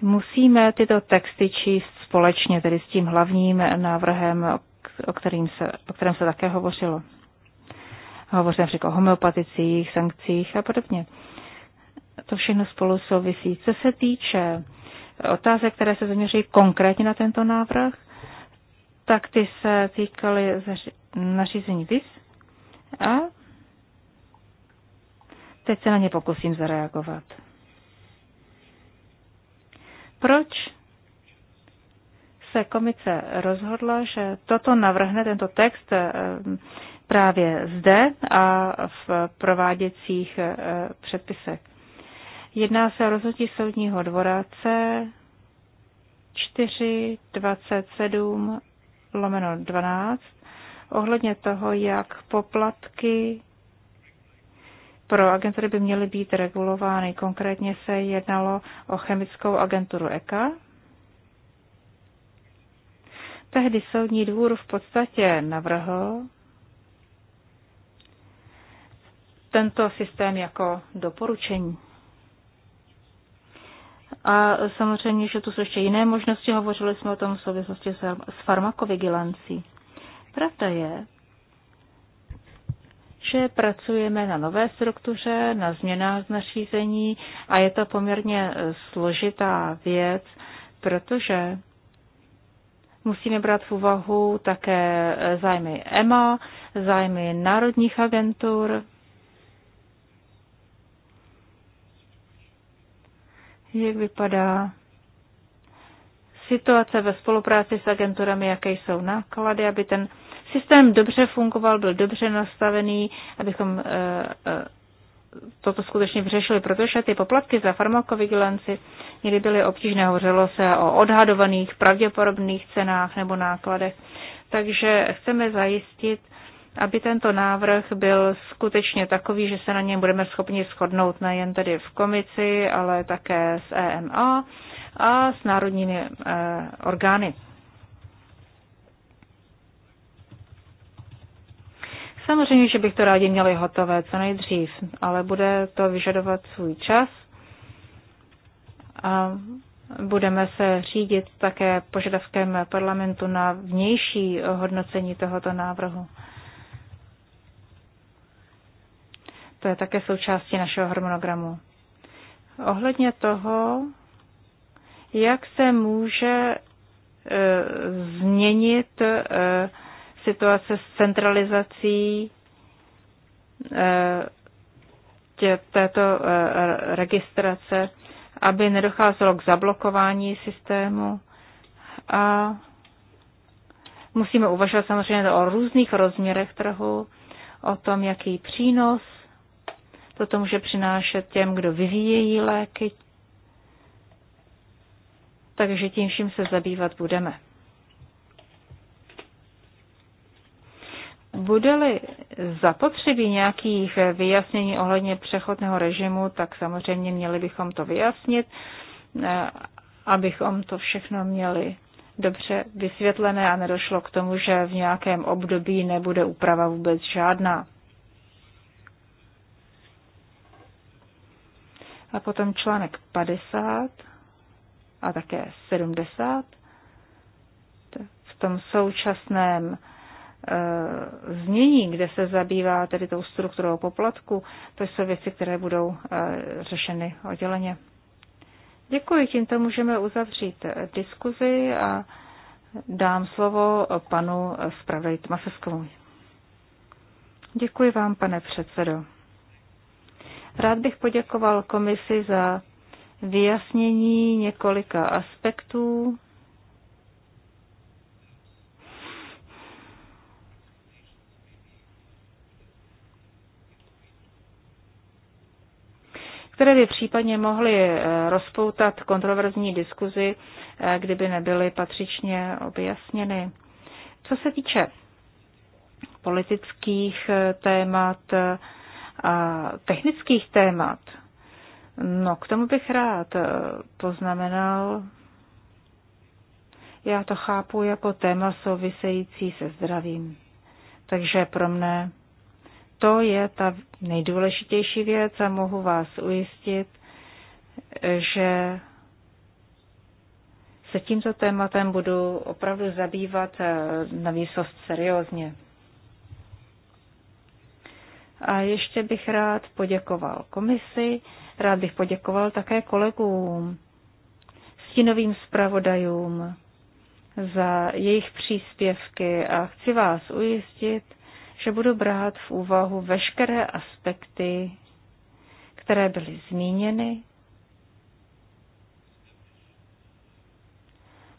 musíme tyto texty číst společně tedy s tím hlavním návrhem, o, kterým se, o kterém se také hovořilo. Hovoří například o homeopaticích, sankcích a podobně. To všechno spolu souvisí. Co se týče otázek, které se zaměřují konkrétně na tento návrh, tak ty se týkaly nařízení VIS a teď se na ně pokusím zareagovat. Proč se komice rozhodla, že toto navrhne, tento text, eh, právě zde a v prováděcích eh, předpisech. Jedná se o rozhodnutí soudního dvora C 427 lomeno 12 ohledně toho, jak poplatky pro agentury by měly být regulovány. Konkrétně se jednalo o chemickou agenturu ECA Tehdy soudní dvůr v podstatě navrhl tento systém jako doporučení. A samozřejmě, že tu jsou ještě jiné možnosti, hovořili jsme o tom v souvislosti s farmakovigilancí. Pravda je, že pracujeme na nové struktuře, na změnách nařízení a je to poměrně složitá věc, protože musíme brát v úvahu také e, zájmy EMA, zájmy národních agentur. Jak vypadá situace ve spolupráci s agenturami, jaké jsou náklady, aby ten systém dobře fungoval, byl dobře nastavený, abychom e, e, toto skutečně vyřešili, protože ty poplatky za farmakovigilanci někdy byly obtížné. Hovořilo se o odhadovaných pravděpodobných cenách nebo nákladech. Takže chceme zajistit, aby tento návrh byl skutečně takový, že se na něm budeme schopni shodnout nejen tedy v komici, ale také s EMA a s národními eh, orgány. Samozřejmě, že bych to rádi měli hotové co nejdřív, ale bude to vyžadovat svůj čas a budeme se řídit také požadavkem parlamentu na vnější hodnocení tohoto návrhu. To je také součástí našeho harmonogramu. Ohledně toho, jak se může e, změnit e, situace s centralizací eh, této eh, registrace, aby nedocházelo k zablokování systému a musíme uvažovat samozřejmě o různých rozměrech trhu, o tom, jaký přínos toto může přinášet těm, kdo vyvíjejí léky. Takže tím vším se zabývat budeme. Bude-li zapotřebí nějakých vyjasnění ohledně přechodného režimu, tak samozřejmě měli bychom to vyjasnit, eh, abychom to všechno měli dobře vysvětlené a nedošlo k tomu, že v nějakém období nebude úprava vůbec žádná. A potom článek 50 a také 70 v tom současném Eh, znění, kde se zabývá tedy tou strukturou poplatku, to jsou věci, které budou eh, řešeny odděleně. Děkuji, tímto můžeme uzavřít eh, diskuzi a dám slovo panu zpravodaji Tmaseskovu. Děkuji vám, pane předsedo. Rád bych poděkoval komisi za vyjasnění několika aspektů které by případně mohly eh, rozpoutat kontroverzní diskuzi, eh, kdyby nebyly patřičně objasněny. Co se týče politických eh, témat a technických témat, no k tomu bych rád poznamenal, já to chápu jako téma související se zdravím. Takže pro mne to je ta nejdůležitější věc a mohu vás ujistit, že se tímto tématem budu opravdu zabývat eh, na výsost seriózně. A ještě bych rád poděkoval komisi, rád bych poděkoval také kolegům, stínovým zpravodajům za jejich příspěvky a chci vás ujistit, že budu brát v úvahu veškeré aspekty, které byly zmíněny,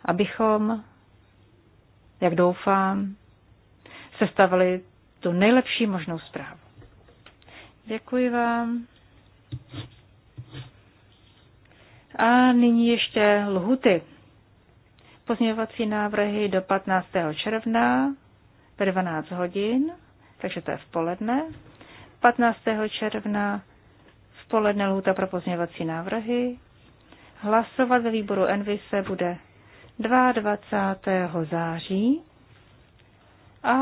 abychom, jak doufám, sestavili tu nejlepší možnou zprávu. Děkuji vám. A nyní ještě lhuty. Pozměňovací návrhy do 15. června ve 12 hodin takže to je v poledne. 15. června v poledne lhůta pro pozměvací návrhy. Hlasovat ve výboru Envy se bude 22. září a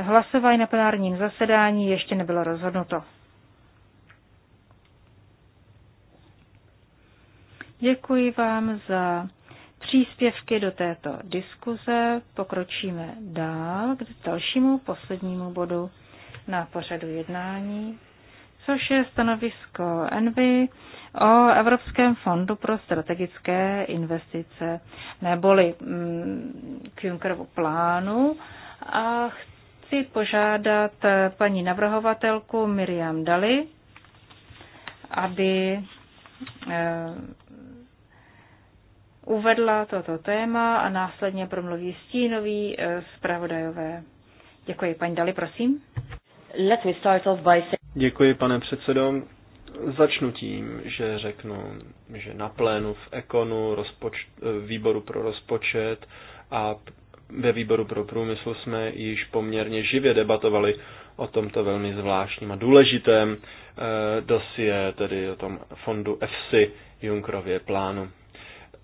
hlasování na plenárním zasedání ještě nebylo rozhodnuto. Děkuji vám za příspěvky do této diskuze. Pokročíme dál k dalšímu poslednímu bodu na pořadu jednání, což je stanovisko Envy o Evropském fondu pro strategické investice neboli mm, k Junckerovu plánu. A chci požádat paní navrhovatelku Miriam Dali, aby eh, uvedla toto téma a následně promluví stínový eh, zpravodajové. Děkuji. Paní Dali, prosím. Let me start off by... Děkuji, pane předsedo. Začnu tím, že řeknu, že na plénu v Ekonu, rozpoč... Eh, výboru pro rozpočet a ve výboru pro průmysl jsme již poměrně živě debatovali o tomto velmi zvláštním a důležitém eh, dosie, tedy o tom fondu EFSI Junkrově plánu.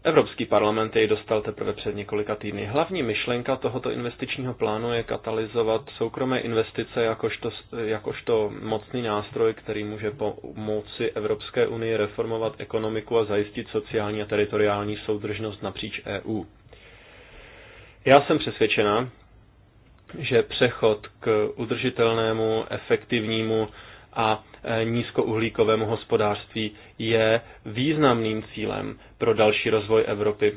Evropský parlament jej dostal teprve před několika týdny. Hlavní myšlenka tohoto investičního plánu je katalyzovat soukromé investice jakožto, jakožto mocný nástroj, který může pomoci Evropské unii reformovat ekonomiku a zajistit sociální a teritoriální soudržnost napříč EU. Já jsem přesvědčena, že přechod k udržitelnému, efektivnímu a Eh, nízkouhlíkovému hospodářství je významným cílem pro další rozvoj Evropy.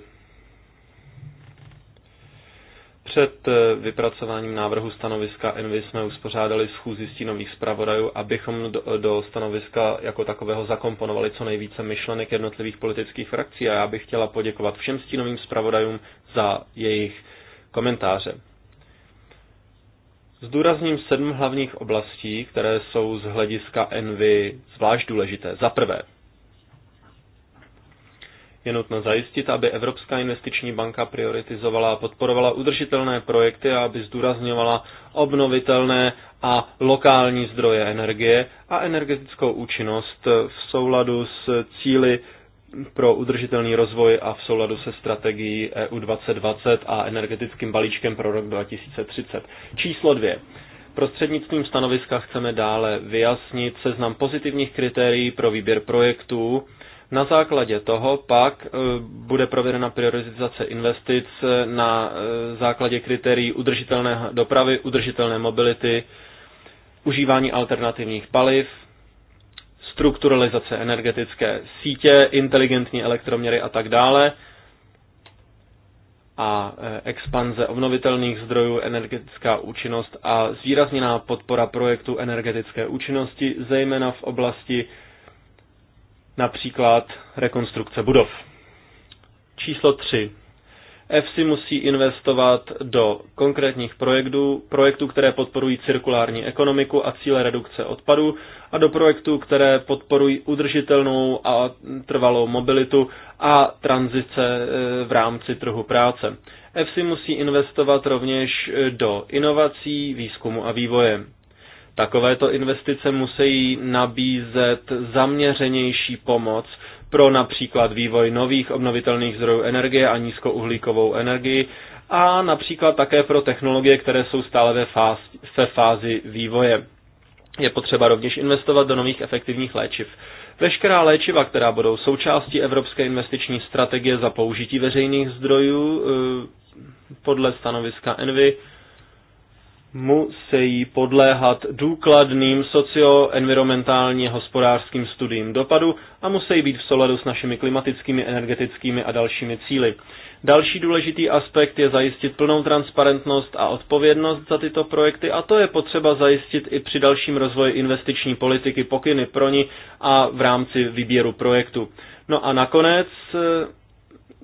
Před eh, vypracováním návrhu stanoviska Envy jsme uspořádali schůzi stínových zpravodajů, abychom do, stanoviska jako takového zakomponovali co nejvíce myšlenek jednotlivých politických frakcí a já bych chtěla poděkovat všem stínovým zpravodajům za jejich komentáře. Zdůrazním sedm hlavních oblastí, které jsou z hlediska envy zvlášť důležité. Za prvé, je nutno zajistit, aby Evropská investiční banka prioritizovala a podporovala udržitelné projekty a aby zdůrazňovala obnovitelné a lokální zdroje energie a energetickou účinnost v souladu s cíly pro udržitelný rozvoj a v souladu se strategií EU 2020 a energetickým balíčkem pro rok 2030. Číslo dvě. Prostřednictvím stanoviska chceme dále vyjasnit seznam pozitivních kritérií pro výběr projektů. Na základě toho pak e, bude provedena prioritizace investic e, na e, základě kritérií udržitelné dopravy, udržitelné mobility, užívání alternativních paliv, strukturalizace energetické sítě, inteligentní elektroměry a tak dále a e, expanze obnovitelných zdrojů, energetická účinnost a zvýrazněná podpora projektu energetické účinnosti, zejména v oblasti například rekonstrukce budov. Číslo 3. FC musí investovat do konkrétních projektů, projektů, které podporují cirkulární ekonomiku a cíle redukce odpadů a do projektů, které podporují udržitelnou a trvalou mobilitu a tranzice eh, v rámci trhu práce. FC musí investovat rovněž eh, do inovací, výzkumu a vývoje. Takovéto investice musí nabízet zaměřenější pomoc pro například vývoj nových obnovitelných zdrojů energie a nízkouhlíkovou energii a například také pro technologie, které jsou stále ve, fáz, ve fázi vývoje. Je potřeba rovněž investovat do nových efektivních léčiv. Veškerá léčiva, která budou součástí Evropské investiční strategie za použití veřejných zdrojů eh, podle stanoviska Envy, musí podléhat důkladným socioenvironmentálně hospodářským studiím dopadu a musí být v souladu s našimi klimatickými, energetickými a dalšími cíly. Další důležitý aspekt je zajistit plnou transparentnost a odpovědnost za tyto projekty a to je potřeba zajistit i při dalším rozvoji investiční politiky, pokyny pro ní a v rámci výběru projektu. No a nakonec eh,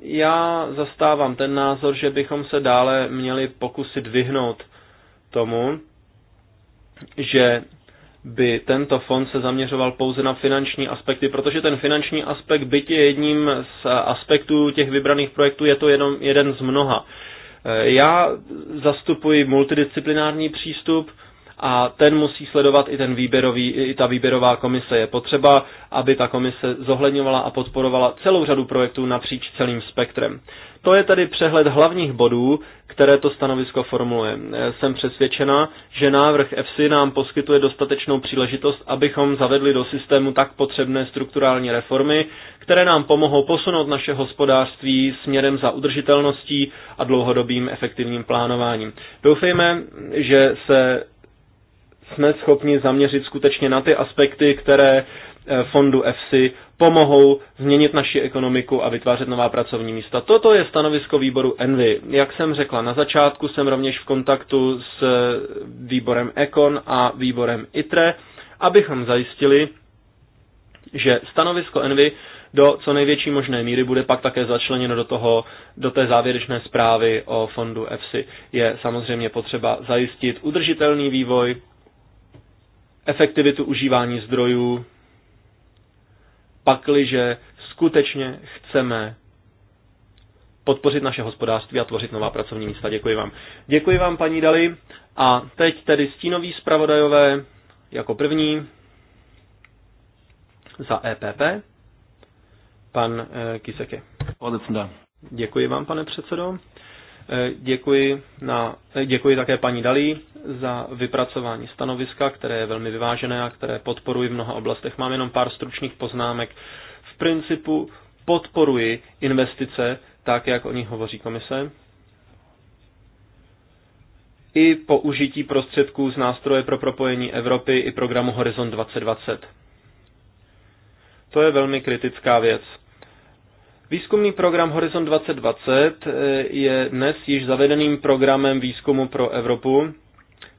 já zastávám ten názor, že bychom se dále měli pokusit vyhnout tomu, že by tento fond se zaměřoval pouze na finanční aspekty, protože ten finanční aspekt, byť je jedním z aspektů těch vybraných projektů, je to jenom jeden z mnoha. Já zastupuji multidisciplinární přístup, a ten musí sledovat i, ten výběrový, i ta výběrová komise. Je potřeba, aby ta komise zohledňovala a podporovala celou řadu projektů napříč celým spektrem. To je tedy přehled hlavních bodů, které to stanovisko formuluje. Jsem přesvědčena, že návrh EFSI nám poskytuje dostatečnou příležitost, abychom zavedli do systému tak potřebné strukturální reformy, které nám pomohou posunout naše hospodářství směrem za udržitelností a dlouhodobým efektivním plánováním. Doufejme, že se jsme schopni zaměřit skutečně na ty aspekty, které eh, fondu EFSI pomohou změnit naši ekonomiku a vytvářet nová pracovní místa. Toto je stanovisko výboru Envy. Jak jsem řekla na začátku, jsem rovněž v kontaktu s eh, výborem Econ a výborem ITRE, abychom zajistili, že stanovisko Envy do co největší možné míry bude pak také začleněno do, toho, do té závěrečné zprávy o fondu EFSI. Je samozřejmě potřeba zajistit udržitelný vývoj efektivitu užívání zdrojů, pakliže skutečně chceme podpořit naše hospodářství a tvořit nová pracovní místa. Děkuji vám. Děkuji vám, paní Dali. A teď tedy stínoví zpravodajové jako první za EPP, pan eh, Kiseke. Děkuji vám, pane předsedo. Eh, děkuji, na, eh, děkuji také paní Dalí za vypracování stanoviska, které je velmi vyvážené a které podporuji v mnoha oblastech. Mám jenom pár stručných poznámek. V principu podporuji investice, tak jak o nich hovoří komise, i použití prostředků z nástroje pro propojení Evropy i programu Horizon 2020. To je velmi kritická věc Výzkumný program Horizon 2020 eh, je dnes již zavedeným programem výzkumu pro Evropu,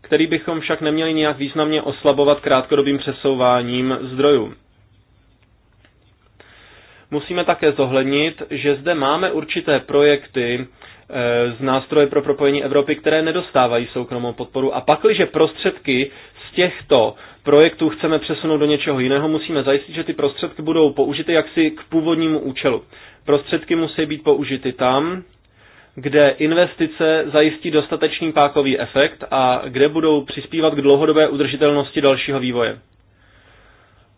který bychom však neměli nějak významně oslabovat krátkodobým přesouváním zdrojů. Musíme také zohlednit, že zde máme určité projekty eh, z nástroje pro propojení Evropy, které nedostávají soukromou podporu. A pakliže prostředky z těchto projektů chceme přesunout do něčeho jiného, musíme zajistit, že ty prostředky budou použity jaksi k původnímu účelu. Prostředky musí být použity tam, kde investice zajistí dostatečný pákový efekt a kde budou přispívat k dlouhodobé udržitelnosti dalšího vývoje.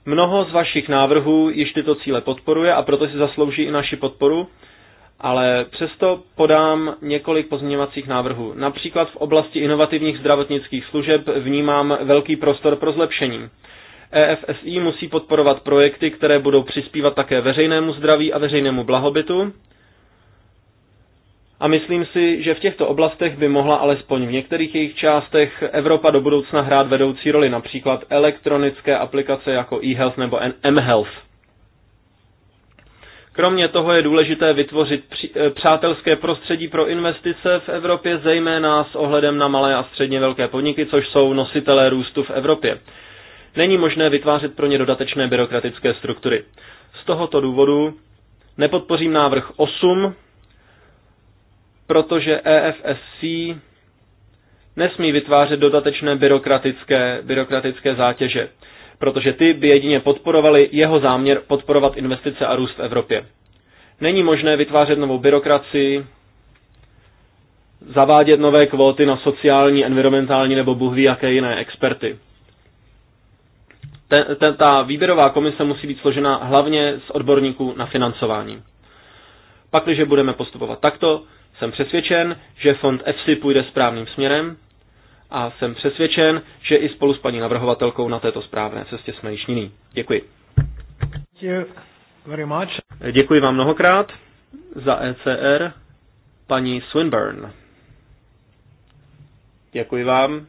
Mnoho z vašich návrhů již tyto cíle podporuje a proto si zaslouží i naši podporu, ale přesto podám několik pozměňovacích návrhů. Například v oblasti inovativních zdravotnických služeb vnímám velký prostor pro zlepšení. EFSI musí podporovat projekty, které budou přispívat také veřejnému zdraví a veřejnému blahobytu. A myslím si, že v těchto oblastech by mohla alespoň v některých jejich částech Evropa do budoucna hrát vedoucí roli, například elektronické aplikace jako eHealth nebo mHealth. Kromě toho je důležité vytvořit e, přátelské prostředí pro investice v Evropě, zejména s ohledem na malé a středně velké podniky, což jsou nositelé růstu v Evropě. Není možné vytvářet pro ně dodatečné byrokratické struktury. Z tohoto důvodu nepodpořím návrh 8, protože EFSC nesmí vytvářet dodatečné byrokratické, byrokratické zátěže, protože ty by jedině podporovali jeho záměr podporovat investice a růst v Evropě. Není možné vytvářet novou byrokracii, zavádět nové kvóty na sociální, environmentální nebo buhví jaké jiné experty te, ta výběrová komise musí být složena hlavně z odborníků na financování. Pak, když budeme postupovat takto, jsem přesvědčen, že fond EFSI půjde správným směrem a jsem přesvědčen, že i spolu s paní navrhovatelkou na této správné cestě jsme již nyní. Děkuji. Děkuji vám mnohokrát za ECR paní Swinburne. Děkuji vám.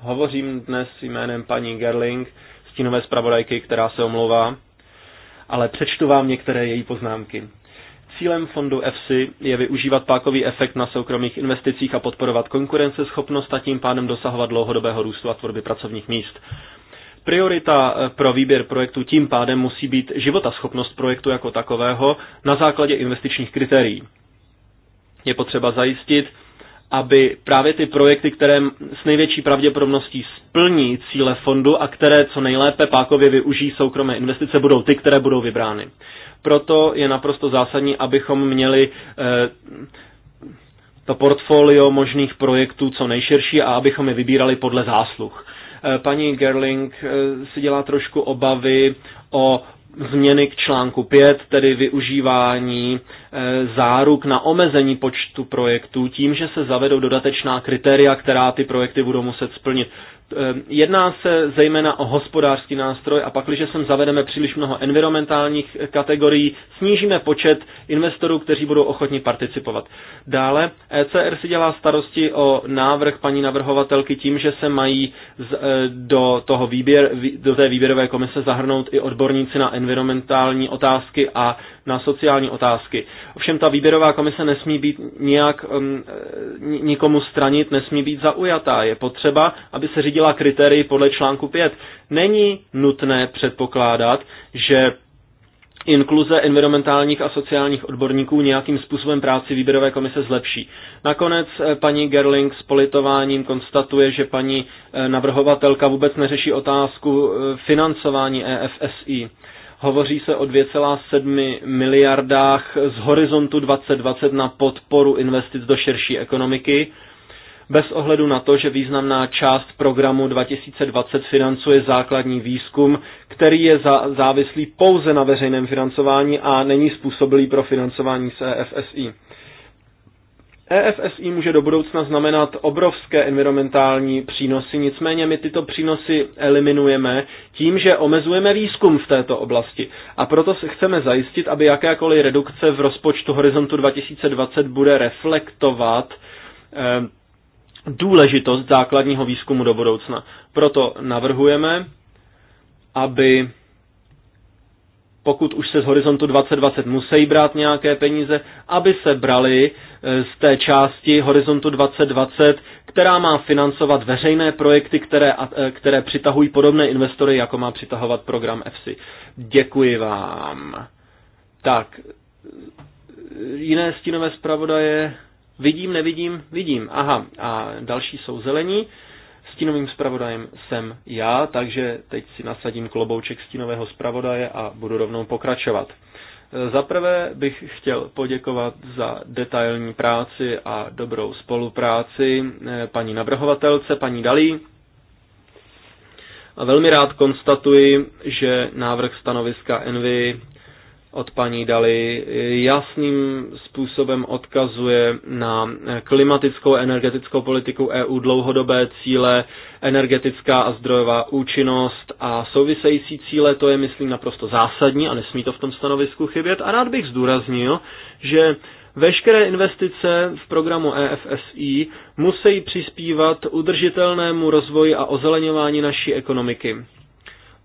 Hovořím dnes jménem paní Gerling, stínové zpravodajky, která se omlouvá, ale přečtu vám některé její poznámky. Cílem fondu EFSI je využívat pákový efekt na soukromých investicích a podporovat konkurenceschopnost a tím pádem dosahovat dlouhodobého růstu a tvorby pracovních míst. Priorita eh, pro výběr projektu tím pádem musí být životaschopnost projektu jako takového na základě investičních kritérií. Je potřeba zajistit, aby právě ty projekty, které s největší pravděpodobností splní cíle fondu a které co nejlépe pákově využijí soukromé investice, budou ty, které budou vybrány. Proto je naprosto zásadní, abychom měli eh, to portfolio možných projektů co nejširší a abychom je vybírali podle zásluh. Eh, paní Gerling eh, si dělá trošku obavy o změny k článku 5, tedy využívání e, záruk na omezení počtu projektů tím, že se zavedou dodatečná kritéria, která ty projekty budou muset splnit. Ehm, jedná se zejména o hospodářský nástroj a pak, když sem zavedeme příliš mnoho environmentálních eh, kategorií, snížíme počet investorů, kteří budou ochotni participovat. Dále ECR si dělá starosti o návrh paní navrhovatelky tím, že se mají eh, do, toho výběr, do té výběrové komise zahrnout i odborníci na environmentální otázky a na sociální otázky. Ovšem ta výběrová komise nesmí být nějak um, nikomu stranit, nesmí být zaujatá. Je potřeba, aby se řídila kritérii podle článku 5. Není nutné předpokládat, že Inkluze environmentálních a sociálních odborníků nějakým způsobem práci výběrové komise zlepší. Nakonec eh, paní Gerling s politováním konstatuje, že paní eh, navrhovatelka vůbec neřeší otázku eh, financování EFSI. Hovoří se o 2,7 miliardách z horizontu 2020 na podporu investic do širší ekonomiky, bez ohledu na to, že významná část programu 2020 financuje základní výzkum, který je závislý pouze na veřejném financování a není způsobilý pro financování CFSI. EFSI může do budoucna znamenat obrovské environmentální přínosy, nicméně my tyto přínosy eliminujeme tím, že omezujeme výzkum v této oblasti. A proto se chceme zajistit, aby jakékoliv redukce v rozpočtu Horizontu 2020 bude reflektovat eh, důležitost základního výzkumu do budoucna. Proto navrhujeme, aby pokud už se z horizontu 2020 musí brát nějaké peníze, aby se brali e, z té části horizontu 2020, která má financovat veřejné projekty, které, e, které přitahují podobné investory, jako má přitahovat program EFSI. Děkuji vám. Tak, jiné stínové zpravodaje vidím, nevidím, vidím. Aha, a další jsou zelení. Stínovým zpravodajem jsem já, takže teď si nasadím klobouček stínového zpravodaje a budu rovnou pokračovat. E, Zaprvé bych chtěl poděkovat za detailní práci a dobrou spolupráci e, paní navrhovatelce, paní Dalí. A velmi rád konstatuji, že návrh stanoviska Envy od paní Dali jasným způsobem odkazuje na klimatickou energetickou politiku EU, dlouhodobé cíle, energetická a zdrojová účinnost a související cíle, to je, myslím, naprosto zásadní a nesmí to v tom stanovisku chybět. A rád bych zdůraznil, že Veškeré investice v programu EFSI musí přispívat udržitelnému rozvoji a ozeleňování naší ekonomiky.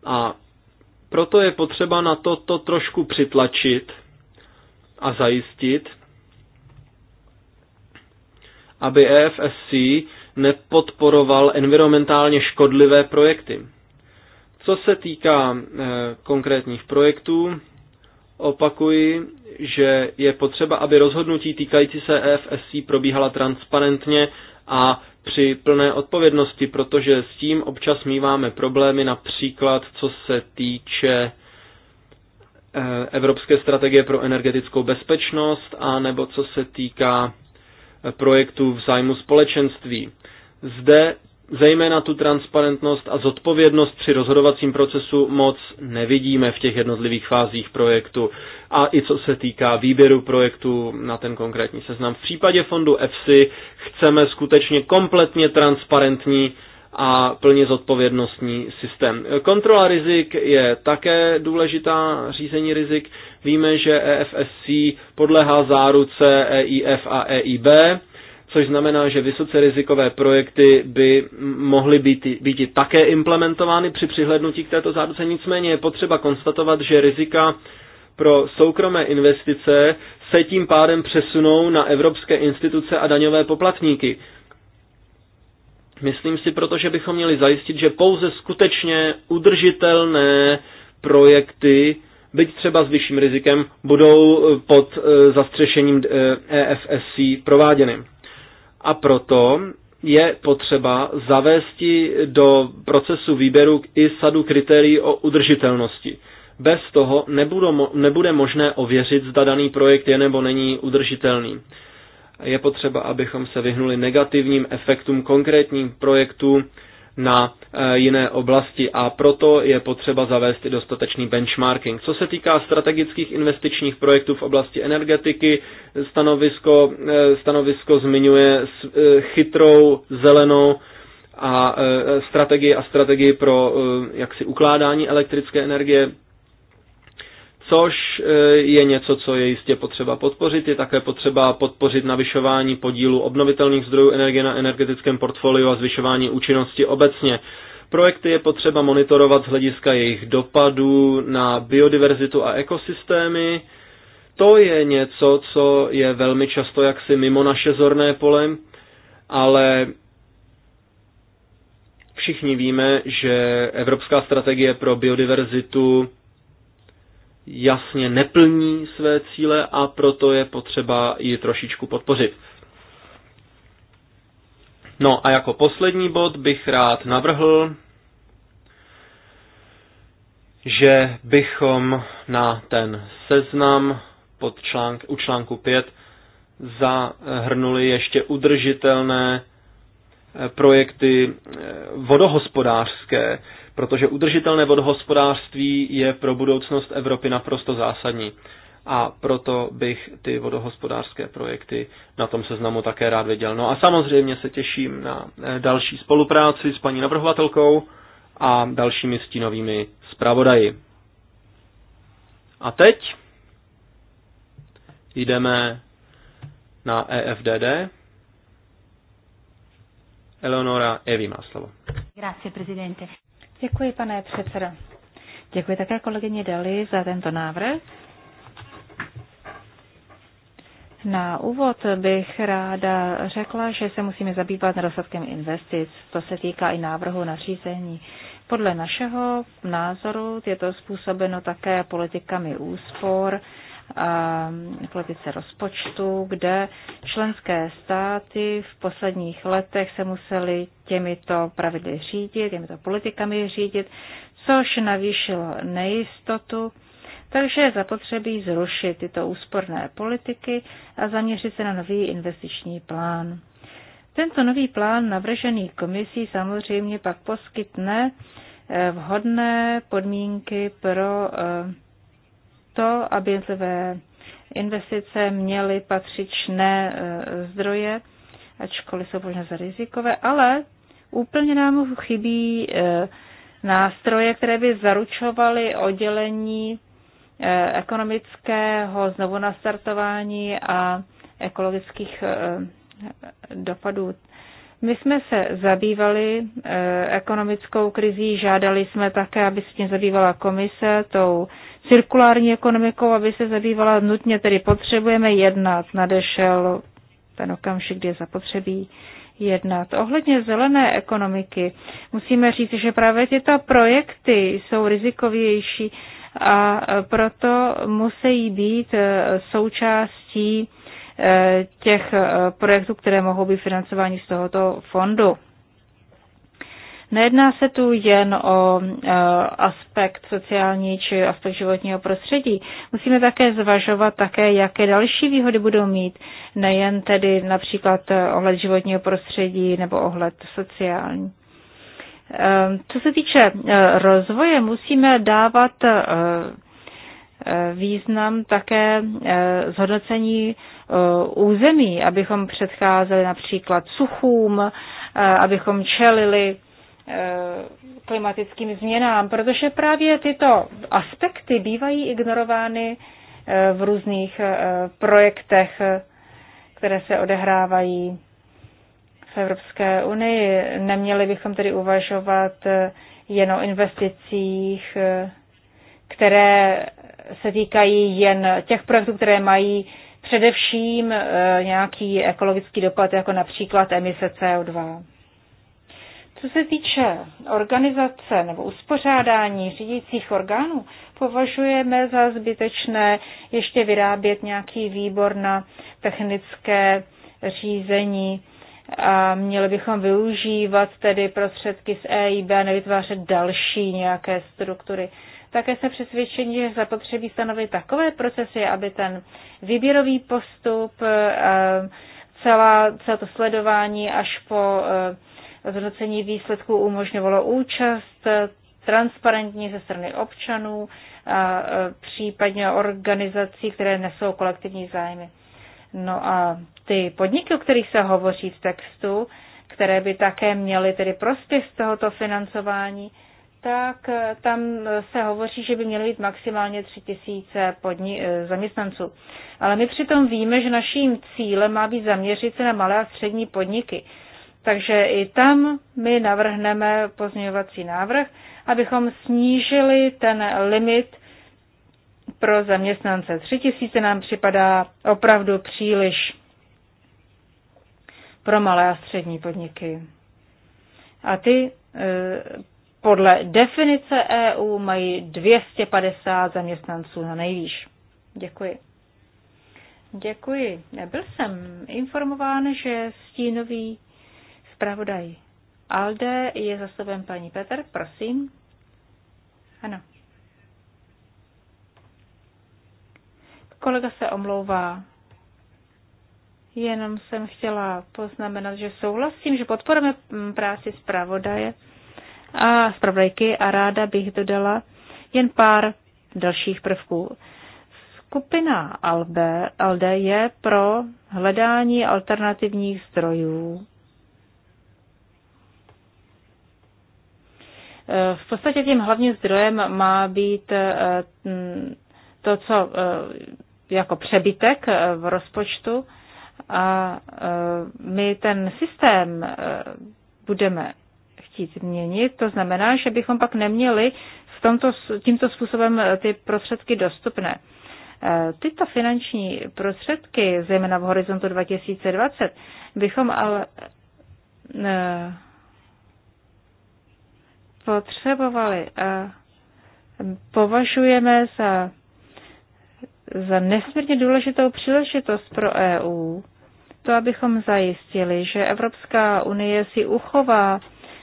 A proto je potřeba na toto trošku přitlačit a zajistit, aby EFSC nepodporoval environmentálně škodlivé projekty. Co se týká eh, konkrétních projektů, opakuji, že je potřeba, aby rozhodnutí týkající se EFSC probíhala transparentně a při plné odpovědnosti, protože s tím občas míváme problémy, například co se týče eh, Evropské strategie pro energetickou bezpečnost a nebo co se týká eh, projektu v zájmu společenství. Zde zejména tu transparentnost a zodpovědnost při rozhodovacím procesu moc nevidíme v těch jednotlivých fázích projektu a i co se týká výběru projektu na ten konkrétní seznam. V případě fondu EFSI chceme skutečně kompletně transparentní a plně zodpovědnostní systém. Kontrola rizik je také důležitá, řízení rizik. Víme, že EFSC podlehá záruce EIF a EIB což znamená, že vysoce rizikové projekty by mohly být, být také implementovány při přihlednutí k této záruce. Nicméně je potřeba konstatovat, že rizika pro soukromé investice se tím pádem přesunou na evropské instituce a daňové poplatníky. Myslím si proto, že bychom měli zajistit, že pouze skutečně udržitelné projekty, byť třeba s vyšším rizikem, budou pod eh, zastřešením EFSC eh, e prováděny. A proto je potřeba zavést do procesu výběru i sadu kritérií o udržitelnosti. Bez toho nebude možné ověřit, zda daný projekt je nebo není udržitelný. Je potřeba, abychom se vyhnuli negativním efektům konkrétních projektů, na e, jiné oblasti a proto je potřeba zavést i dostatečný benchmarking. Co se týká strategických investičních projektů v oblasti energetiky, stanovisko, e, stanovisko zmiňuje e, chytrou, zelenou a strategii a strategii pro jaksi ukládání elektrické energie což e, je něco, co je jistě potřeba podpořit. Je také potřeba podpořit navyšování podílu obnovitelných zdrojů energie na energetickém portfoliu a zvyšování účinnosti obecně. Projekty je potřeba monitorovat z hlediska jejich dopadů na biodiverzitu a ekosystémy. To je něco, co je velmi často jaksi mimo naše zorné pole, ale všichni víme, že Evropská strategie pro biodiverzitu jasně neplní své cíle a proto je potřeba ji trošičku podpořit. No a jako poslední bod bych rád navrhl, že bychom na ten seznam pod článk, u článku 5 zahrnuli ještě udržitelné eh, projekty eh, vodohospodářské, protože udržitelné vodohospodářství je pro budoucnost Evropy naprosto zásadní. A proto bych ty vodohospodářské projekty na tom seznamu také rád viděl. No a samozřejmě se těším na eh, další spolupráci s paní navrhovatelkou a dalšími stínovými zpravodaji. A teď jdeme na EFDD. Eleonora Evi má slovo. Grazie, Děkuji, pane předsedo. Děkuji také kolegyně Dali za tento návrh. Na úvod bych ráda řekla, že se musíme zabývat nedostatkem investic. To se týká i návrhu na řízení. Podle našeho názoru je to způsobeno také politikami úspor, v um, politice rozpočtu, kde členské státy v posledních letech se museli těmito pravidly řídit, těmito politikami řídit, což navýšilo nejistotu. Takže je zapotřebí zrušit tyto úsporné politiky a zaměřit se na nový investiční plán. Tento nový plán navržený komisí samozřejmě pak poskytne eh, vhodné podmínky pro eh, to, aby jednotlivé investice měly patřičné e, zdroje, ačkoliv jsou možná za rizikové, ale úplně nám chybí e, nástroje, které by zaručovaly oddělení e, ekonomického znovu nastartování a ekologických dopadů. My jsme se zabývali ekonomickou krizí, žádali jsme také, aby se tím zabývala komise, tou cirkulární ekonomikou, aby se zabývala nutně, tedy potřebujeme jednat. Nadešel ten okamžik, kdy je zapotřebí jednat. Ohledně zelené ekonomiky musíme říct, že právě tyto projekty jsou rizikovější a proto musí být součástí eh, těch eh, projektů, které mohou být financovány z tohoto fondu. Nejedná se tu jen o e, aspekt sociální či aspekt životního prostředí. Musíme také zvažovat také, jaké další výhody budou mít, nejen tedy například ohled životního prostředí nebo ohled sociální. E, co se týče e, rozvoje, musíme dávat význam také zhodnocení území, abychom předcházeli například suchům, abychom čelili Eh, klimatickým změnám, protože právě tyto aspekty bývají ignorovány eh, v různých eh, projektech, které se odehrávají v Evropské unii. Neměli bychom tedy uvažovat jen o investicích, které se týkají jen těch projektů, které mají především nějaký ekologický dopad, jako například emise CO2. Co se týče organizace nebo uspořádání řídících orgánů, považujeme za zbytečné ještě vyrábět nějaký výbor na technické řízení a měli bychom využívat tedy prostředky z EIB a nevytvářet další nějaké struktury. Také jsme přesvědčeni, že zapotřebí stanovit takové procesy, aby ten výběrový postup, eh, celá, celé to sledování až po eh, Zhodnocení výsledků umožňovalo účast eh, transparentní ze strany občanů a eh, případně organizací, které nesou kolektivní zájmy. No a ty podniky, o kterých se hovoří v textu, které by také měly tedy prospěch z tohoto financování, tak eh, tam se hovoří, že by měly být maximálně 3 tisíce podni- zaměstnanců. Ale my přitom víme, že naším cílem má být zaměřit se na malé a střední podniky. Takže i tam my navrhneme pozměňovací návrh, abychom snížili ten limit pro zaměstnance. Tři tisíce nám připadá opravdu příliš pro malé a střední podniky. A ty e, podle definice EU mají 250 zaměstnanců na nejvýš. Děkuji. Děkuji. Byl jsem informován, že stínový Spravodaj Alde je sobem paní Petr, prosím. Ano. Kolega se omlouvá. Jenom jsem chtěla poznamenat, že souhlasím, že podporujeme mm, práci zpravodaje a zpravodajky a ráda bych dodala jen pár dalších prvků. Skupina ALDE je pro hledání alternativních zdrojů V podstatě tím hlavním zdrojem má být eh, mm, to, co eh, jako přebytek eh, v rozpočtu a my ten systém budeme chtít změnit. To znamená, že bychom pak neměli v tomto, tímto způsobem ty prostředky dostupné. Tyto finanční prostředky, zejména v horizontu 2020, bychom ale potřebovali a považujeme za, za nesmírně důležitou příležitost pro EU, to, abychom zajistili, že Evropská unie si uchová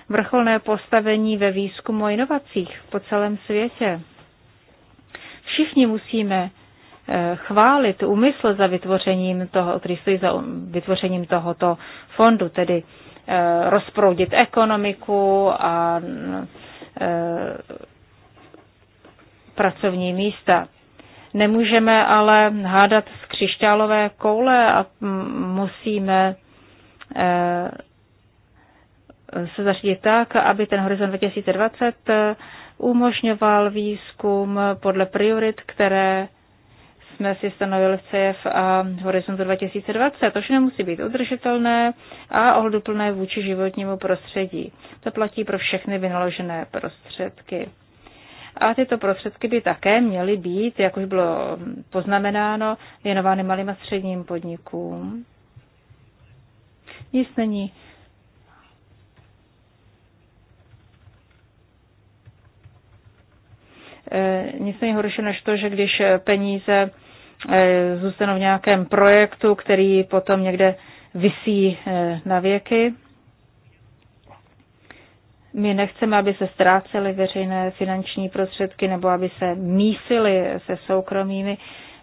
vrcholné postavení ve výzkumu a inovacích po celém světě. Všichni musíme e, chválit úmysl za vytvořením toho, který stojí za vytvořením tohoto fondu, tedy Eh, rozproudit ekonomiku a eh, pracovní místa. Nemůžeme ale hádat z křišťálové koule a musíme eh, se zařídit tak, aby ten horizont 2020 umožňoval výzkum podle priorit, které jsme si stanovili v CF a Horizontu 2020. To všechno musí být udržitelné a ohleduplné vůči životnímu prostředí. To platí pro všechny vynaložené prostředky. A tyto prostředky by také měly být, jak už bylo poznamenáno, věnovány malým a středním podnikům. Nic není eh, nic není horší než to, že když peníze E, zůstanou v nějakém projektu, který potom někde visí e, na věky. My nechceme, aby se ztrácely veřejné finanční prostředky nebo aby se mísily se soukromými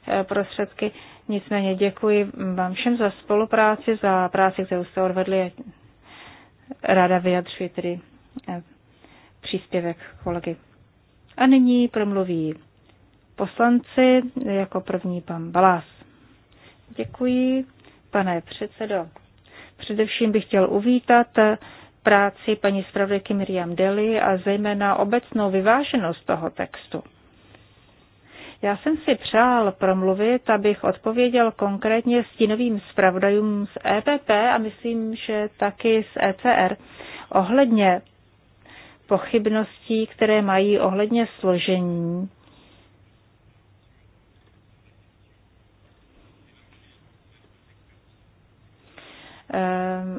e, prostředky. Nicméně děkuji vám všem za spolupráci, za práci, kterou jste odvedli. Ráda vyjadřuji tedy příspěvek kolegy. A nyní promluví poslanci, jako první pan Balás. Děkuji, pane předsedo. Především bych chtěl uvítat práci paní zpravodajky Miriam Deli a zejména obecnou vyváženost toho textu. Já jsem si přál promluvit, abych odpověděl konkrétně stínovým zpravodajům z EPP a myslím, že taky z ECR ohledně pochybností, které mají ohledně složení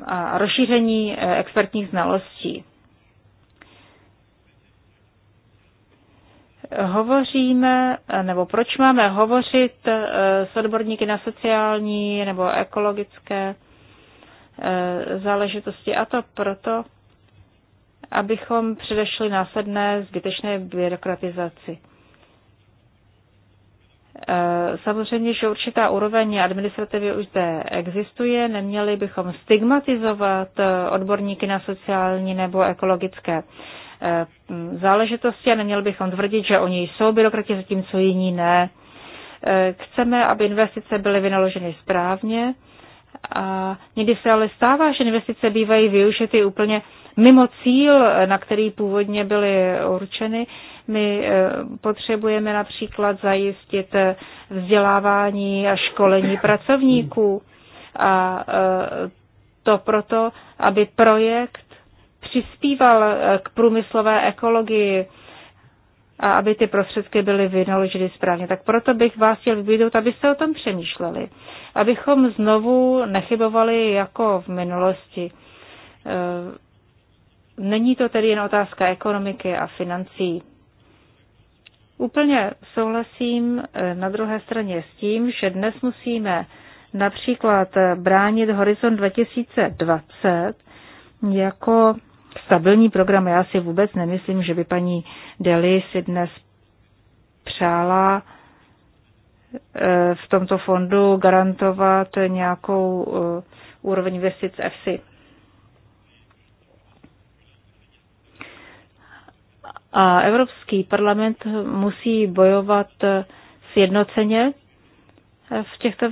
a rozšíření eh, expertních znalostí. hovoříme, eh, nebo proč máme hovořit eh, s odborníky na sociální nebo ekologické záležitosti. A to proto, abychom předešli následné zbytečné byrokratizaci. Eh, samozřejmě, že určitá úroveň administrativy už zde existuje, neměli bychom stigmatizovat eh, odborníky na sociální nebo ekologické eh, záležitosti a neměli bychom tvrdit, že oni jsou byrokrati, zatímco jiní ne. Chceme, aby investice byly vynaloženy správně a někdy se ale stává, že investice bývají využity úplně mimo cíl, na který původně byly určeny. My eh, potřebujeme například zajistit eh, vzdělávání a školení pracovníků. A eh, to proto, aby projekt přispíval k průmyslové ekologii a aby ty prostředky byly vynaloženy správně. Tak proto bych vás chtěl vybídnout, abyste o tom přemýšleli, abychom znovu nechybovali jako v minulosti. Není to tedy jen otázka ekonomiky a financí. Úplně souhlasím eh, na druhé straně s tím, že dnes musíme například eh, bránit Horizon 2020 jako stabilní program. Já si vůbec nemyslím, že by paní Deli si dnes přála eh, v tomto fondu garantovat nějakou úroveň investic EFSI. A Evropský parlament musí bojovat sjednoceně v těchto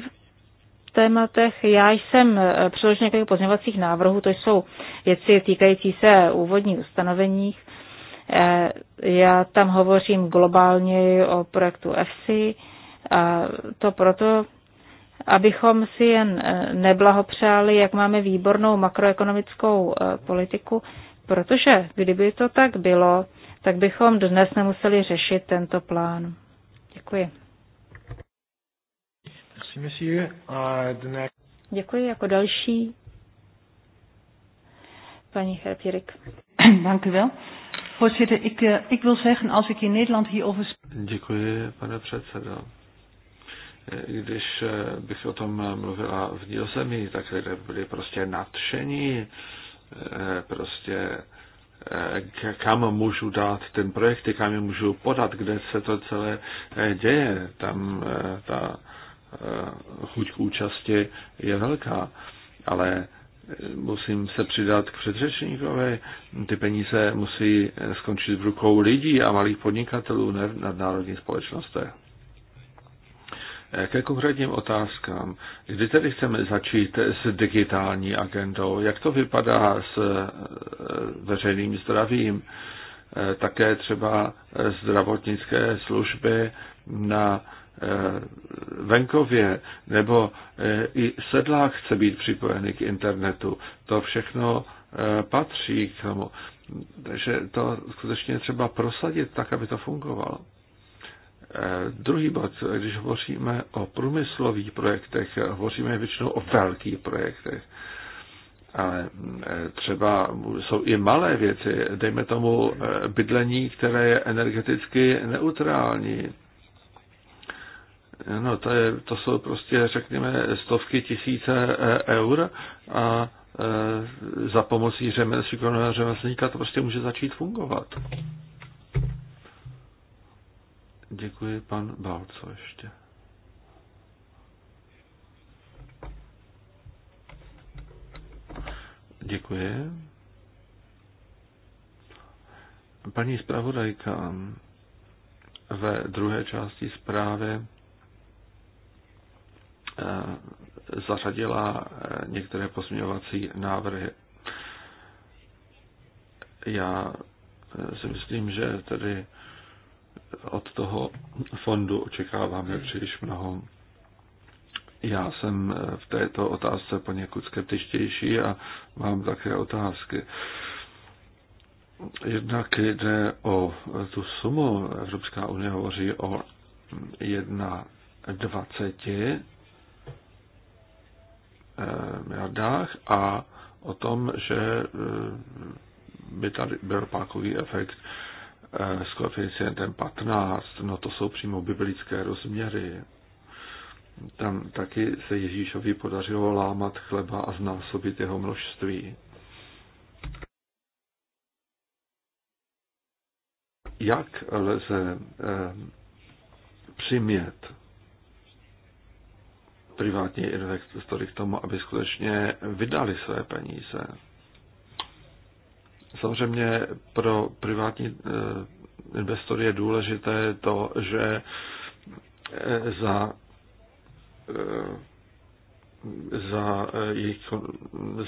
tématech. Já jsem přiložil několik pozměňovacích návrhů, to jsou věci týkající se úvodních ustanoveních. Eh, já tam hovořím globálně o projektu EFSI, a to proto, abychom si jen eh, neblahopřáli, jak máme výbornou makroekonomickou eh, politiku, protože kdyby to tak bylo, tak bychom dnes nemuseli řešit tento plán. Děkuji. Děkuji jako další. Paní Herpierik. Dank u wel. Voorzitter, ik, eh, ik wil zeggen, als ik in Nederland hierover... Děkuji, pane předsedo. Eh, když eh, bych o tom mluvila v Nizozemí, tak lidé byli prostě nadšení, prostě Eh, kam můžu dát ten projekt, kam je můžu podat, kde se to celé eh, děje. Tam eh, ta chuť k účasti je velká, ale musím se přidat k předřečníkovi. Ty peníze musí skončit v rukou lidí a malých podnikatelů, ne v nadnárodních společnostech. Ke konkrétním otázkám. Kdy tedy chceme začít s digitální agendou? Jak to vypadá s eh, veřejným zdravím? Eh, také třeba zdravotnické služby na eh, venkově, nebo i sedlák chce být připojený k internetu. To všechno patří k tomu. Takže to skutečně třeba prosadit tak, aby to fungovalo. Druhý bod, když hovoříme o průmyslových projektech, hovoříme většinou o velkých projektech. Ale eh, třeba jsou i malé věci, dejme tomu eh, bydlení, které je energeticky neutrální. No, to, je, to jsou prostě, řekněme, stovky tisíce eh, eur a za pomocí řemeslníka, řemeslníka to prostě může začít fungovat. Děkuji, pan Balco ještě. Děkuji. Paní zpravodajka ve druhé části zprávy eh, zařadila eh, některé posměvací návrhy. Já eh, si myslím, že tedy od toho fondu očekáváme příliš mnoho. Já jsem v této otázce poněkud skeptičtější a mám také otázky. Jednak jde o tu sumu, Evropská unie hovoří o 1,20 eh, miliardách a o tom, že eh, by tady byl pákový efekt Eh, s koeficientem 15, no to jsou přímo biblické rozměry. Tam taky se Ježíšovi podařilo lámat chleba a znásobit jeho množství. Jak lze eh, přimět privátní investory k tomu, aby skutečně vydali své peníze? Samozřejmě pro privátní eh, investory je důležité to, že eh, za eh, za jejich,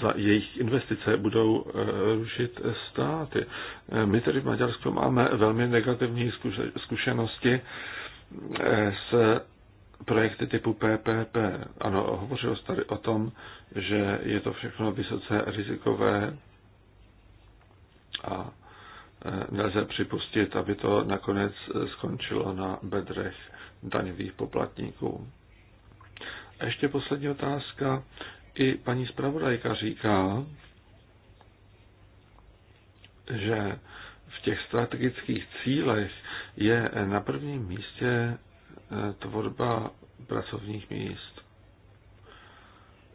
za jejich investice budou rušit státy. My tedy v Maďarsku máme velmi negativní zkušenosti s projekty typu PPP. Ano, hovořil jsem tady o tom, že je to všechno vysoce rizikové a e, nelze připustit, aby to nakonec skončilo na bedrech daňových poplatníků. A ještě poslední otázka. I paní zpravodajka říká, že v těch strategických cílech je na prvním místě e, tvorba pracovních míst.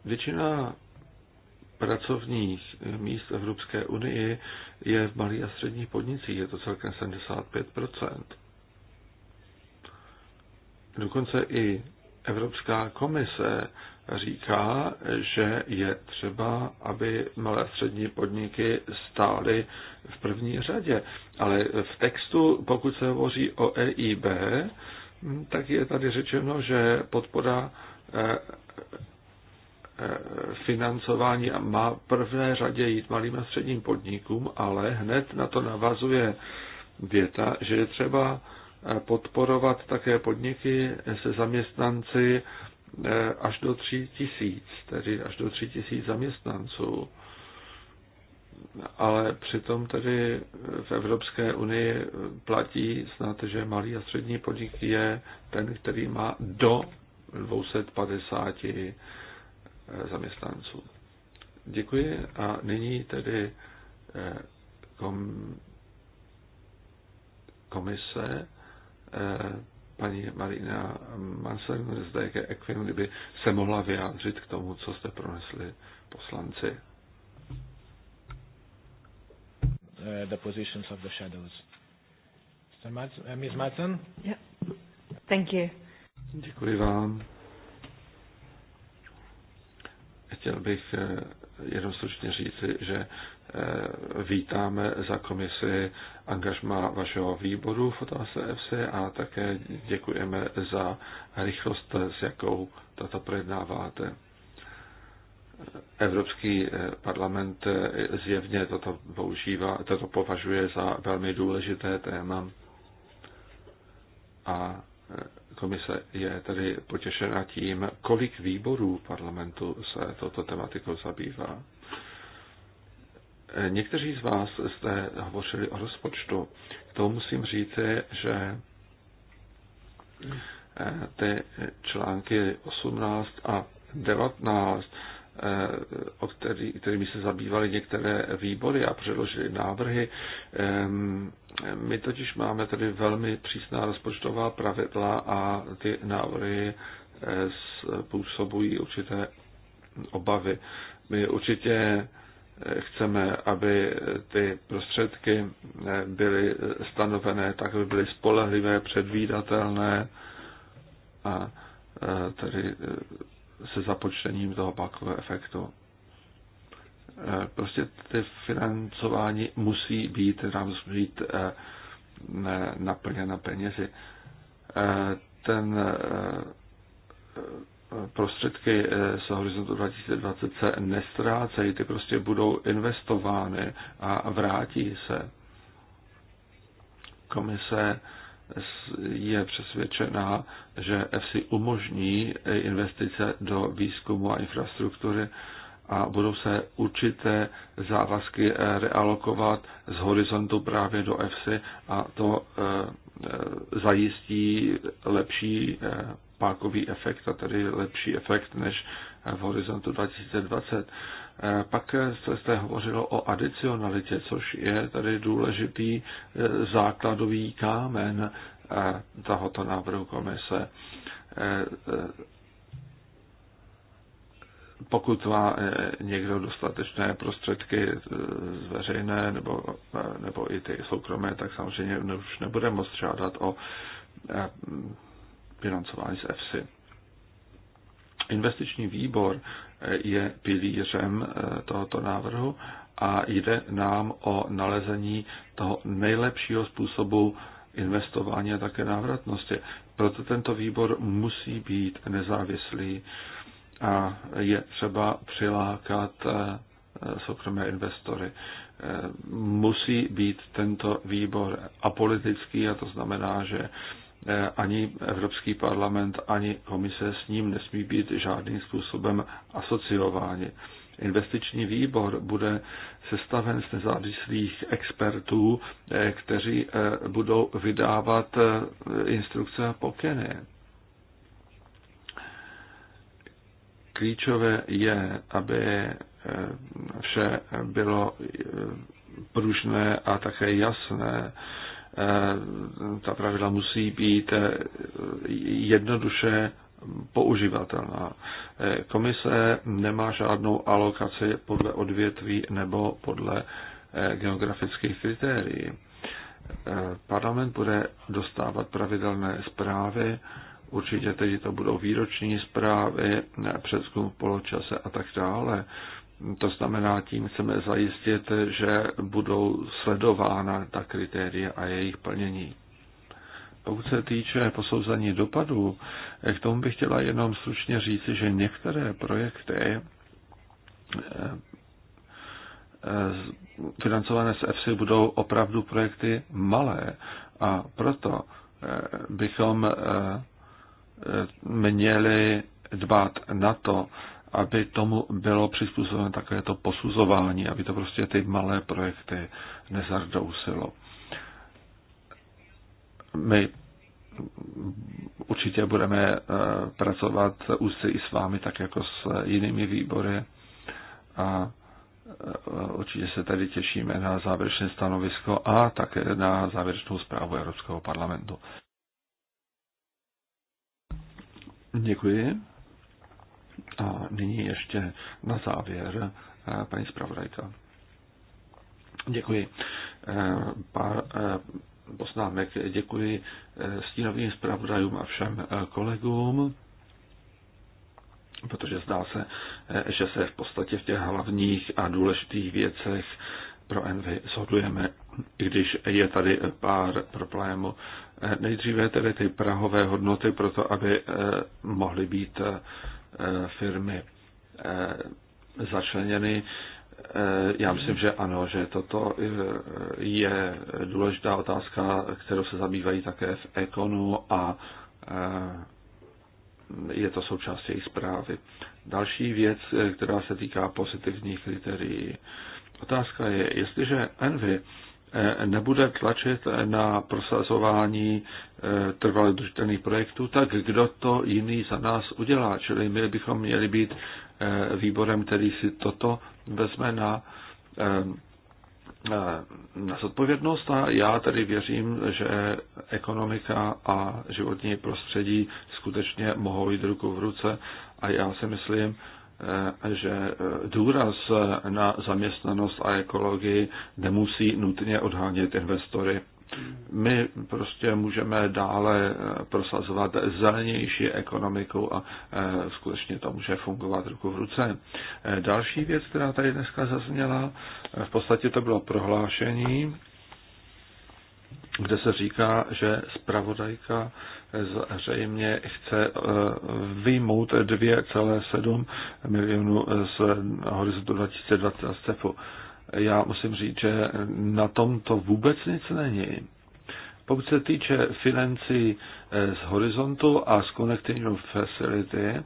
Většina pracovních míst v Evropské unii je v malých a středních podnicích, je to celkem 75 Dokonce i Evropská komise říká, že je třeba, aby malé a střední podniky stály v první řadě. Ale v textu, pokud se hovoří o EIB, tak je tady řečeno, že podpora financování má v prvé řadě jít malým a středním podnikům, ale hned na to navazuje věta, že je třeba podporovat také podniky se zaměstnanci eh, až do tří tisíc, tedy až do tří tisíc zaměstnanců. Ale přitom tedy v Evropské unii platí snad, že malý a střední podnik je ten, který má do 250 zaměstnanců. Děkuji a nyní tedy eh, komise eh, paní Marina Mansen z DG Equin, kdyby se mohla vyjádřit k tomu, co jste pronesli poslanci. Eh, the positions of the shadows. Ms. Madsen? Yeah. Thank you. Děkuji vám. Chtěl bych eh, jenom stručně říci, že eh, vítáme za komisi angažma vašeho výboru v otázce FC a také děkujeme za rychlost, s jakou tato projednáváte. Evropský eh, parlament zjevně toto, používá, toto považuje za velmi důležité téma a Komise je tedy potěšena tím, kolik výborů parlamentu se toto tematikou zabývá. Někteří z vás jste hovořili o rozpočtu. K tomu musím říci, že eh, ty články 18 a 19 Eh, o který, kterými se zabývaly některé výbory a předložili návrhy. Ehm, my totiž máme tady velmi přísná rozpočtová pravidla a ty návrhy eh, způsobují určité obavy. My určitě eh, chceme, aby ty prostředky byly stanovené tak, aby byly spolehlivé, předvídatelné a tedy se započtením toho pákového efektu. Eh, prostě ty financování musí být, nám musí být eh, naplněna penězi. Eh, ten prostředky z horizontu 2020 se nestrácejí, ty prostě budou investovány a vrátí se. Komise je přesvědčená, že EFSI umožní investice do výzkumu a infrastruktury a budou se určité závazky eh, realokovat z horizontu právě do EFSI a to eh, eh, zajistí lepší pákový efekt a tedy lepší efekt než v horizontu 2020. Eh, pak jste hovořilo o adicionalitě, což je tady důležitý eh, základový kámen eh, tohoto návrhu komise. Pokud má někdo dostatečné prostředky z veřejné nebo, nebo i ty soukromé, tak samozřejmě už nebude moc žádat o financování z EFSI. Investiční výbor je pilířem eh, tohoto návrhu a jde nám o nalezení toho nejlepšího způsobu investování a také návratnosti. Proto tento výbor musí být nezávislý a je třeba přilákat eh, soukromé investory. Eh, musí být tento výbor apolitický a to znamená, že Eh, ani Evropský parlament, ani komise s ním nesmí být žádným způsobem asociováni. Investiční výbor bude sestaven z nezávislých expertů, eh, kteří eh, budou vydávat instrukce a pokyny. Klíčové je, aby vše bylo pružné a také jasné Eh, ta pravidla musí být eh, jednoduše používatelná. Eh, komise nemá žádnou alokaci podle odvětví nebo podle geografických kritérií. Parlament bude dostávat pravidelné zprávy, určitě tedy to budou výroční zprávy, přezkum v poločase a tak dále. To znamená, tím chceme zajistit, že budou sledována ta kritéria a jejich plnění. Pokud se týče posouzení dopadů, k tomu bych chtěla jenom stručně říci, že některé projekty eh, eh, financované z EFSI budou opravdu projekty malé a proto eh, bychom měli dbát na to, aby tomu bylo přizpůsobeno takové to posuzování, aby to prostě ty malé projekty nezardousilo. My určitě budeme eh, pracovat úzce i s vámi, tak jako s jinými výbory a eh, určitě se tady těšíme na závěrečné stanovisko a také na závěrečnou zprávu Evropského parlamentu. Děkuji. A nyní ještě na závěr eh, paní zpravodajka. Děkuji. Eh, pár eh, poznámek. Děkuji stínovým zpravodajům a všem kolegům, protože zdá se, že se v podstatě v těch hlavních a důležitých věcech pro Envy shodujeme, i když je tady pár problémů. Nejdříve tedy ty prahové hodnoty pro to, aby mohly být Eh, firmy eh, začleněny. Eh, já myslím, že ano, že toto je důležitá otázka, kterou se zabývají také v Ekonu a je to součást jejich zprávy. Další věc, která se týká pozitivních kritérií. Otázka je, jestliže Envy Eh, nebude tlačit na prosazování eh, trvalých držitelných projektů, tak kdo to jiný za nás udělá? Čili my bychom měli být eh, výborem, který si toto vezme na, na zodpovědnost a já tedy věřím, že ekonomika a životní prostředí skutečně mohou jít ruku v ruce a já si myslím, Eh, že eh, důraz na zaměstnanost a ekologii nemusí nutně odhánět investory. My prostě můžeme dále eh, prosazovat zelenější ekonomiku a skutečně to může fungovat ruku v ruce. Další věc, která tady dneska zazněla, v podstatě to bylo prohlášení, kde se říká, že zpravodajka zřejmě chce eh, vyjmout 2,7 milionů z horizontu 2020 a Já musím říct, že na tom to vůbec nic není. Pokud se týče financí eh, z horizontu a z Connecting Facility, eh,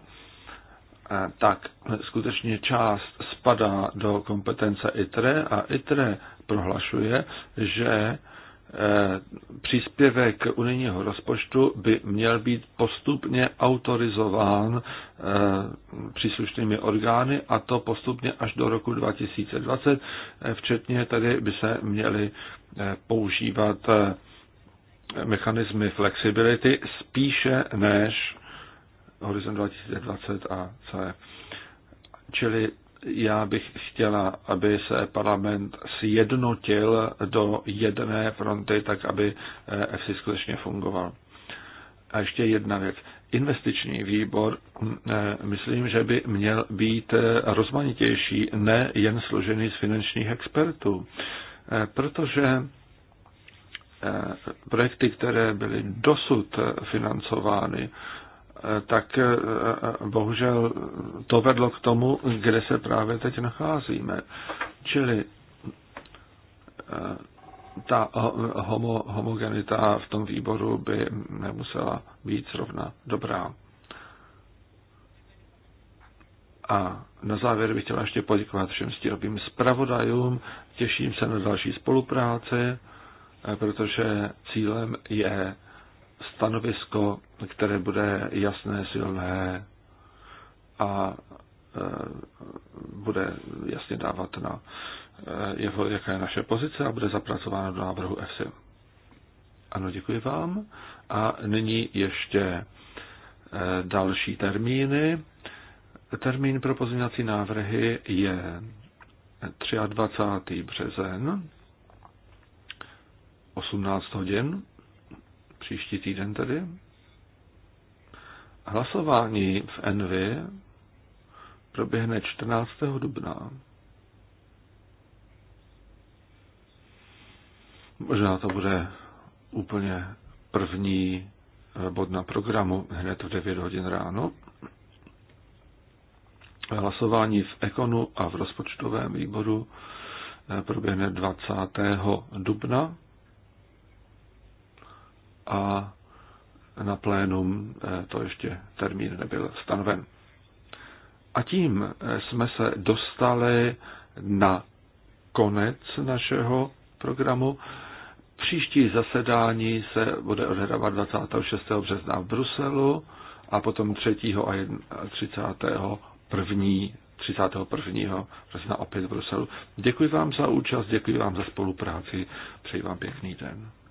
tak skutečně část spadá do kompetence ITRE a ITRE prohlašuje, že Eh, příspěvek unijního rozpočtu by měl být postupně autorizován eh, příslušnými orgány a to postupně až do roku 2020, eh, včetně tady by se měly používat mechanismy flexibility spíše než Horizon 2020 a CF. Čili já bych chtěla, aby se parlament sjednotil do jedné fronty, tak aby EFSI eh, skutečně fungoval. A ještě jedna věc. Investiční výbor, hm, eh, myslím, že by měl být eh, rozmanitější, ne jen složený z finančních expertů, protože projekty, které byly dosud financovány, tak eh, eh, bohužel to vedlo k tomu, kde se právě teď nacházíme. Čili eh, ta homo, homogenita v tom výboru by nemusela být zrovna dobrá. A na závěr bych chtěl ještě poděkovat všem stílovým zpravodajům. Těším se na další spolupráci, protože cílem je stanovisko, které bude jasné, silné a e, bude jasně dávat na e, jeho, jaká je naše pozice a bude zapracována do návrhu EFSI. Ano, děkuji vám. A nyní ještě e, další termíny. Termín pro pozměňovací návrhy je 23. březen 18 hodin příští týden tedy. Hlasování v Envy proběhne 14. dubna. Možná to bude úplně první eh, bod na programu hned v 9 hodin ráno. Hlasování v Ekonu a v rozpočtovém výboru eh, proběhne 20. dubna a na plénum eh, to ještě termín nebyl stanoven. A tím eh, jsme se dostali na konec našeho programu. Příští zasedání se bude odhrávat 26. března v Bruselu a potom 3. a 31. 31. března opět v Bruselu. Děkuji vám za účast, děkuji vám za spolupráci, přeji vám pěkný den.